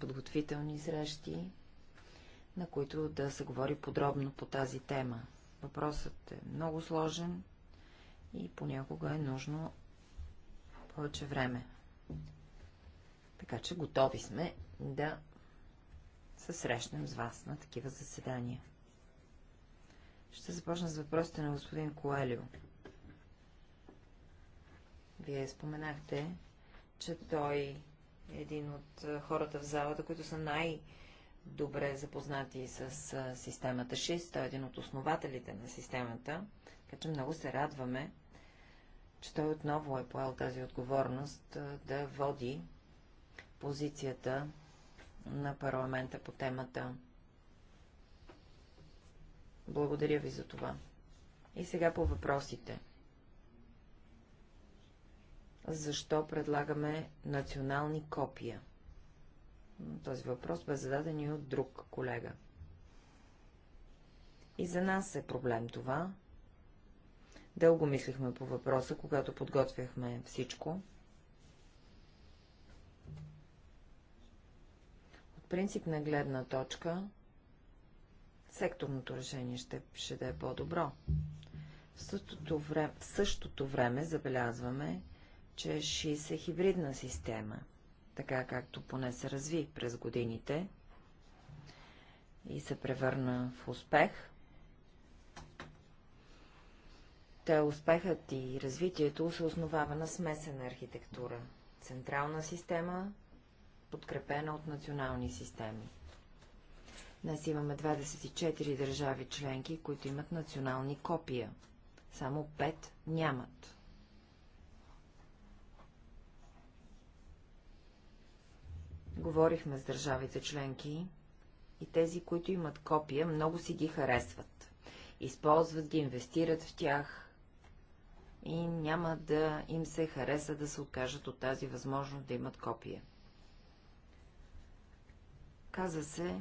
Подготвителни срещи на които да се говори подробно по тази тема. Въпросът е много сложен и понякога е нужно повече време. Така че готови сме да се срещнем с вас на такива заседания. Ще започна с въпросите на господин Коелио. Вие споменахте, че той е един от хората в залата, които са най- добре запознати с системата ШИС. Той е един от основателите на системата, така че много се радваме, че той отново е поел тази отговорност да води позицията на парламента по темата. Благодаря ви за това. И сега по въпросите. Защо предлагаме национални копия? Този въпрос бе зададен и от друг колега. И за нас е проблем това. Дълго мислихме по въпроса, когато подготвяхме всичко. От принципна гледна точка, секторното решение ще, ще да е по-добро. В същото, време, в същото време забелязваме, че 60 е хибридна система – така както поне се разви през годините и се превърна в успех. Та успехът и развитието се основава на смесена архитектура. Централна система, подкрепена от национални системи. Днес имаме 24 държави членки, които имат национални копия. Само 5 нямат. Говорихме с държавите членки и тези, които имат копия, много си ги харесват. Използват ги, инвестират в тях и няма да им се хареса да се откажат от тази възможност да имат копия. Каза се,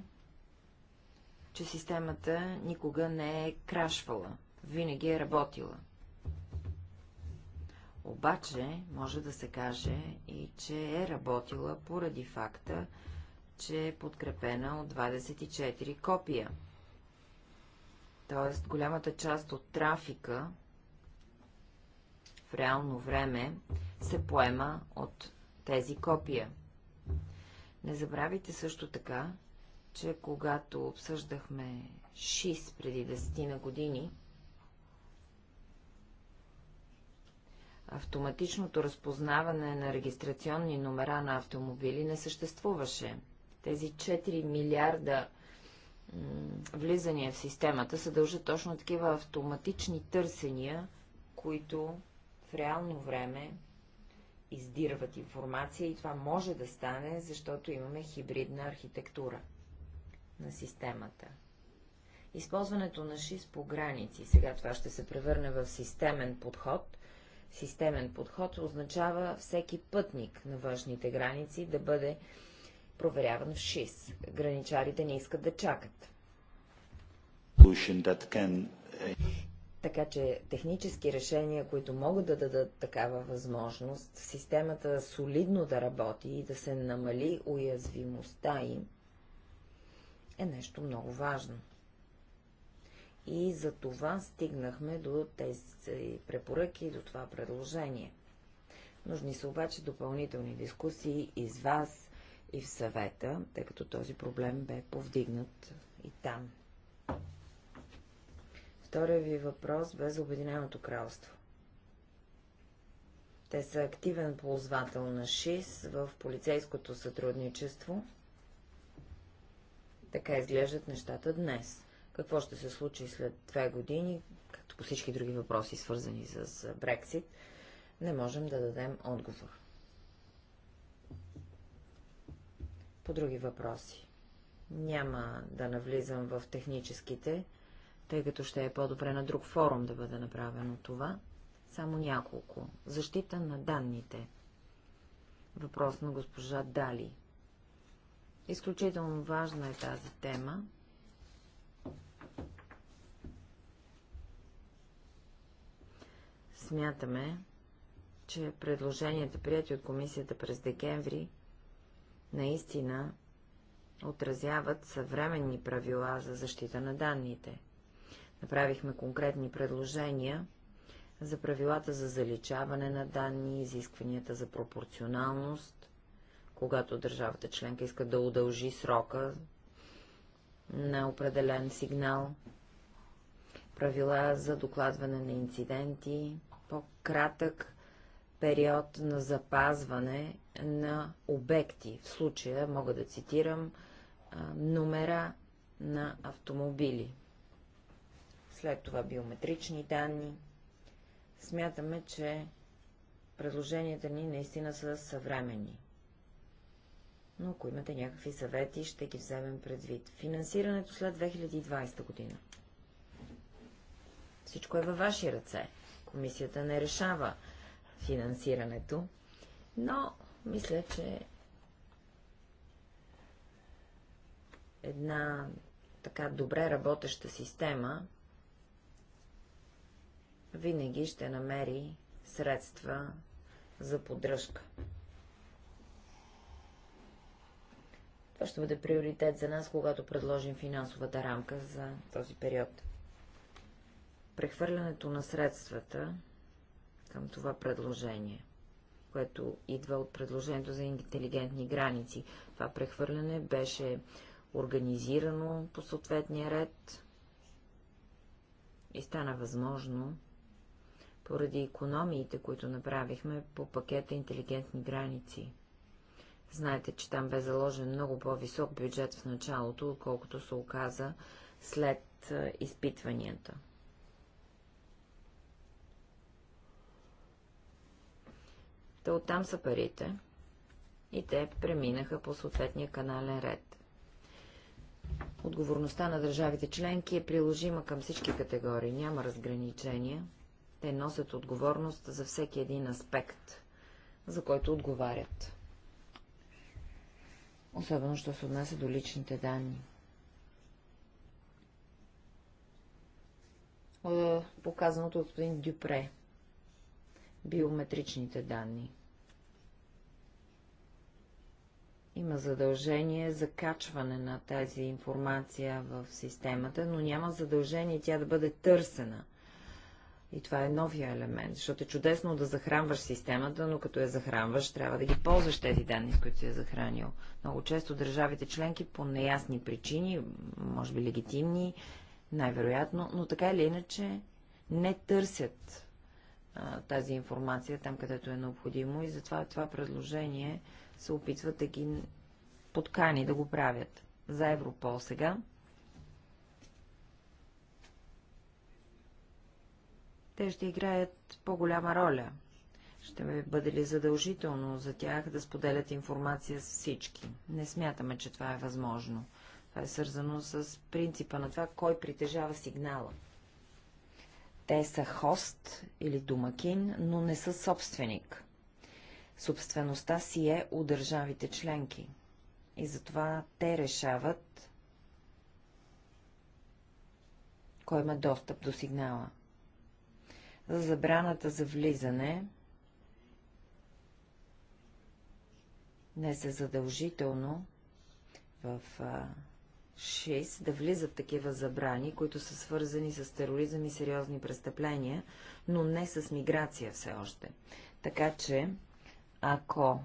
че системата никога не е крашвала, винаги е работила – обаче може да се каже и, че е работила поради факта, че е подкрепена от 24 копия. Тоест, голямата част от трафика в реално време се поема от тези копия. Не забравяйте също така, че когато обсъждахме ШИС преди 10 на години, автоматичното разпознаване на регистрационни номера на автомобили не съществуваше. Тези 4 милиарда влизания в системата се дължат точно такива автоматични търсения, които в реално време издирват информация и това може да стане, защото имаме хибридна архитектура на системата. Използването на ШИС по граници, сега това ще се превърне в системен подход, Системен подход означава всеки пътник на външните граници да бъде проверяван в ШИС. Граничарите не искат да чакат. Eh, така че технически решения, които могат да дадат такава възможност, системата солидно да работи и да се намали уязвимостта им, е нещо много важно и за това стигнахме до тези препоръки и до това предложение. Нужни са обаче допълнителни дискусии и с вас, и в съвета, тъй като този проблем бе повдигнат и там. Втория ви въпрос бе за Обединеното кралство. Те са активен ползвател на ШИС в полицейското сътрудничество. Така изглеждат нещата днес какво ще се случи след две години, като по всички други въпроси, свързани с Брексит, не можем да дадем отговор. По други въпроси. Няма да навлизам в техническите, тъй като ще е по-добре на друг форум да бъде направено това. Само няколко. Защита на данните. Въпрос на госпожа Дали. Изключително важна е тази тема, смятаме, че предложенията, прияти от комисията през декември, наистина отразяват съвременни правила за защита на данните. Направихме конкретни предложения за правилата за заличаване на данни, изискванията за пропорционалност, когато държавата членка иска да удължи срока на определен сигнал, правила за докладване на инциденти, по-кратък период на запазване на обекти. В случая мога да цитирам номера на автомобили. След това биометрични данни. Смятаме, че предложенията ни наистина са съвременни. Но ако имате някакви съвети, ще ги вземем предвид. Финансирането след 2020 година. Всичко е във ваши ръце. Комисията не решава финансирането, но мисля, че една така добре работеща система винаги ще намери средства за поддръжка. Това ще бъде приоритет за нас, когато предложим финансовата рамка за този период прехвърлянето на средствата към това предложение, което идва от предложението за интелигентни граници. Това прехвърляне беше организирано по съответния ред и стана възможно поради економиите, които направихме по пакета интелигентни граници. Знаете, че там бе заложен много по-висок бюджет в началото, отколкото се оказа след изпитванията. парите, оттам са парите. И те преминаха по съответния канален ред. Отговорността на държавите членки е приложима към всички категории, няма разграничения. Те носят отговорност за всеки един аспект, за който отговарят. Особено, що се отнася до личните данни. Е, показаното от господин Дюпре. Биометричните данни – Има задължение за качване на тази информация в системата, но няма задължение тя да бъде търсена. И това е новия елемент, защото е чудесно да захранваш системата, но като я захранваш, трябва да ги ползваш тези данни, с които си я захранил. Много често държавите членки по неясни причини, може би легитимни, най-вероятно, но така или иначе не търсят а, тази информация там, където е необходимо и затова това предложение се опитват да ги подкани да го правят. За Европол сега. Те ще играят по-голяма роля. Ще бъде ли задължително за тях да споделят информация с всички? Не смятаме, че това е възможно. Това е свързано с принципа на това, кой притежава сигнала. Те са хост или домакин, но не са собственик. Собствеността си е у държавите членки. И затова те решават кой има достъп до сигнала. За забраната за влизане днес е задължително в 6 да влизат такива забрани, които са свързани с тероризъм и сериозни престъпления, но не с миграция все още. Така че ако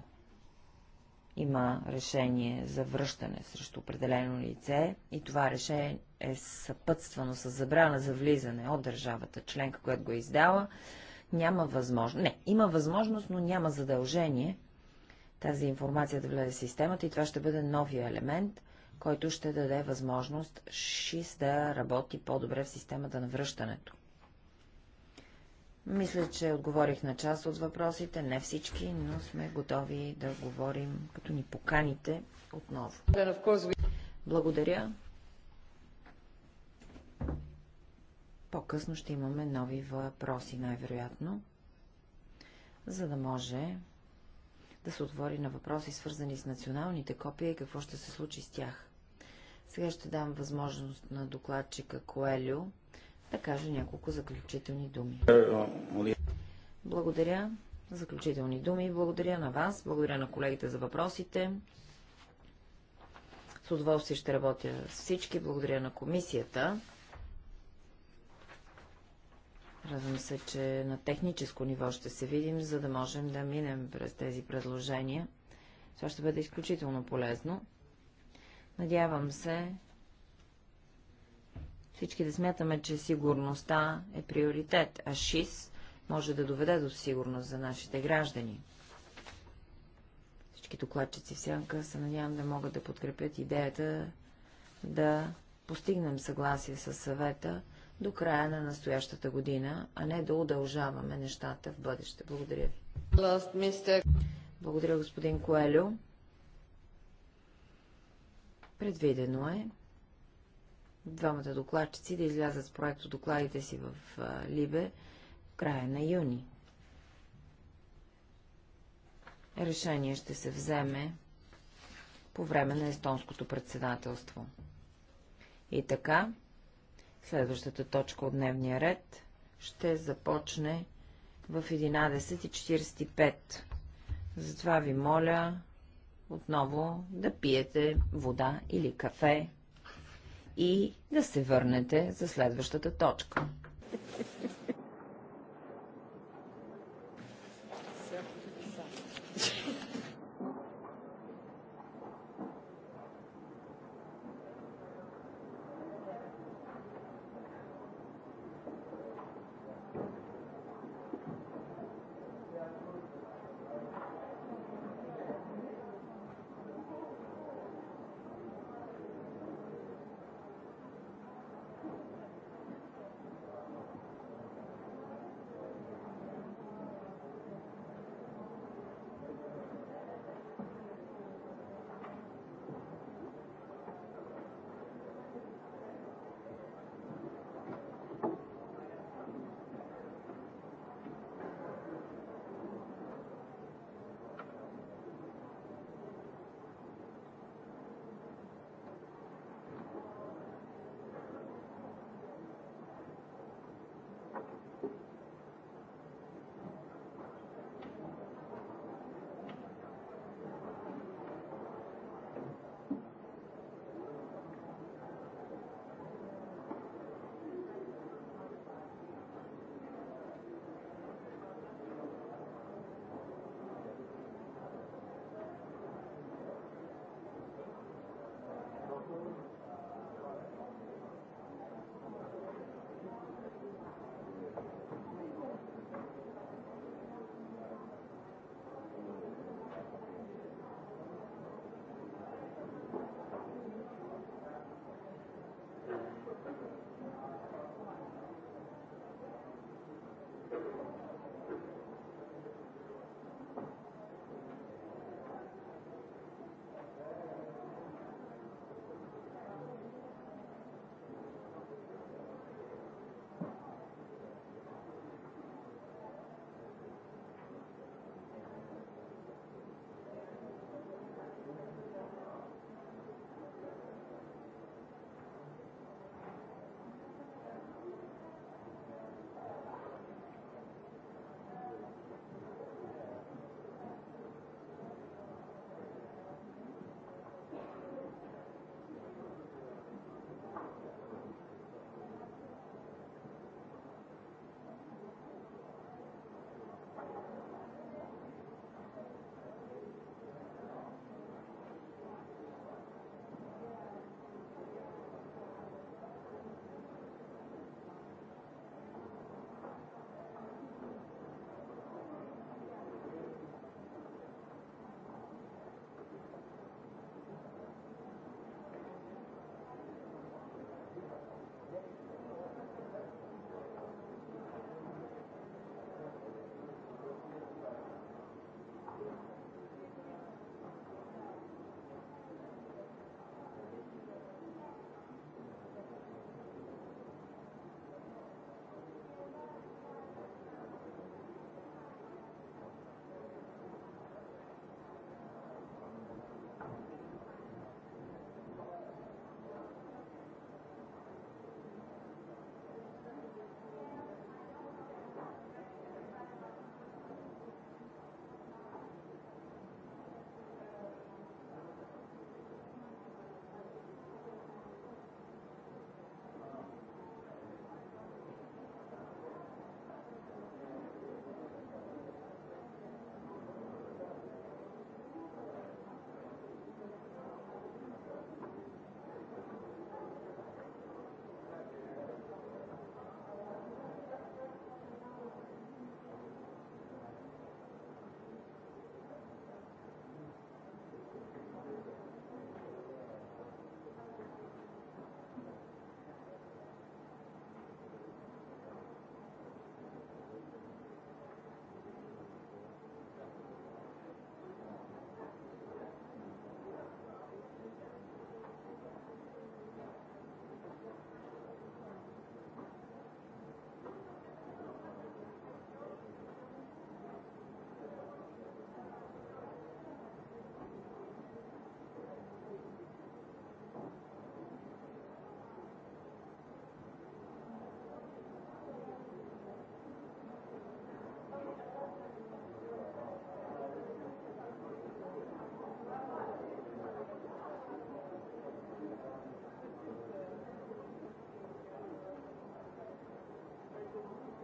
има решение за връщане срещу определено лице и това решение е съпътствано с забрана за влизане от държавата членка, която го е издала, няма възможност. Не, има възможност, но няма задължение тази информация да влезе в системата и това ще бъде новия елемент, който ще даде възможност ШИС да работи по-добре в системата на връщането. Мисля, че отговорих на част от въпросите, не всички, но сме готови да говорим, като ни поканите отново. Благодаря. По-късно ще имаме нови въпроси, най-вероятно, за да може да се отвори на въпроси, свързани с националните копия и какво ще се случи с тях. Сега ще дам възможност на докладчика Коелю да кажа няколко заключителни думи. Благодаря. Заключителни думи. Благодаря на вас. Благодаря на колегите за въпросите. С удоволствие ще работя с всички. Благодаря на комисията. Радвам се, че на техническо ниво ще се видим, за да можем да минем през тези предложения. Това ще бъде изключително полезно. Надявам се, всички да смятаме, че сигурността е приоритет, а ШИС може да доведе до сигурност за нашите граждани. Всички докладчици в сянка се надявам да могат да подкрепят идеята да постигнем съгласие с съвета до края на настоящата година, а не да удължаваме нещата в бъдеще. Благодаря ви. Благодаря, господин Коелю. Предвидено е двамата докладчици да излязат с проекто докладите си в Либе в края на юни. Решение ще се вземе по време на естонското председателство. И така, следващата точка от дневния ред ще започне в 11.45. Затова ви моля отново да пиете вода или кафе и да се върнете за следващата точка.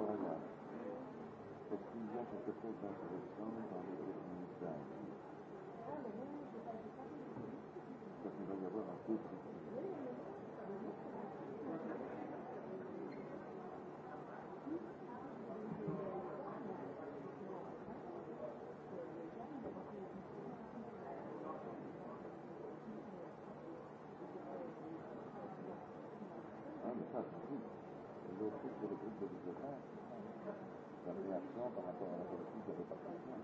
paragrafi, per cui gli altri proporre altre persone non le organizzate. Perché voglio ancora tutti de l'État, la réaction par rapport à la politique de répartition.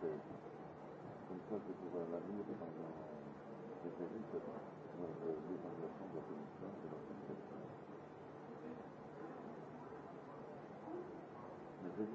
c'est comme ça que pour l'avenir dans les élites, dans l'évaluation de la commission de l'organisation. Mais j'ai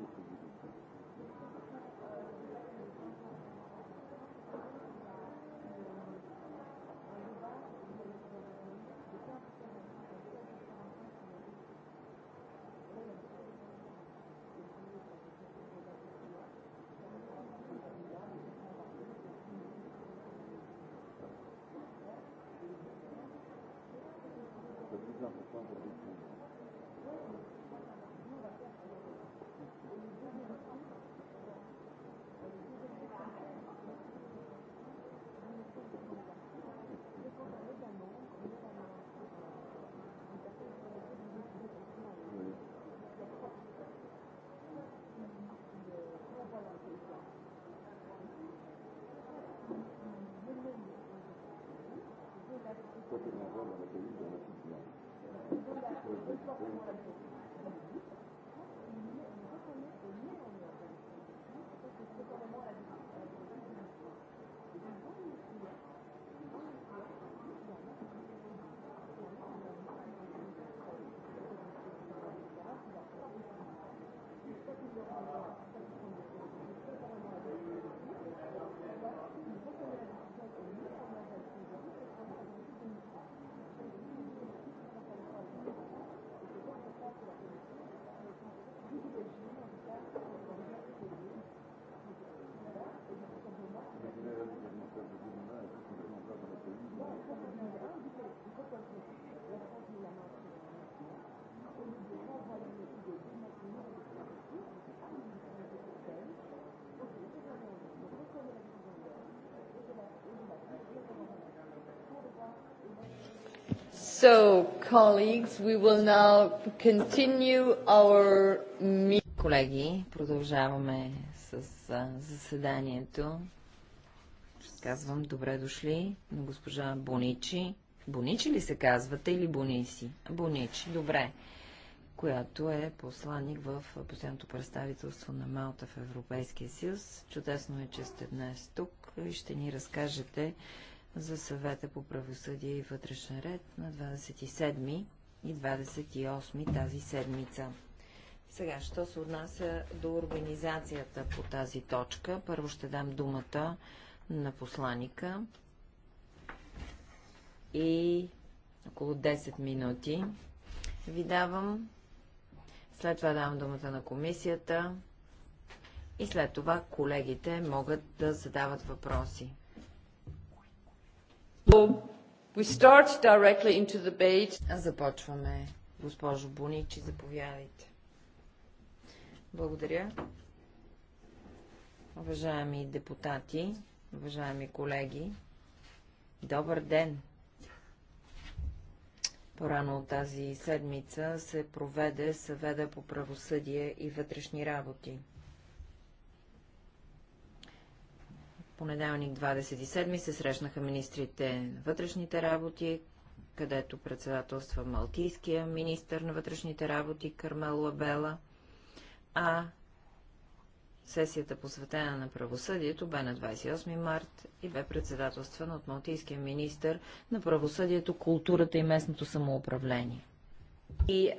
Thank you. So, colleagues, we will now continue our Колеги, продължаваме с заседанието. Казвам добре дошли на госпожа Боничи. Боничи ли се казвате или Бониси? Боничи, добре. Която е посланник в постоянното представителство на Малта в Европейския съюз. Чудесно е, че сте днес тук и ще ни разкажете за съвета по правосъдие и вътрешен ред на 27 и 28 тази седмица. Сега, що се отнася до организацията по тази точка, първо ще дам думата на посланика и около 10 минути ви давам. След това давам думата на комисията и след това колегите могат да задават въпроси. Започваме, госпожо Буничи, заповядайте. Благодаря. Уважаеми депутати, уважаеми колеги, добър ден! Порано от тази седмица се проведе съведа по правосъдие и вътрешни работи. понеделник 27 се срещнаха министрите на вътрешните работи, където председателства Малтийския министр на вътрешните работи Кармел Лабела, а сесията посветена на правосъдието бе на 28 март и бе председателствана от Малтийския министр на правосъдието, културата и местното самоуправление. И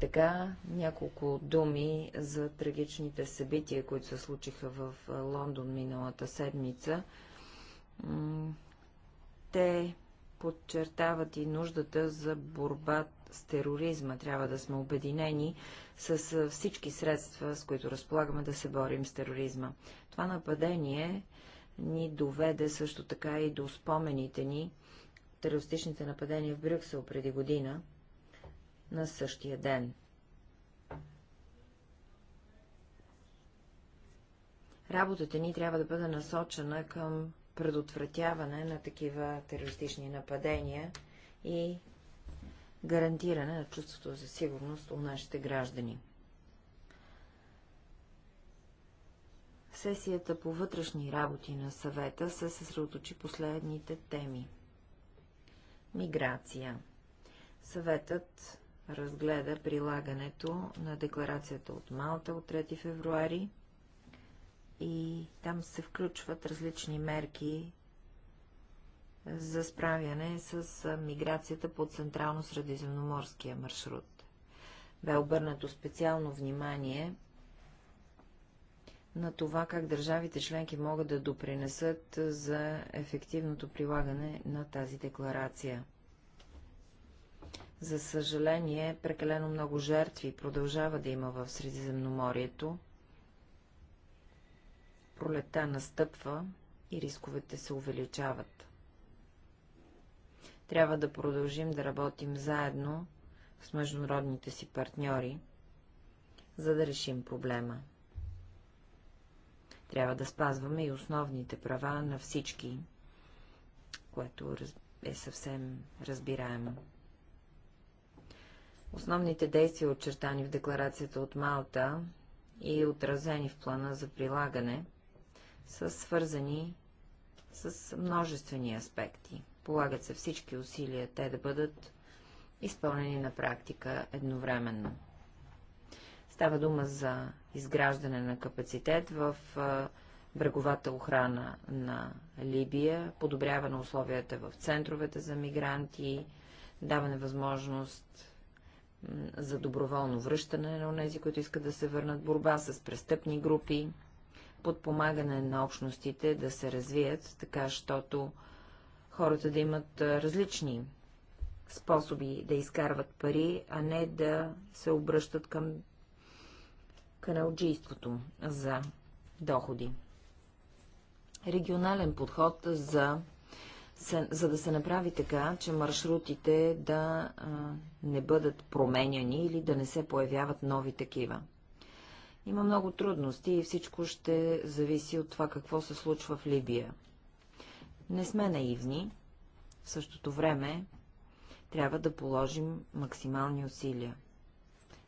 така, няколко думи за трагичните събития, които се случиха в Лондон миналата седмица. Те подчертават и нуждата за борба с тероризма. Трябва да сме обединени с всички средства, с които разполагаме да се борим с тероризма. Това нападение ни доведе също така и до спомените ни терористичните нападения в Брюксел преди година на същия ден. Работата ни трябва да бъде насочена към предотвратяване на такива терористични нападения и гарантиране на чувството за сигурност у нашите граждани. Сесията по вътрешни работи на съвета се съсредоточи последните теми. Миграция. Съветът разгледа прилагането на декларацията от Малта от 3 февруари и там се включват различни мерки за справяне с миграцията по Централно-Средиземноморския маршрут. Бе обърнато специално внимание на това как държавите членки могат да допринесат за ефективното прилагане на тази декларация. За съжаление, прекалено много жертви продължава да има в Средиземноморието. Пролета настъпва и рисковете се увеличават. Трябва да продължим да работим заедно с международните си партньори, за да решим проблема. Трябва да спазваме и основните права на всички, което е съвсем разбираемо. Основните действия, очертани в декларацията от Малта и отразени в плана за прилагане, са свързани с множествени аспекти. Полагат се всички усилия те да бъдат изпълнени на практика едновременно. Става дума за изграждане на капацитет в бреговата охрана на Либия, подобряване на условията в центровете за мигранти, даване възможност за доброволно връщане на тези, които искат да се върнат, борба с престъпни групи, подпомагане на общностите да се развият, така, щото хората да имат различни способи да изкарват пари, а не да се обръщат към каналджийството за доходи. Регионален подход за, за да се направи така, че маршрутите да а, не бъдат променяни или да не се появяват нови такива. Има много трудности и всичко ще зависи от това какво се случва в Либия. Не сме наивни, в същото време трябва да положим максимални усилия.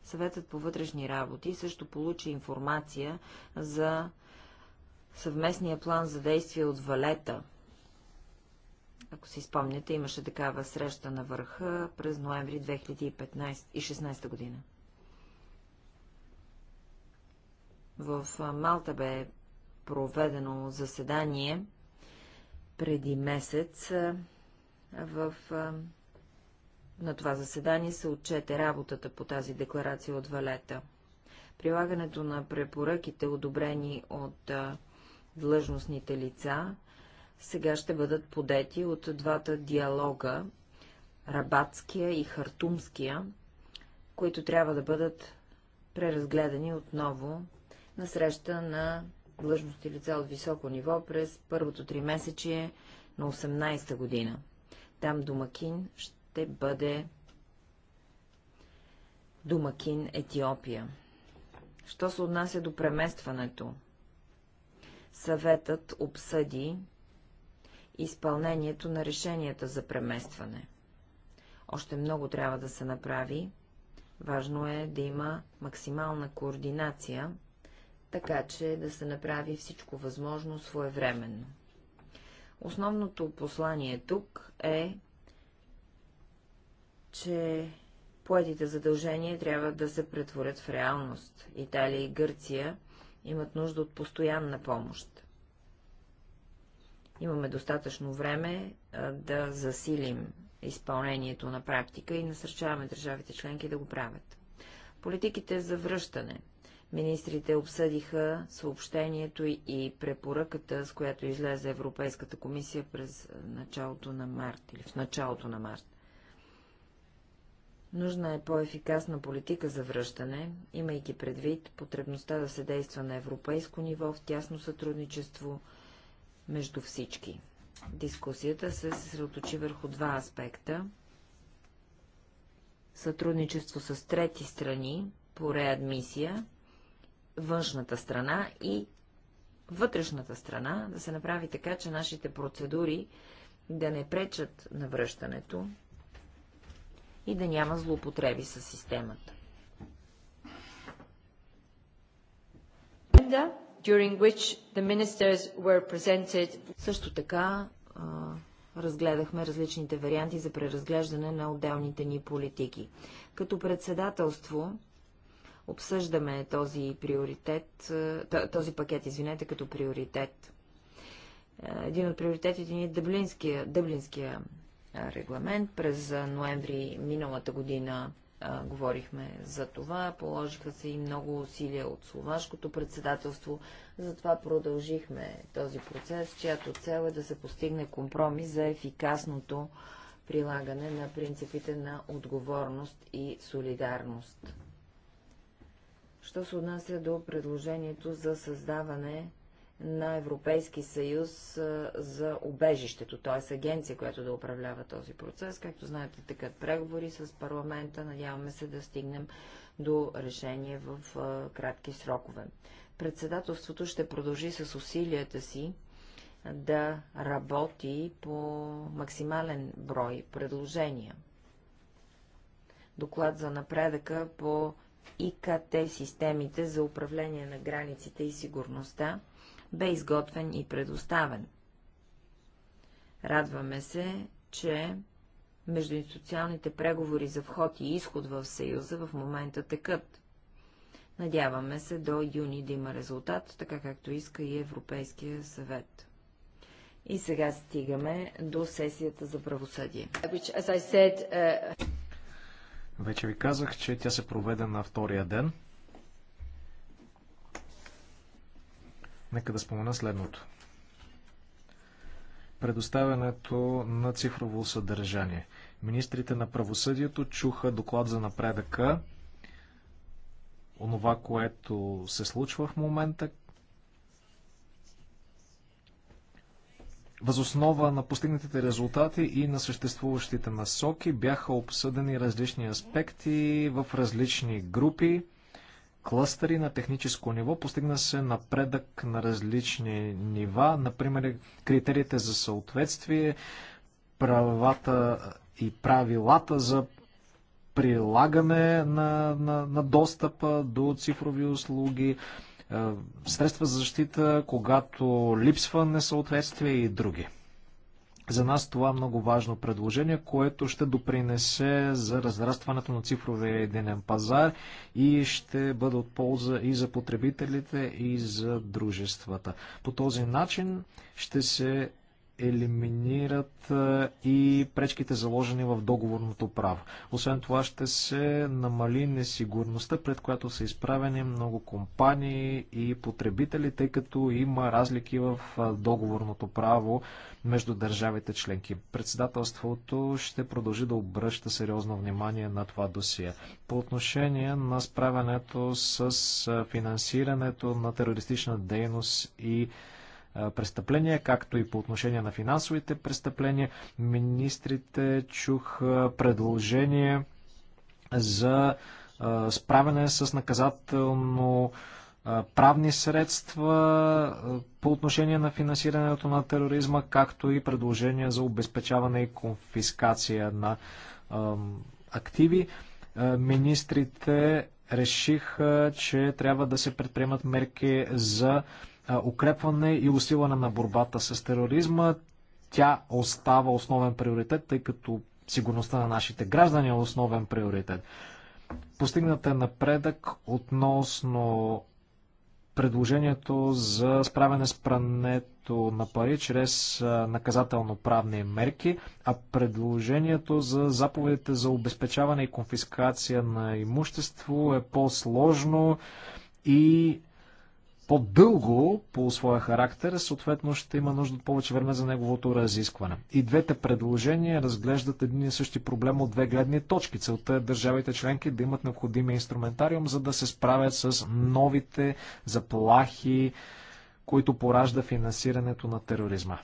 Съветът по вътрешни работи също получи информация за съвместния план за действие от Валета. Ако си спомняте, имаше такава среща на върха през ноември 2016 година. В Малта бе проведено заседание преди месец в на това заседание се отчете работата по тази декларация от Валета. Прилагането на препоръките, одобрени от длъжностните лица, сега ще бъдат подети от двата диалога – Рабатския и Хартумския, които трябва да бъдат преразгледани отново на среща на длъжности лица от високо ниво през първото три месечие на 18-та година. Там домакин ще ще бъде домакин Етиопия. Що се отнася до преместването? Съветът обсъди изпълнението на решенията за преместване. Още много трябва да се направи. Важно е да има максимална координация, така че да се направи всичко възможно своевременно. Основното послание тук е че поетите задължения трябва да се претворят в реалност. Италия и Гърция имат нужда от постоянна помощ. Имаме достатъчно време да засилим изпълнението на практика и насърчаваме държавите членки да го правят. Политиките за връщане. Министрите обсъдиха съобщението и препоръката, с която излезе Европейската комисия през началото на март или в началото на март. Нужна е по-ефикасна политика за връщане, имайки предвид потребността да се действа на европейско ниво в тясно сътрудничество между всички. Дискусията се съсредоточи върху два аспекта – сътрудничество с трети страни по реадмисия, външната страна и вътрешната страна, да се направи така, че нашите процедури да не пречат на връщането, и да няма злоупотреби с системата. Също така разгледахме различните варианти за преразглеждане на отделните ни политики. Като председателство обсъждаме този приоритет, този пакет, извинете, като приоритет. Един от приоритетите ни е Дъблинския, Дъблинския регламент. През ноември миналата година а, говорихме за това. Положиха се и много усилия от словашкото председателство. Затова продължихме този процес, чиято цел е да се постигне компромис за ефикасното прилагане на принципите на отговорност и солидарност. Що се отнася до предложението за създаване на Европейски съюз за убежището, т.е. агенция, която да управлява този процес. Както знаете, така преговори с парламента. Надяваме се да стигнем до решение в кратки срокове. Председателството ще продължи с усилията си да работи по максимален брой предложения. Доклад за напредъка по ИКТ системите за управление на границите и сигурността бе изготвен и предоставен. Радваме се, че междуинституционалните преговори за вход и изход в Съюза в момента текат. Надяваме се до юни да има резултат, така както иска и Европейския съвет. И сега стигаме до сесията за правосъдие. Which, said, uh... Вече ви казах, че тя се проведе на втория ден. Нека да спомена следното. Предоставянето на цифрово съдържание. Министрите на правосъдието чуха доклад за напредъка, онова, което се случва в момента, Възоснова на постигнатите резултати и на съществуващите насоки бяха обсъдени различни аспекти в различни групи клъстери на техническо ниво. Постигна се напредък на различни нива, например критериите за съответствие, правата и правилата за прилагане на, на, на достъпа до цифрови услуги, е, средства за защита, когато липсва несъответствие и други. За нас това е много важно предложение, което ще допринесе за разрастването на цифровия единен пазар и ще бъде от полза и за потребителите, и за дружествата. По този начин ще се елиминират и пречките заложени в договорното право. Освен това ще се намали несигурността, пред която са изправени много компании и потребители, тъй като има разлики в договорното право между държавите членки. Председателството ще продължи да обръща сериозно внимание на това досие. По отношение на справянето с финансирането на терористична дейност и престъпления, както и по отношение на финансовите престъпления. Министрите чух предложение за справяне с наказателно правни средства по отношение на финансирането на тероризма, както и предложения за обезпечаване и конфискация на активи. Министрите решиха, че трябва да се предприемат мерки за укрепване и усилване на борбата с тероризма. Тя остава основен приоритет, тъй като сигурността на нашите граждани е основен приоритет. Постигнат е напредък относно предложението за справяне с прането на пари чрез наказателно-правни мерки, а предложението за заповедите за обезпечаване и конфискация на имущество е по-сложно и по-дълго по своя характер, съответно ще има нужда от повече време за неговото разискване. И двете предложения разглеждат един и същи проблем от две гледни точки. Целта е държавите членки да имат необходимия инструментариум, за да се справят с новите заплахи, които поражда финансирането на тероризма.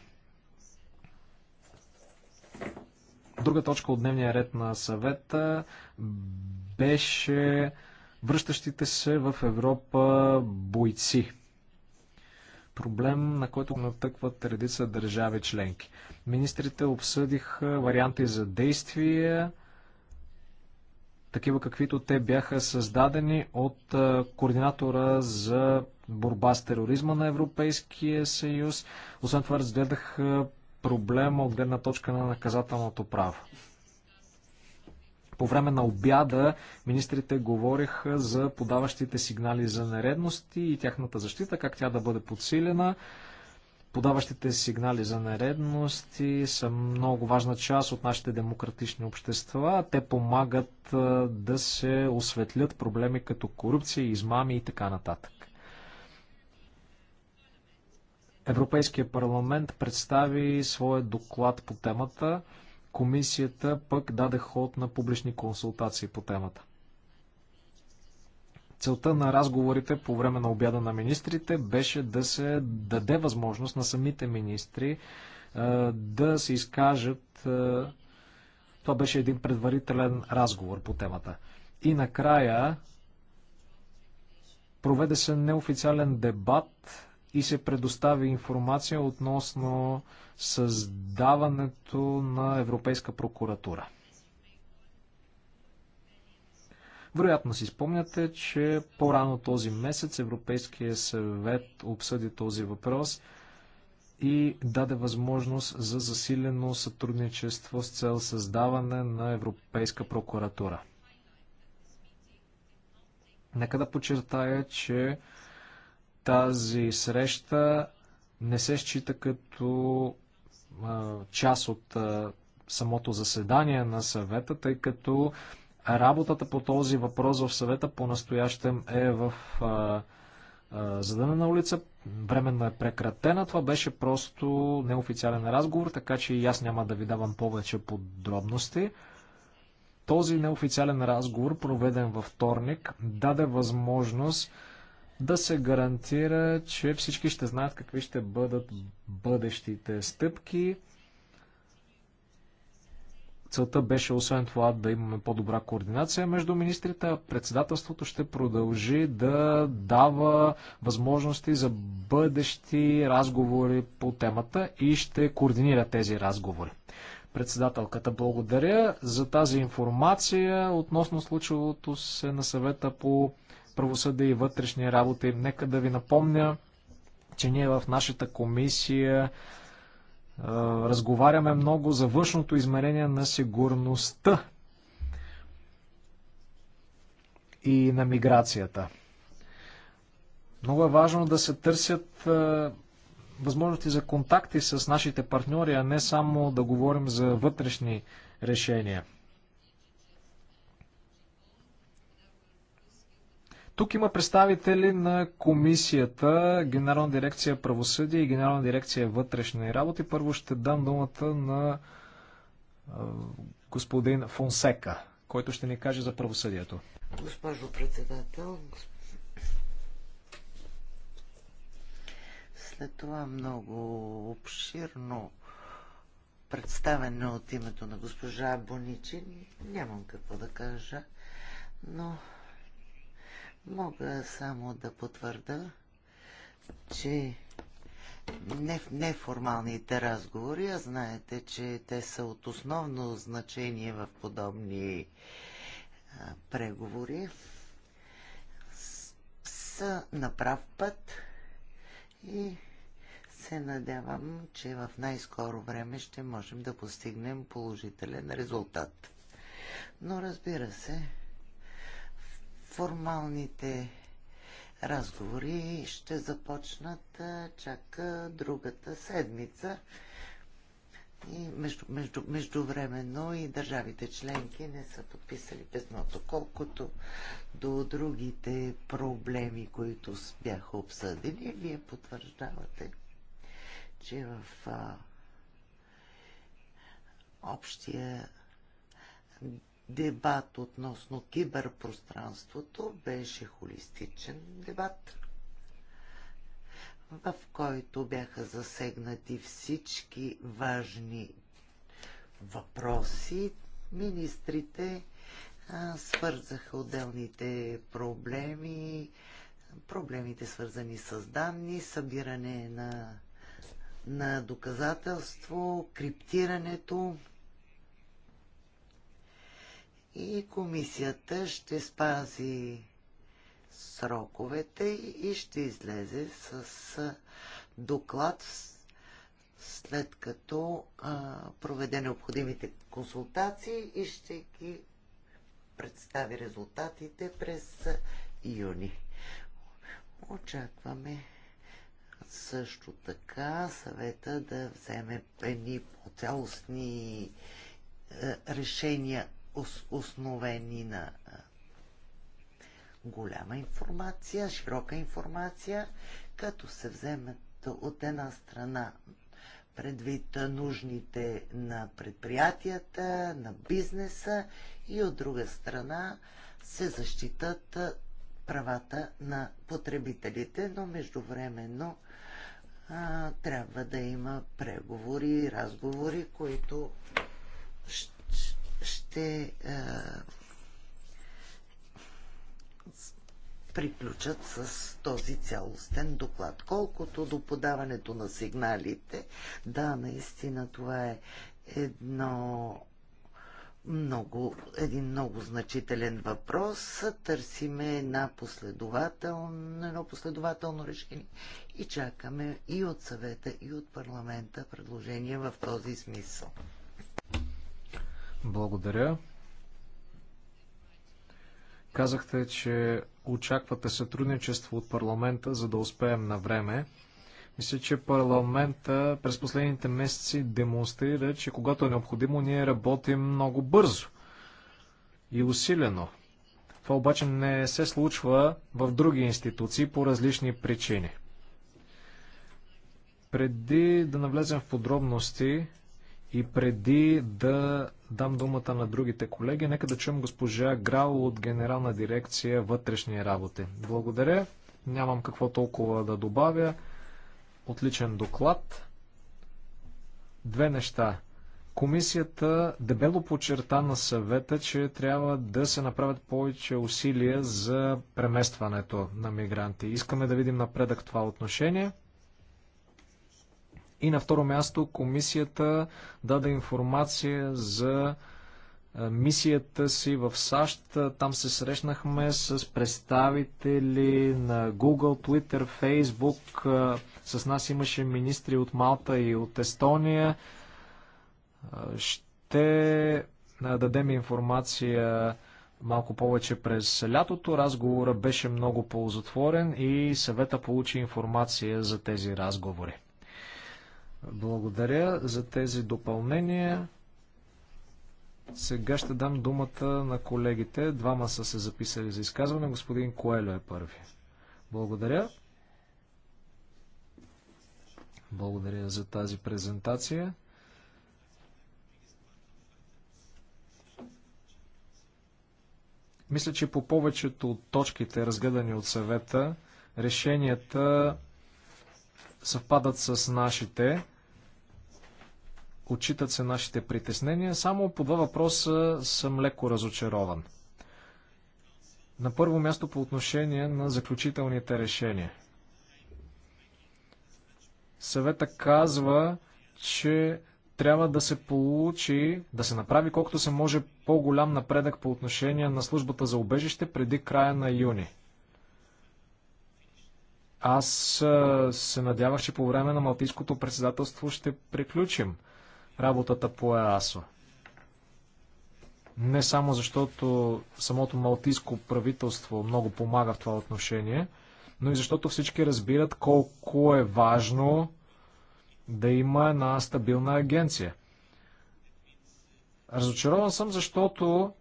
Друга точка от дневния ред на съвета беше връщащите се в Европа бойци. Проблем, на който натъкват редица държави членки. Министрите обсъдиха варианти за действия, такива каквито те бяха създадени от координатора за борба с тероризма на Европейския съюз. Освен това разгледах проблема от гледна точка на наказателното право. По време на обяда министрите говориха за подаващите сигнали за нередности и тяхната защита, как тя да бъде подсилена. Подаващите сигнали за нередности са много важна част от нашите демократични общества. Те помагат да се осветлят проблеми като корупция, измами и така нататък. Европейския парламент представи своя доклад по темата. Комисията пък даде ход на публични консултации по темата. Целта на разговорите по време на обяда на министрите беше да се даде възможност на самите министри е, да се изкажат. Е, това беше един предварителен разговор по темата. И накрая проведе се неофициален дебат и се предостави информация относно създаването на Европейска прокуратура. Вероятно си спомняте, че по-рано този месец Европейския съвет обсъди този въпрос и даде възможност за засилено сътрудничество с цел създаване на Европейска прокуратура. Нека да подчертая, че тази среща не се счита като част от самото заседание на съвета, тъй като работата по този въпрос в съвета по-настоящем е в на улица. Временно е прекратена. Това беше просто неофициален разговор, така че и аз няма да ви давам повече подробности. Този неофициален разговор, проведен във вторник, даде възможност да се гарантира, че всички ще знаят какви ще бъдат бъдещите стъпки. Целта беше освен това да имаме по-добра координация между министрите, а председателството ще продължи да дава възможности за бъдещи разговори по темата и ще координира тези разговори. Председателката, благодаря за тази информация относно случилото се на съвета по правосъдие и вътрешни работи. Нека да ви напомня, че ние в нашата комисия е, разговаряме много за външното измерение на сигурността и на миграцията. Много е важно да се търсят е, възможности за контакти с нашите партньори, а не само да говорим за вътрешни решения. Тук има представители на комисията, Генерална дирекция правосъдие и Генерална дирекция вътрешни работи. Първо ще дам думата на господин Фонсека, който ще ни каже за правосъдието. Госпожо председател, след това много обширно представено от името на госпожа Боничи, нямам какво да кажа, но Мога само да потвърда, че неформалните разговори, а знаете, че те са от основно значение в подобни а, преговори, са на прав път и се надявам, че в най-скоро време ще можем да постигнем положителен резултат. Но разбира се, формалните разговори ще започнат чак другата седмица. И между, между, междувременно и държавите членки не са подписали писмото. Колкото до другите проблеми, които бяха обсъдени, вие потвърждавате, че в а, общия дебат относно киберпространството беше холистичен дебат, в който бяха засегнати всички важни въпроси. Министрите а, свързаха отделните проблеми, проблемите свързани с данни, събиране на, на доказателство, криптирането и комисията ще спази сроковете и ще излезе с доклад след като а, проведе необходимите консултации и ще ги представи резултатите през юни. Очакваме също така съвета да вземе едни по-цялостни решения основени на голяма информация, широка информация, като се вземат от една страна предвид нужните на предприятията, на бизнеса и от друга страна се защитат правата на потребителите, но междувременно а, трябва да има преговори и разговори, които ще ще приключат с този цялостен доклад. Колкото до подаването на сигналите, да, наистина това е едно много, един много значителен въпрос. Търсиме една последователно, едно последователно решение и чакаме и от съвета, и от парламента предложения в този смисъл. Благодаря. Казахте, че очаквате сътрудничество от парламента, за да успеем на време. Мисля, че парламента през последните месеци демонстрира, че когато е необходимо, ние работим много бързо и усилено. Това обаче не се случва в други институции по различни причини. Преди да навлезем в подробности и преди да дам думата на другите колеги. Нека да чуем госпожа Грал от Генерална дирекция вътрешни работи. Благодаря. Нямам какво толкова да добавя. Отличен доклад. Две неща. Комисията дебело подчерта на съвета, че трябва да се направят повече усилия за преместването на мигранти. Искаме да видим напредък това отношение. И на второ място комисията даде информация за мисията си в САЩ. Там се срещнахме с представители на Google, Twitter, Facebook. С нас имаше министри от Малта и от Естония. Ще дадем информация малко повече през лятото. Разговора беше много ползотворен и съвета получи информация за тези разговори. Благодаря за тези допълнения. Сега ще дам думата на колегите. Двама са се записали за изказване. Господин Коелю е първи. Благодаря. Благодаря за тази презентация. Мисля, че по повечето от точките, разгледани от съвета, решенията съвпадат с нашите. Отчитат се нашите притеснения. Само по два въпроса съм леко разочарован. На първо място по отношение на заключителните решения. Съвета казва, че трябва да се получи, да се направи колкото се може по-голям напредък по отношение на службата за убежище преди края на юни. Аз се надявах, че по време на Малтийското председателство ще приключим работата по ЕАСО. Не само защото самото малтийско правителство много помага в това отношение, но и защото всички разбират колко е важно да има една стабилна агенция. Разочарован съм, защото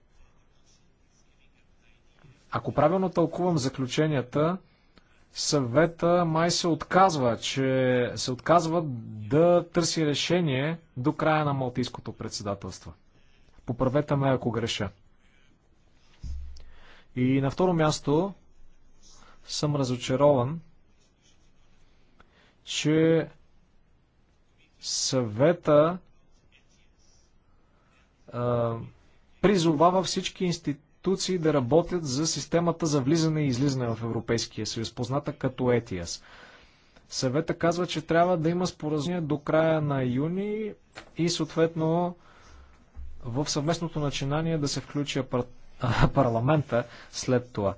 ако правилно тълкувам заключенията, съвета май се отказва, че се отказва да търси решение до края на Малтийското председателство. Поправете ме, ако греша. И на второ място съм разочарован, че съвета а, призовава всички институции институции да работят за системата за влизане и излизане в Европейския съюз, позната като ЕТИАС. Съвета казва, че трябва да има споразумение до края на юни и съответно в съвместното начинание да се включи пар... [laughs] парламента след това.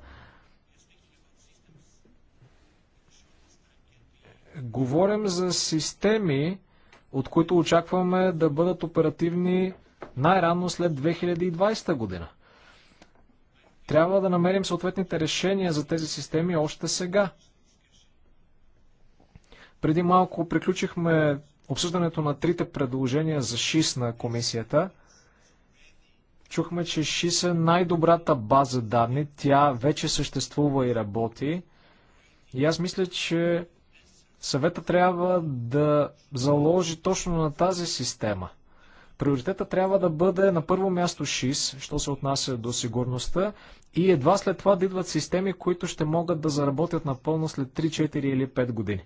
Говорим за системи, от които очакваме да бъдат оперативни най-рано след 2020 година. Трябва да намерим съответните решения за тези системи още сега. Преди малко приключихме обсъждането на трите предложения за ШИС на комисията. Чухме, че ШИС е най-добрата база данни. Тя вече съществува и работи. И аз мисля, че съвета трябва да заложи точно на тази система – Приоритета трябва да бъде на първо място ШИС, що се отнася до сигурността, и едва след това да идват системи, които ще могат да заработят напълно след 3, 4 или 5 години.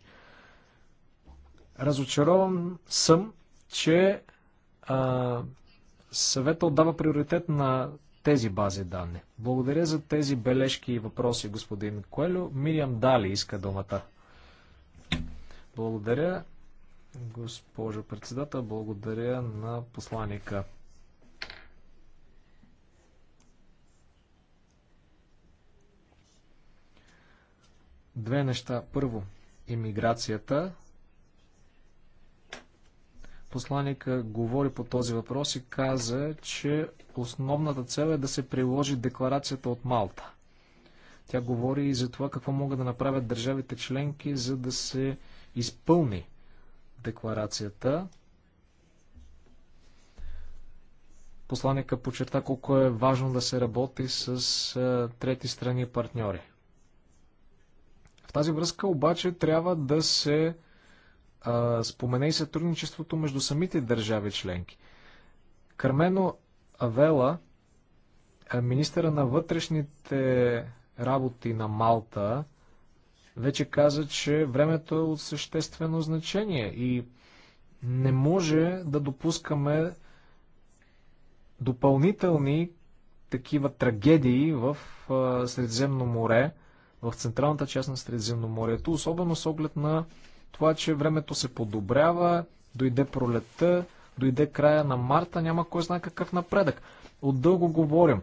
Разочарован съм, че а, съвета отдава приоритет на тези бази данни. Благодаря за тези бележки и въпроси, господин Коелю. Мириам Дали иска думата. Благодаря. Госпожо председател, благодаря на посланика. Две неща. Първо, иммиграцията. Посланика говори по този въпрос и каза, че основната цел е да се приложи декларацията от Малта. Тя говори и за това какво могат да направят държавите членки, за да се изпълни декларацията. Посланника почерта, колко е важно да се работи с е, трети страни партньори. В тази връзка обаче трябва да се а, е, спомене и сътрудничеството между самите държави членки. Кармено Авела, е, министъра на вътрешните работи на Малта, вече каза, че времето е от съществено значение и не може да допускаме допълнителни такива трагедии в Средиземно море, в централната част на морето, особено с оглед на това, че времето се подобрява, дойде пролетта, дойде края на марта, няма кой знае какъв напредък. Отдълго говорим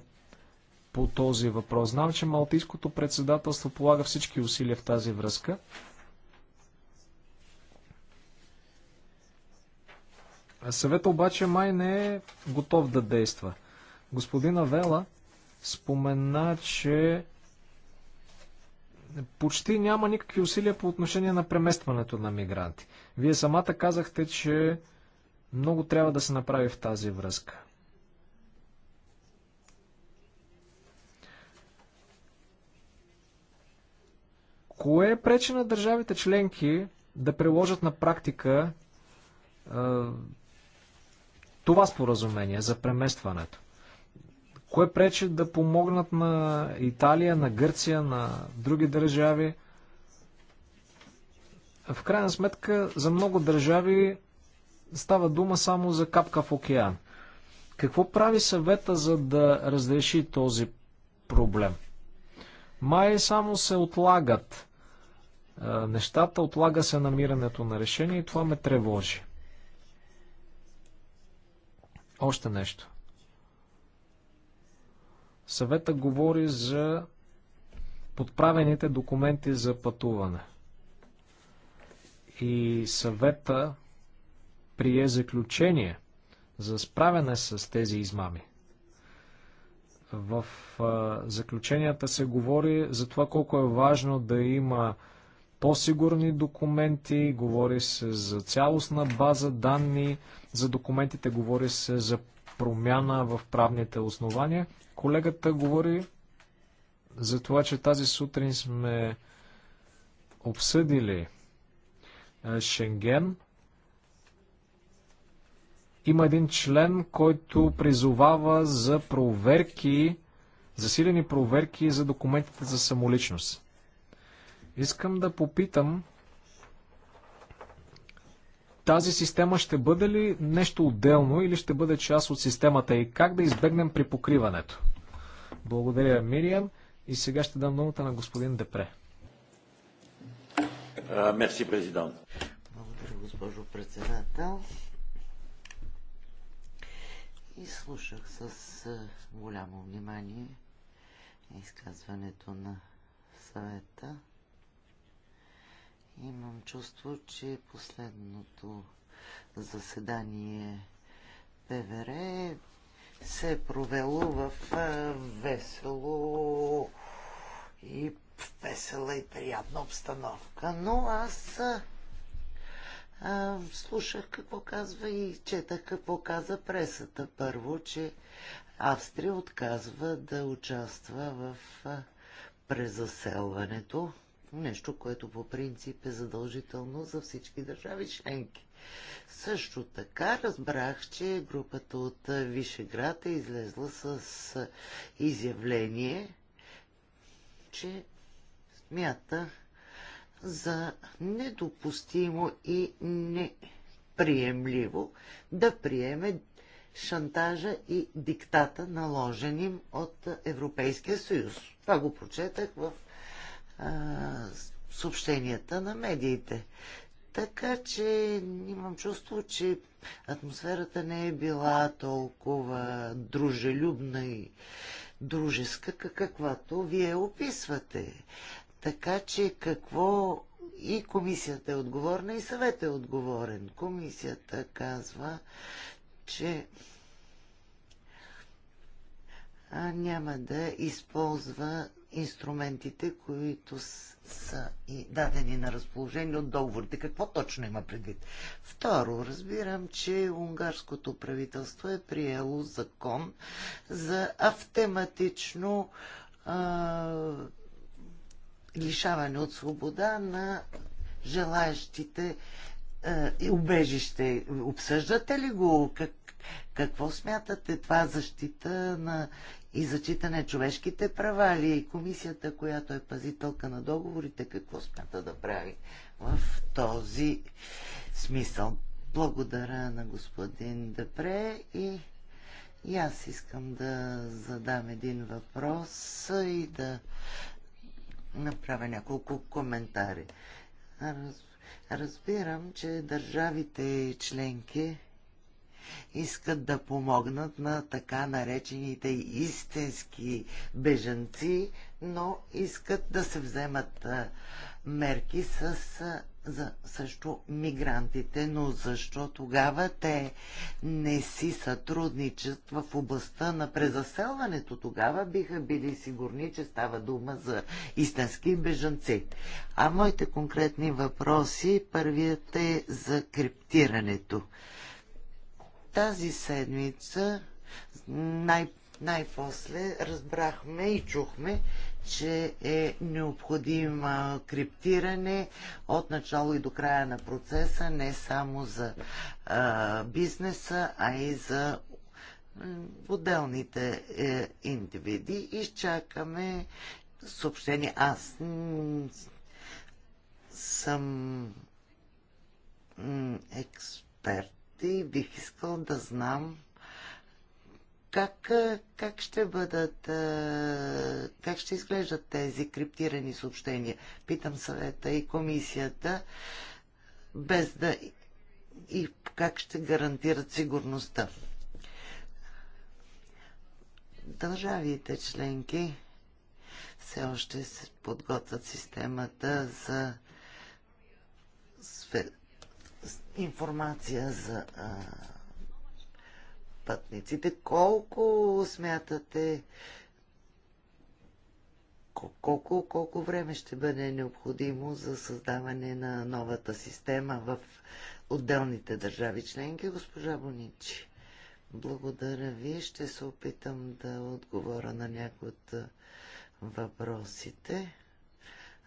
по този въпрос. Знам, че Малтийското председателство полага всички усилия в тази връзка. Съвета обаче май не е готов да действа. Господина Вела спомена, че почти няма никакви усилия по отношение на преместването на мигранти. Вие самата казахте, че много трябва да се направи в тази връзка. Кое пречи на държавите членки да приложат на практика е, това споразумение за преместването? Кое пречи да помогнат на Италия, на Гърция, на други държави? В крайна сметка, за много държави става дума само за капка в океан. Какво прави съвета, за да разреши този проблем? Май само се отлагат е, нещата, отлага се намирането на решение и това ме тревожи. Още нещо. Съвета говори за подправените документи за пътуване. И съвета прие заключение за справяне с тези измами. В заключенията се говори за това колко е важно да има по-сигурни документи, говори се за цялостна база данни за документите, говори се за промяна в правните основания. Колегата говори за това, че тази сутрин сме обсъдили Шенген. Има един член, който призовава за проверки, засилени проверки за документите за самоличност. Искам да попитам, тази система ще бъде ли нещо отделно или ще бъде част от системата и как да избегнем при покриването? Благодаря, Мириан. И сега ще дам думата на господин Депре. Мерси, президент. Благодаря, госпожо председател. И слушах с голямо внимание изказването на съвета. Имам чувство, че последното заседание ПВР се е провело в весело и весела и приятна обстановка. Но аз а, слушах какво казва и четах какво каза пресата. Първо, че Австрия отказва да участва в презаселването нещо, което по принцип е задължително за всички държави членки. Също така разбрах, че групата от Вишеград е излезла с изявление, че смята за недопустимо и неприемливо да приеме шантажа и диктата, наложен им от Европейския съюз. Това го прочетах в съобщенията на медиите. Така че имам чувство, че атмосферата не е била толкова дружелюбна и дружеска, каквато вие описвате. Така че какво и комисията е отговорна, и съвет е отговорен. Комисията казва, че няма да използва инструментите, които са и дадени на разположение от договорите. Какво точно има предвид? Второ, разбирам, че унгарското правителство е приело закон за автоматично а, лишаване от свобода на желаящите и убежище. Обсъждате ли го? Как, какво смятате това защита на и зачитане човешките права ли е и комисията, която е пазителка на договорите, какво смята да прави в този смисъл? Благодаря на господин Депре и, и аз искам да задам един въпрос и да направя няколко коментари. Разбирам, че държавите членки искат да помогнат на така наречените истински бежанци, но искат да се вземат мерки с, за, също мигрантите, но защо тогава те не си сътрудничат в областта на презаселването? Тогава биха били сигурни, че става дума за истински бежанци. А моите конкретни въпроси, първият е за криптирането. Тази седмица най- най-после разбрахме и чухме, че е необходимо криптиране от начало и до края на процеса, не само за а, бизнеса, а и за отделните е, индивиди. Изчакаме съобщение. Аз съм експерт и бих искал да знам как, как ще бъдат, как ще изглеждат тези криптирани съобщения. Питам съвета и комисията, без да и как ще гарантират сигурността. Държавите членки все още се подготвят системата за информация за а, пътниците. Колко смятате, колко, колко време ще бъде необходимо за създаване на новата система в отделните държави членки, госпожа Боничи? Благодаря ви. Ще се опитам да отговоря на някои от въпросите.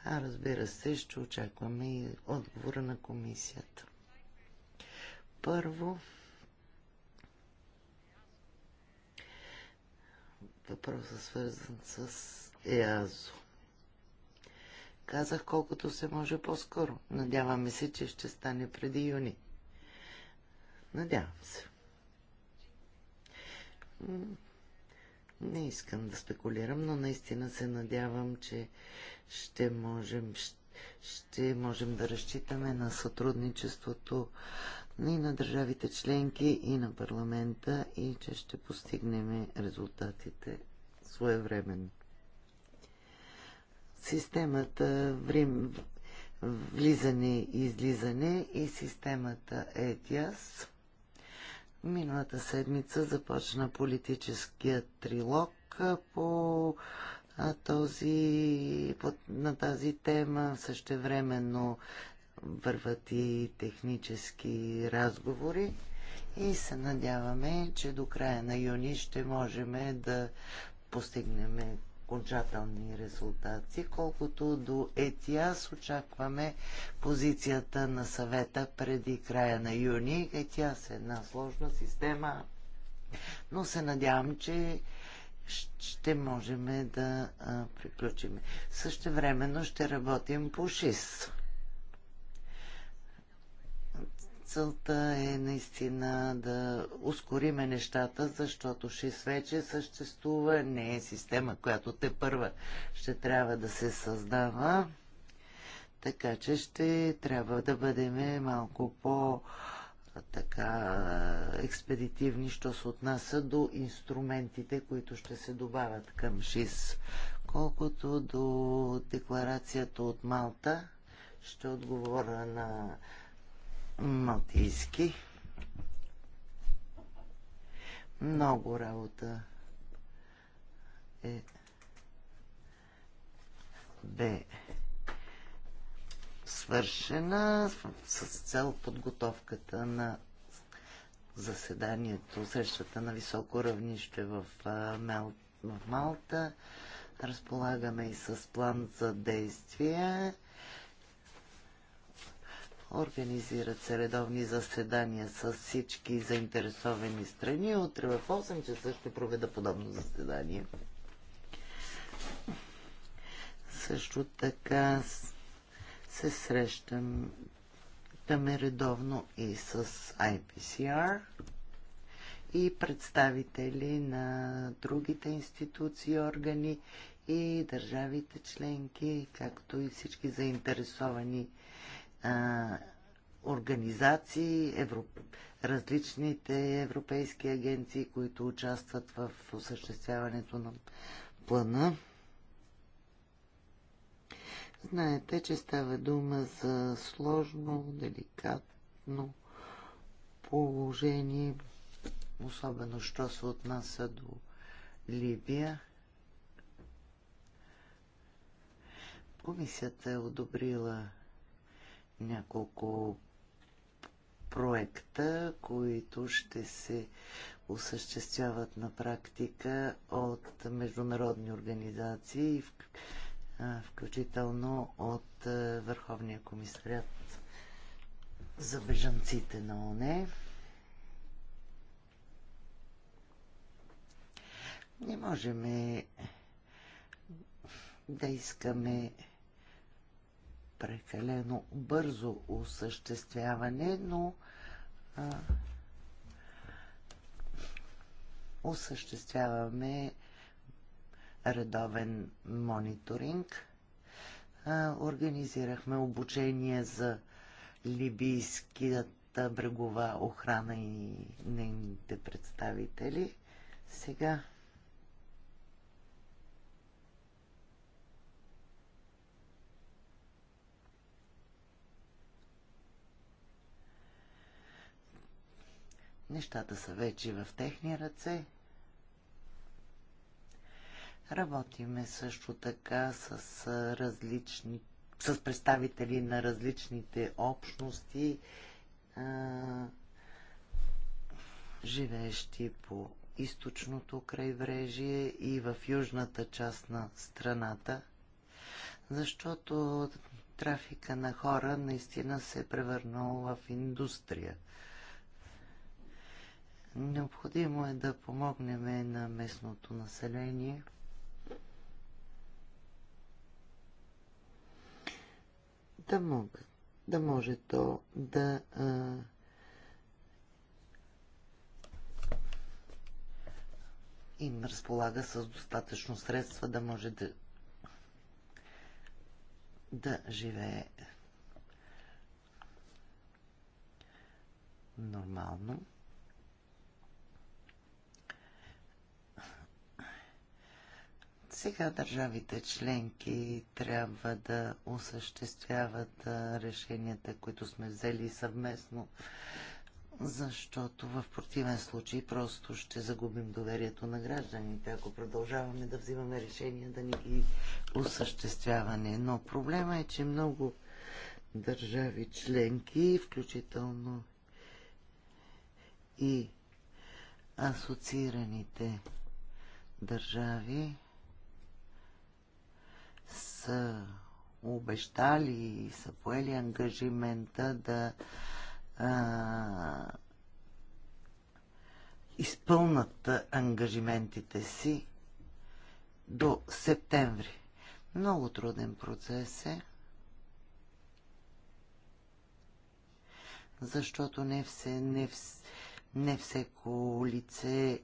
А разбира се, ще очакваме и отговора на комисията. Първо, въпросът свързан с ЕАЗО. Казах колкото се може по-скоро. Надяваме се, че ще стане преди юни. Надявам се. Не искам да спекулирам, но наистина се надявам, че ще можем, ще можем да разчитаме на сътрудничеството и на държавите членки, и на парламента, и че ще постигнем резултатите своевременно. Системата врим, влизане и излизане и системата ЕТИАС. Миналата седмица започна политическия трилог по този, на тази тема. Същевременно върват и технически разговори и се надяваме, че до края на юни ще можем да постигнем окончателни резултати. Колкото до ЕТИАС очакваме позицията на съвета преди края на юни. ЕТИАС е една сложна система, но се надявам, че ще можем да приключим. Също времено ще работим по 6. Целта е наистина да ускориме нещата, защото ШИС вече съществува, не е система, която те първа ще трябва да се създава. Така че ще трябва да бъдем малко по- така експедитивни, що се отнася до инструментите, които ще се добавят към ШИС. Колкото до декларацията от Малта, ще отговоря на малтийски. Много работа е бе свършена с, цел подготовката на заседанието, срещата на високо равнище в, Мел, в Малта. Разполагаме и с план за действие Организират се редовни заседания с всички заинтересовани страни. Утре в 8 часа ще проведа подобно заседание. Също така се срещам Таме редовно и с IPCR и представители на другите институции, органи и държавите членки, както и всички заинтересовани а, организации, евро, различните европейски агенции, които участват в осъществяването на плана. Знаете, че става дума за сложно, деликатно положение, особено що се отнася до Либия. Комисията е одобрила няколко проекта, които ще се осъществяват на практика от международни организации, включително от Върховния комисарят за бежанците на ОНЕ. Не можем да искаме прекалено бързо осъществяване, но а, осъществяваме редовен мониторинг. А, организирахме обучение за либийската брегова охрана и нейните представители. Сега Нещата са вече в техни ръце. Работиме също така с различни, с представители на различните общности, а, живеещи по източното крайбрежие и в южната част на страната, защото трафика на хора наистина се е превърнал в индустрия – Необходимо е да помогнем на местното население. Да мога. да може то да а, им разполага с достатъчно средства да може да да живее нормално. Сега държавите членки трябва да осъществяват решенията, които сме взели съвместно, защото в противен случай просто ще загубим доверието на гражданите, ако продължаваме да взимаме решения да ни ги осъществяване. Но проблема е, че много държави членки, включително и асоциираните държави, са обещали и са поели ангажимента да а, изпълнат ангажиментите си до септември. Много труден процес е, защото не, все, не, вс, не всеко лице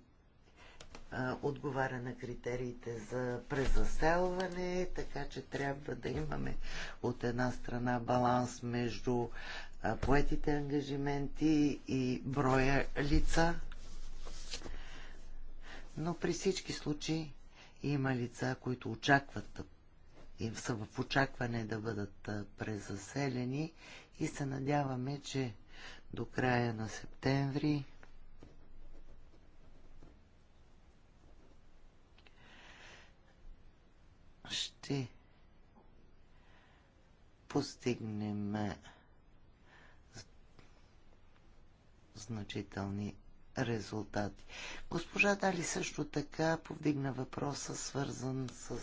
отговаря на критериите за презаселване, така че трябва да имаме от една страна баланс между поетите ангажименти и броя лица. Но при всички случаи има лица, които очакват и са в очакване да бъдат презаселени и се надяваме, че до края на септември ще постигнем значителни резултати. Госпожа Дали също така повдигна въпроса, свързан с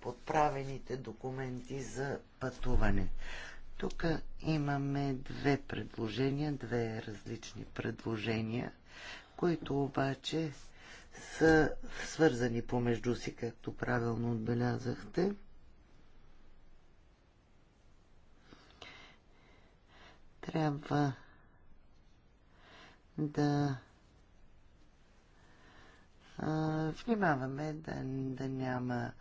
подправените документи за пътуване. Тук имаме две предложения, две различни предложения, които обаче са свързани помежду си, както правилно отбелязахте. Трябва да а, внимаваме да, да няма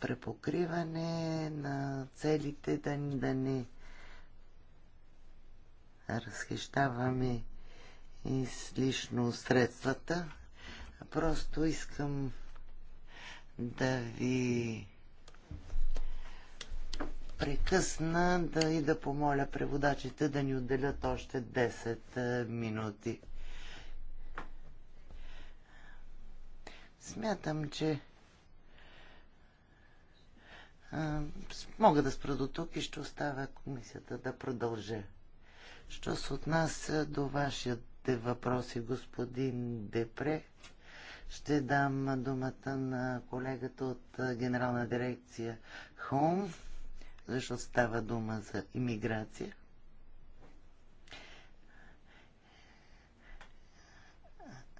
препокриване на целите, да, да не разхищаваме излишно средствата. Просто искам да ви прекъсна да и да помоля преводачите да ни отделят още 10 е, минути. Смятам, че а, е, мога да спра до тук и ще оставя комисията да продължа. Що се отнася до вашия зададохте въпроси, господин Депре. Ще дам думата на колегата от Генерална дирекция Хом, защото става дума за иммиграция.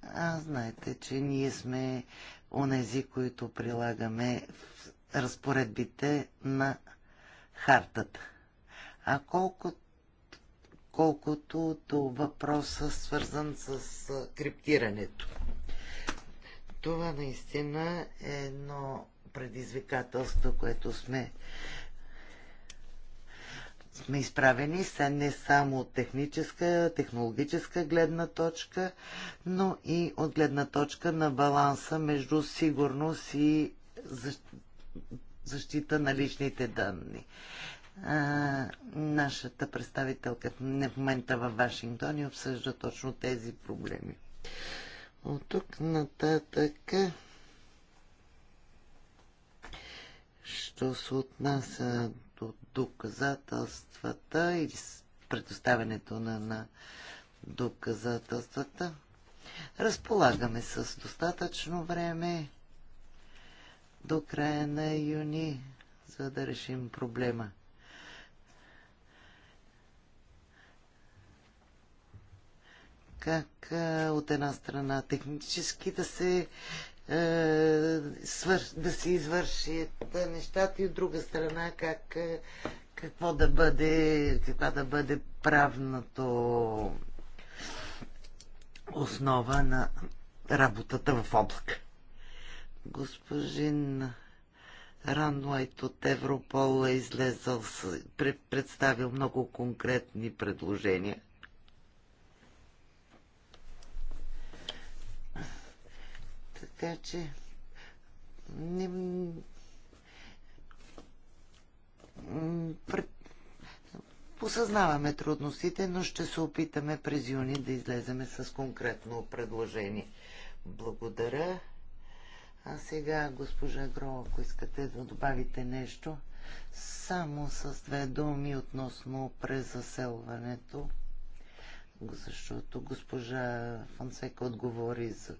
А знаете, че ние сме онези, които прилагаме разпоредбите на хартата. А колкото колкото до въпроса свързан с криптирането. Това наистина е едно предизвикателство, което сме сме изправени са не само от техническа, технологическа гледна точка, но и от гледна точка на баланса между сигурност и защита на личните данни а, нашата представителка не в момента във Вашингтон и обсъжда точно тези проблеми. От тук нататък що се отнася до доказателствата или предоставянето на, на доказателствата, разполагаме с достатъчно време до края на юни, за да решим проблема. как от една страна технически да се да се извършат нещата и от друга страна как, какво да бъде, каква да бъде правното основа на работата в облак. Госпожин Ранлайт от Европол е излезъл, представил много конкретни предложения – Така че не, пред, посъзнаваме трудностите, но ще се опитаме през юни да излеземе с конкретно предложение. Благодаря. А сега, госпожа Гро, ако искате да добавите нещо, само с две думи относно презаселването, защото госпожа Фонсека отговори за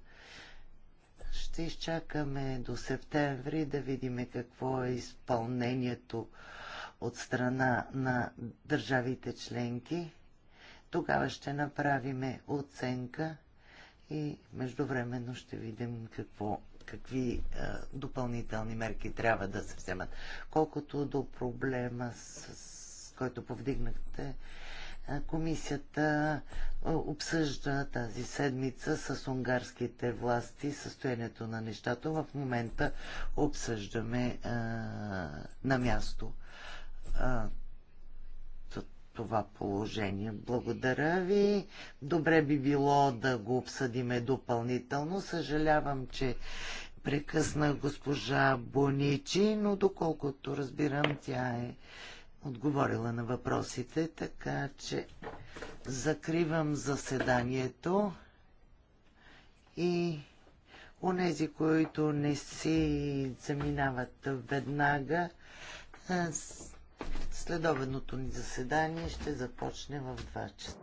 ще изчакаме до септември да видим какво е изпълнението от страна на държавите членки. Тогава ще направим оценка и междувременно ще видим какво, какви а, е, допълнителни мерки трябва да се вземат. Колкото до проблема, с, с който повдигнахте, Комисията обсъжда тази седмица с унгарските власти състоянието на нещата. В момента обсъждаме а, на място а, това положение. Благодаря ви. Добре би било да го обсъдиме допълнително. Съжалявам, че прекъсна госпожа Боничи, но доколкото разбирам, тя е отговорила на въпросите, така че закривам заседанието и онези, които не си заминават веднага, следобедното ни заседание ще започне в 2 часа.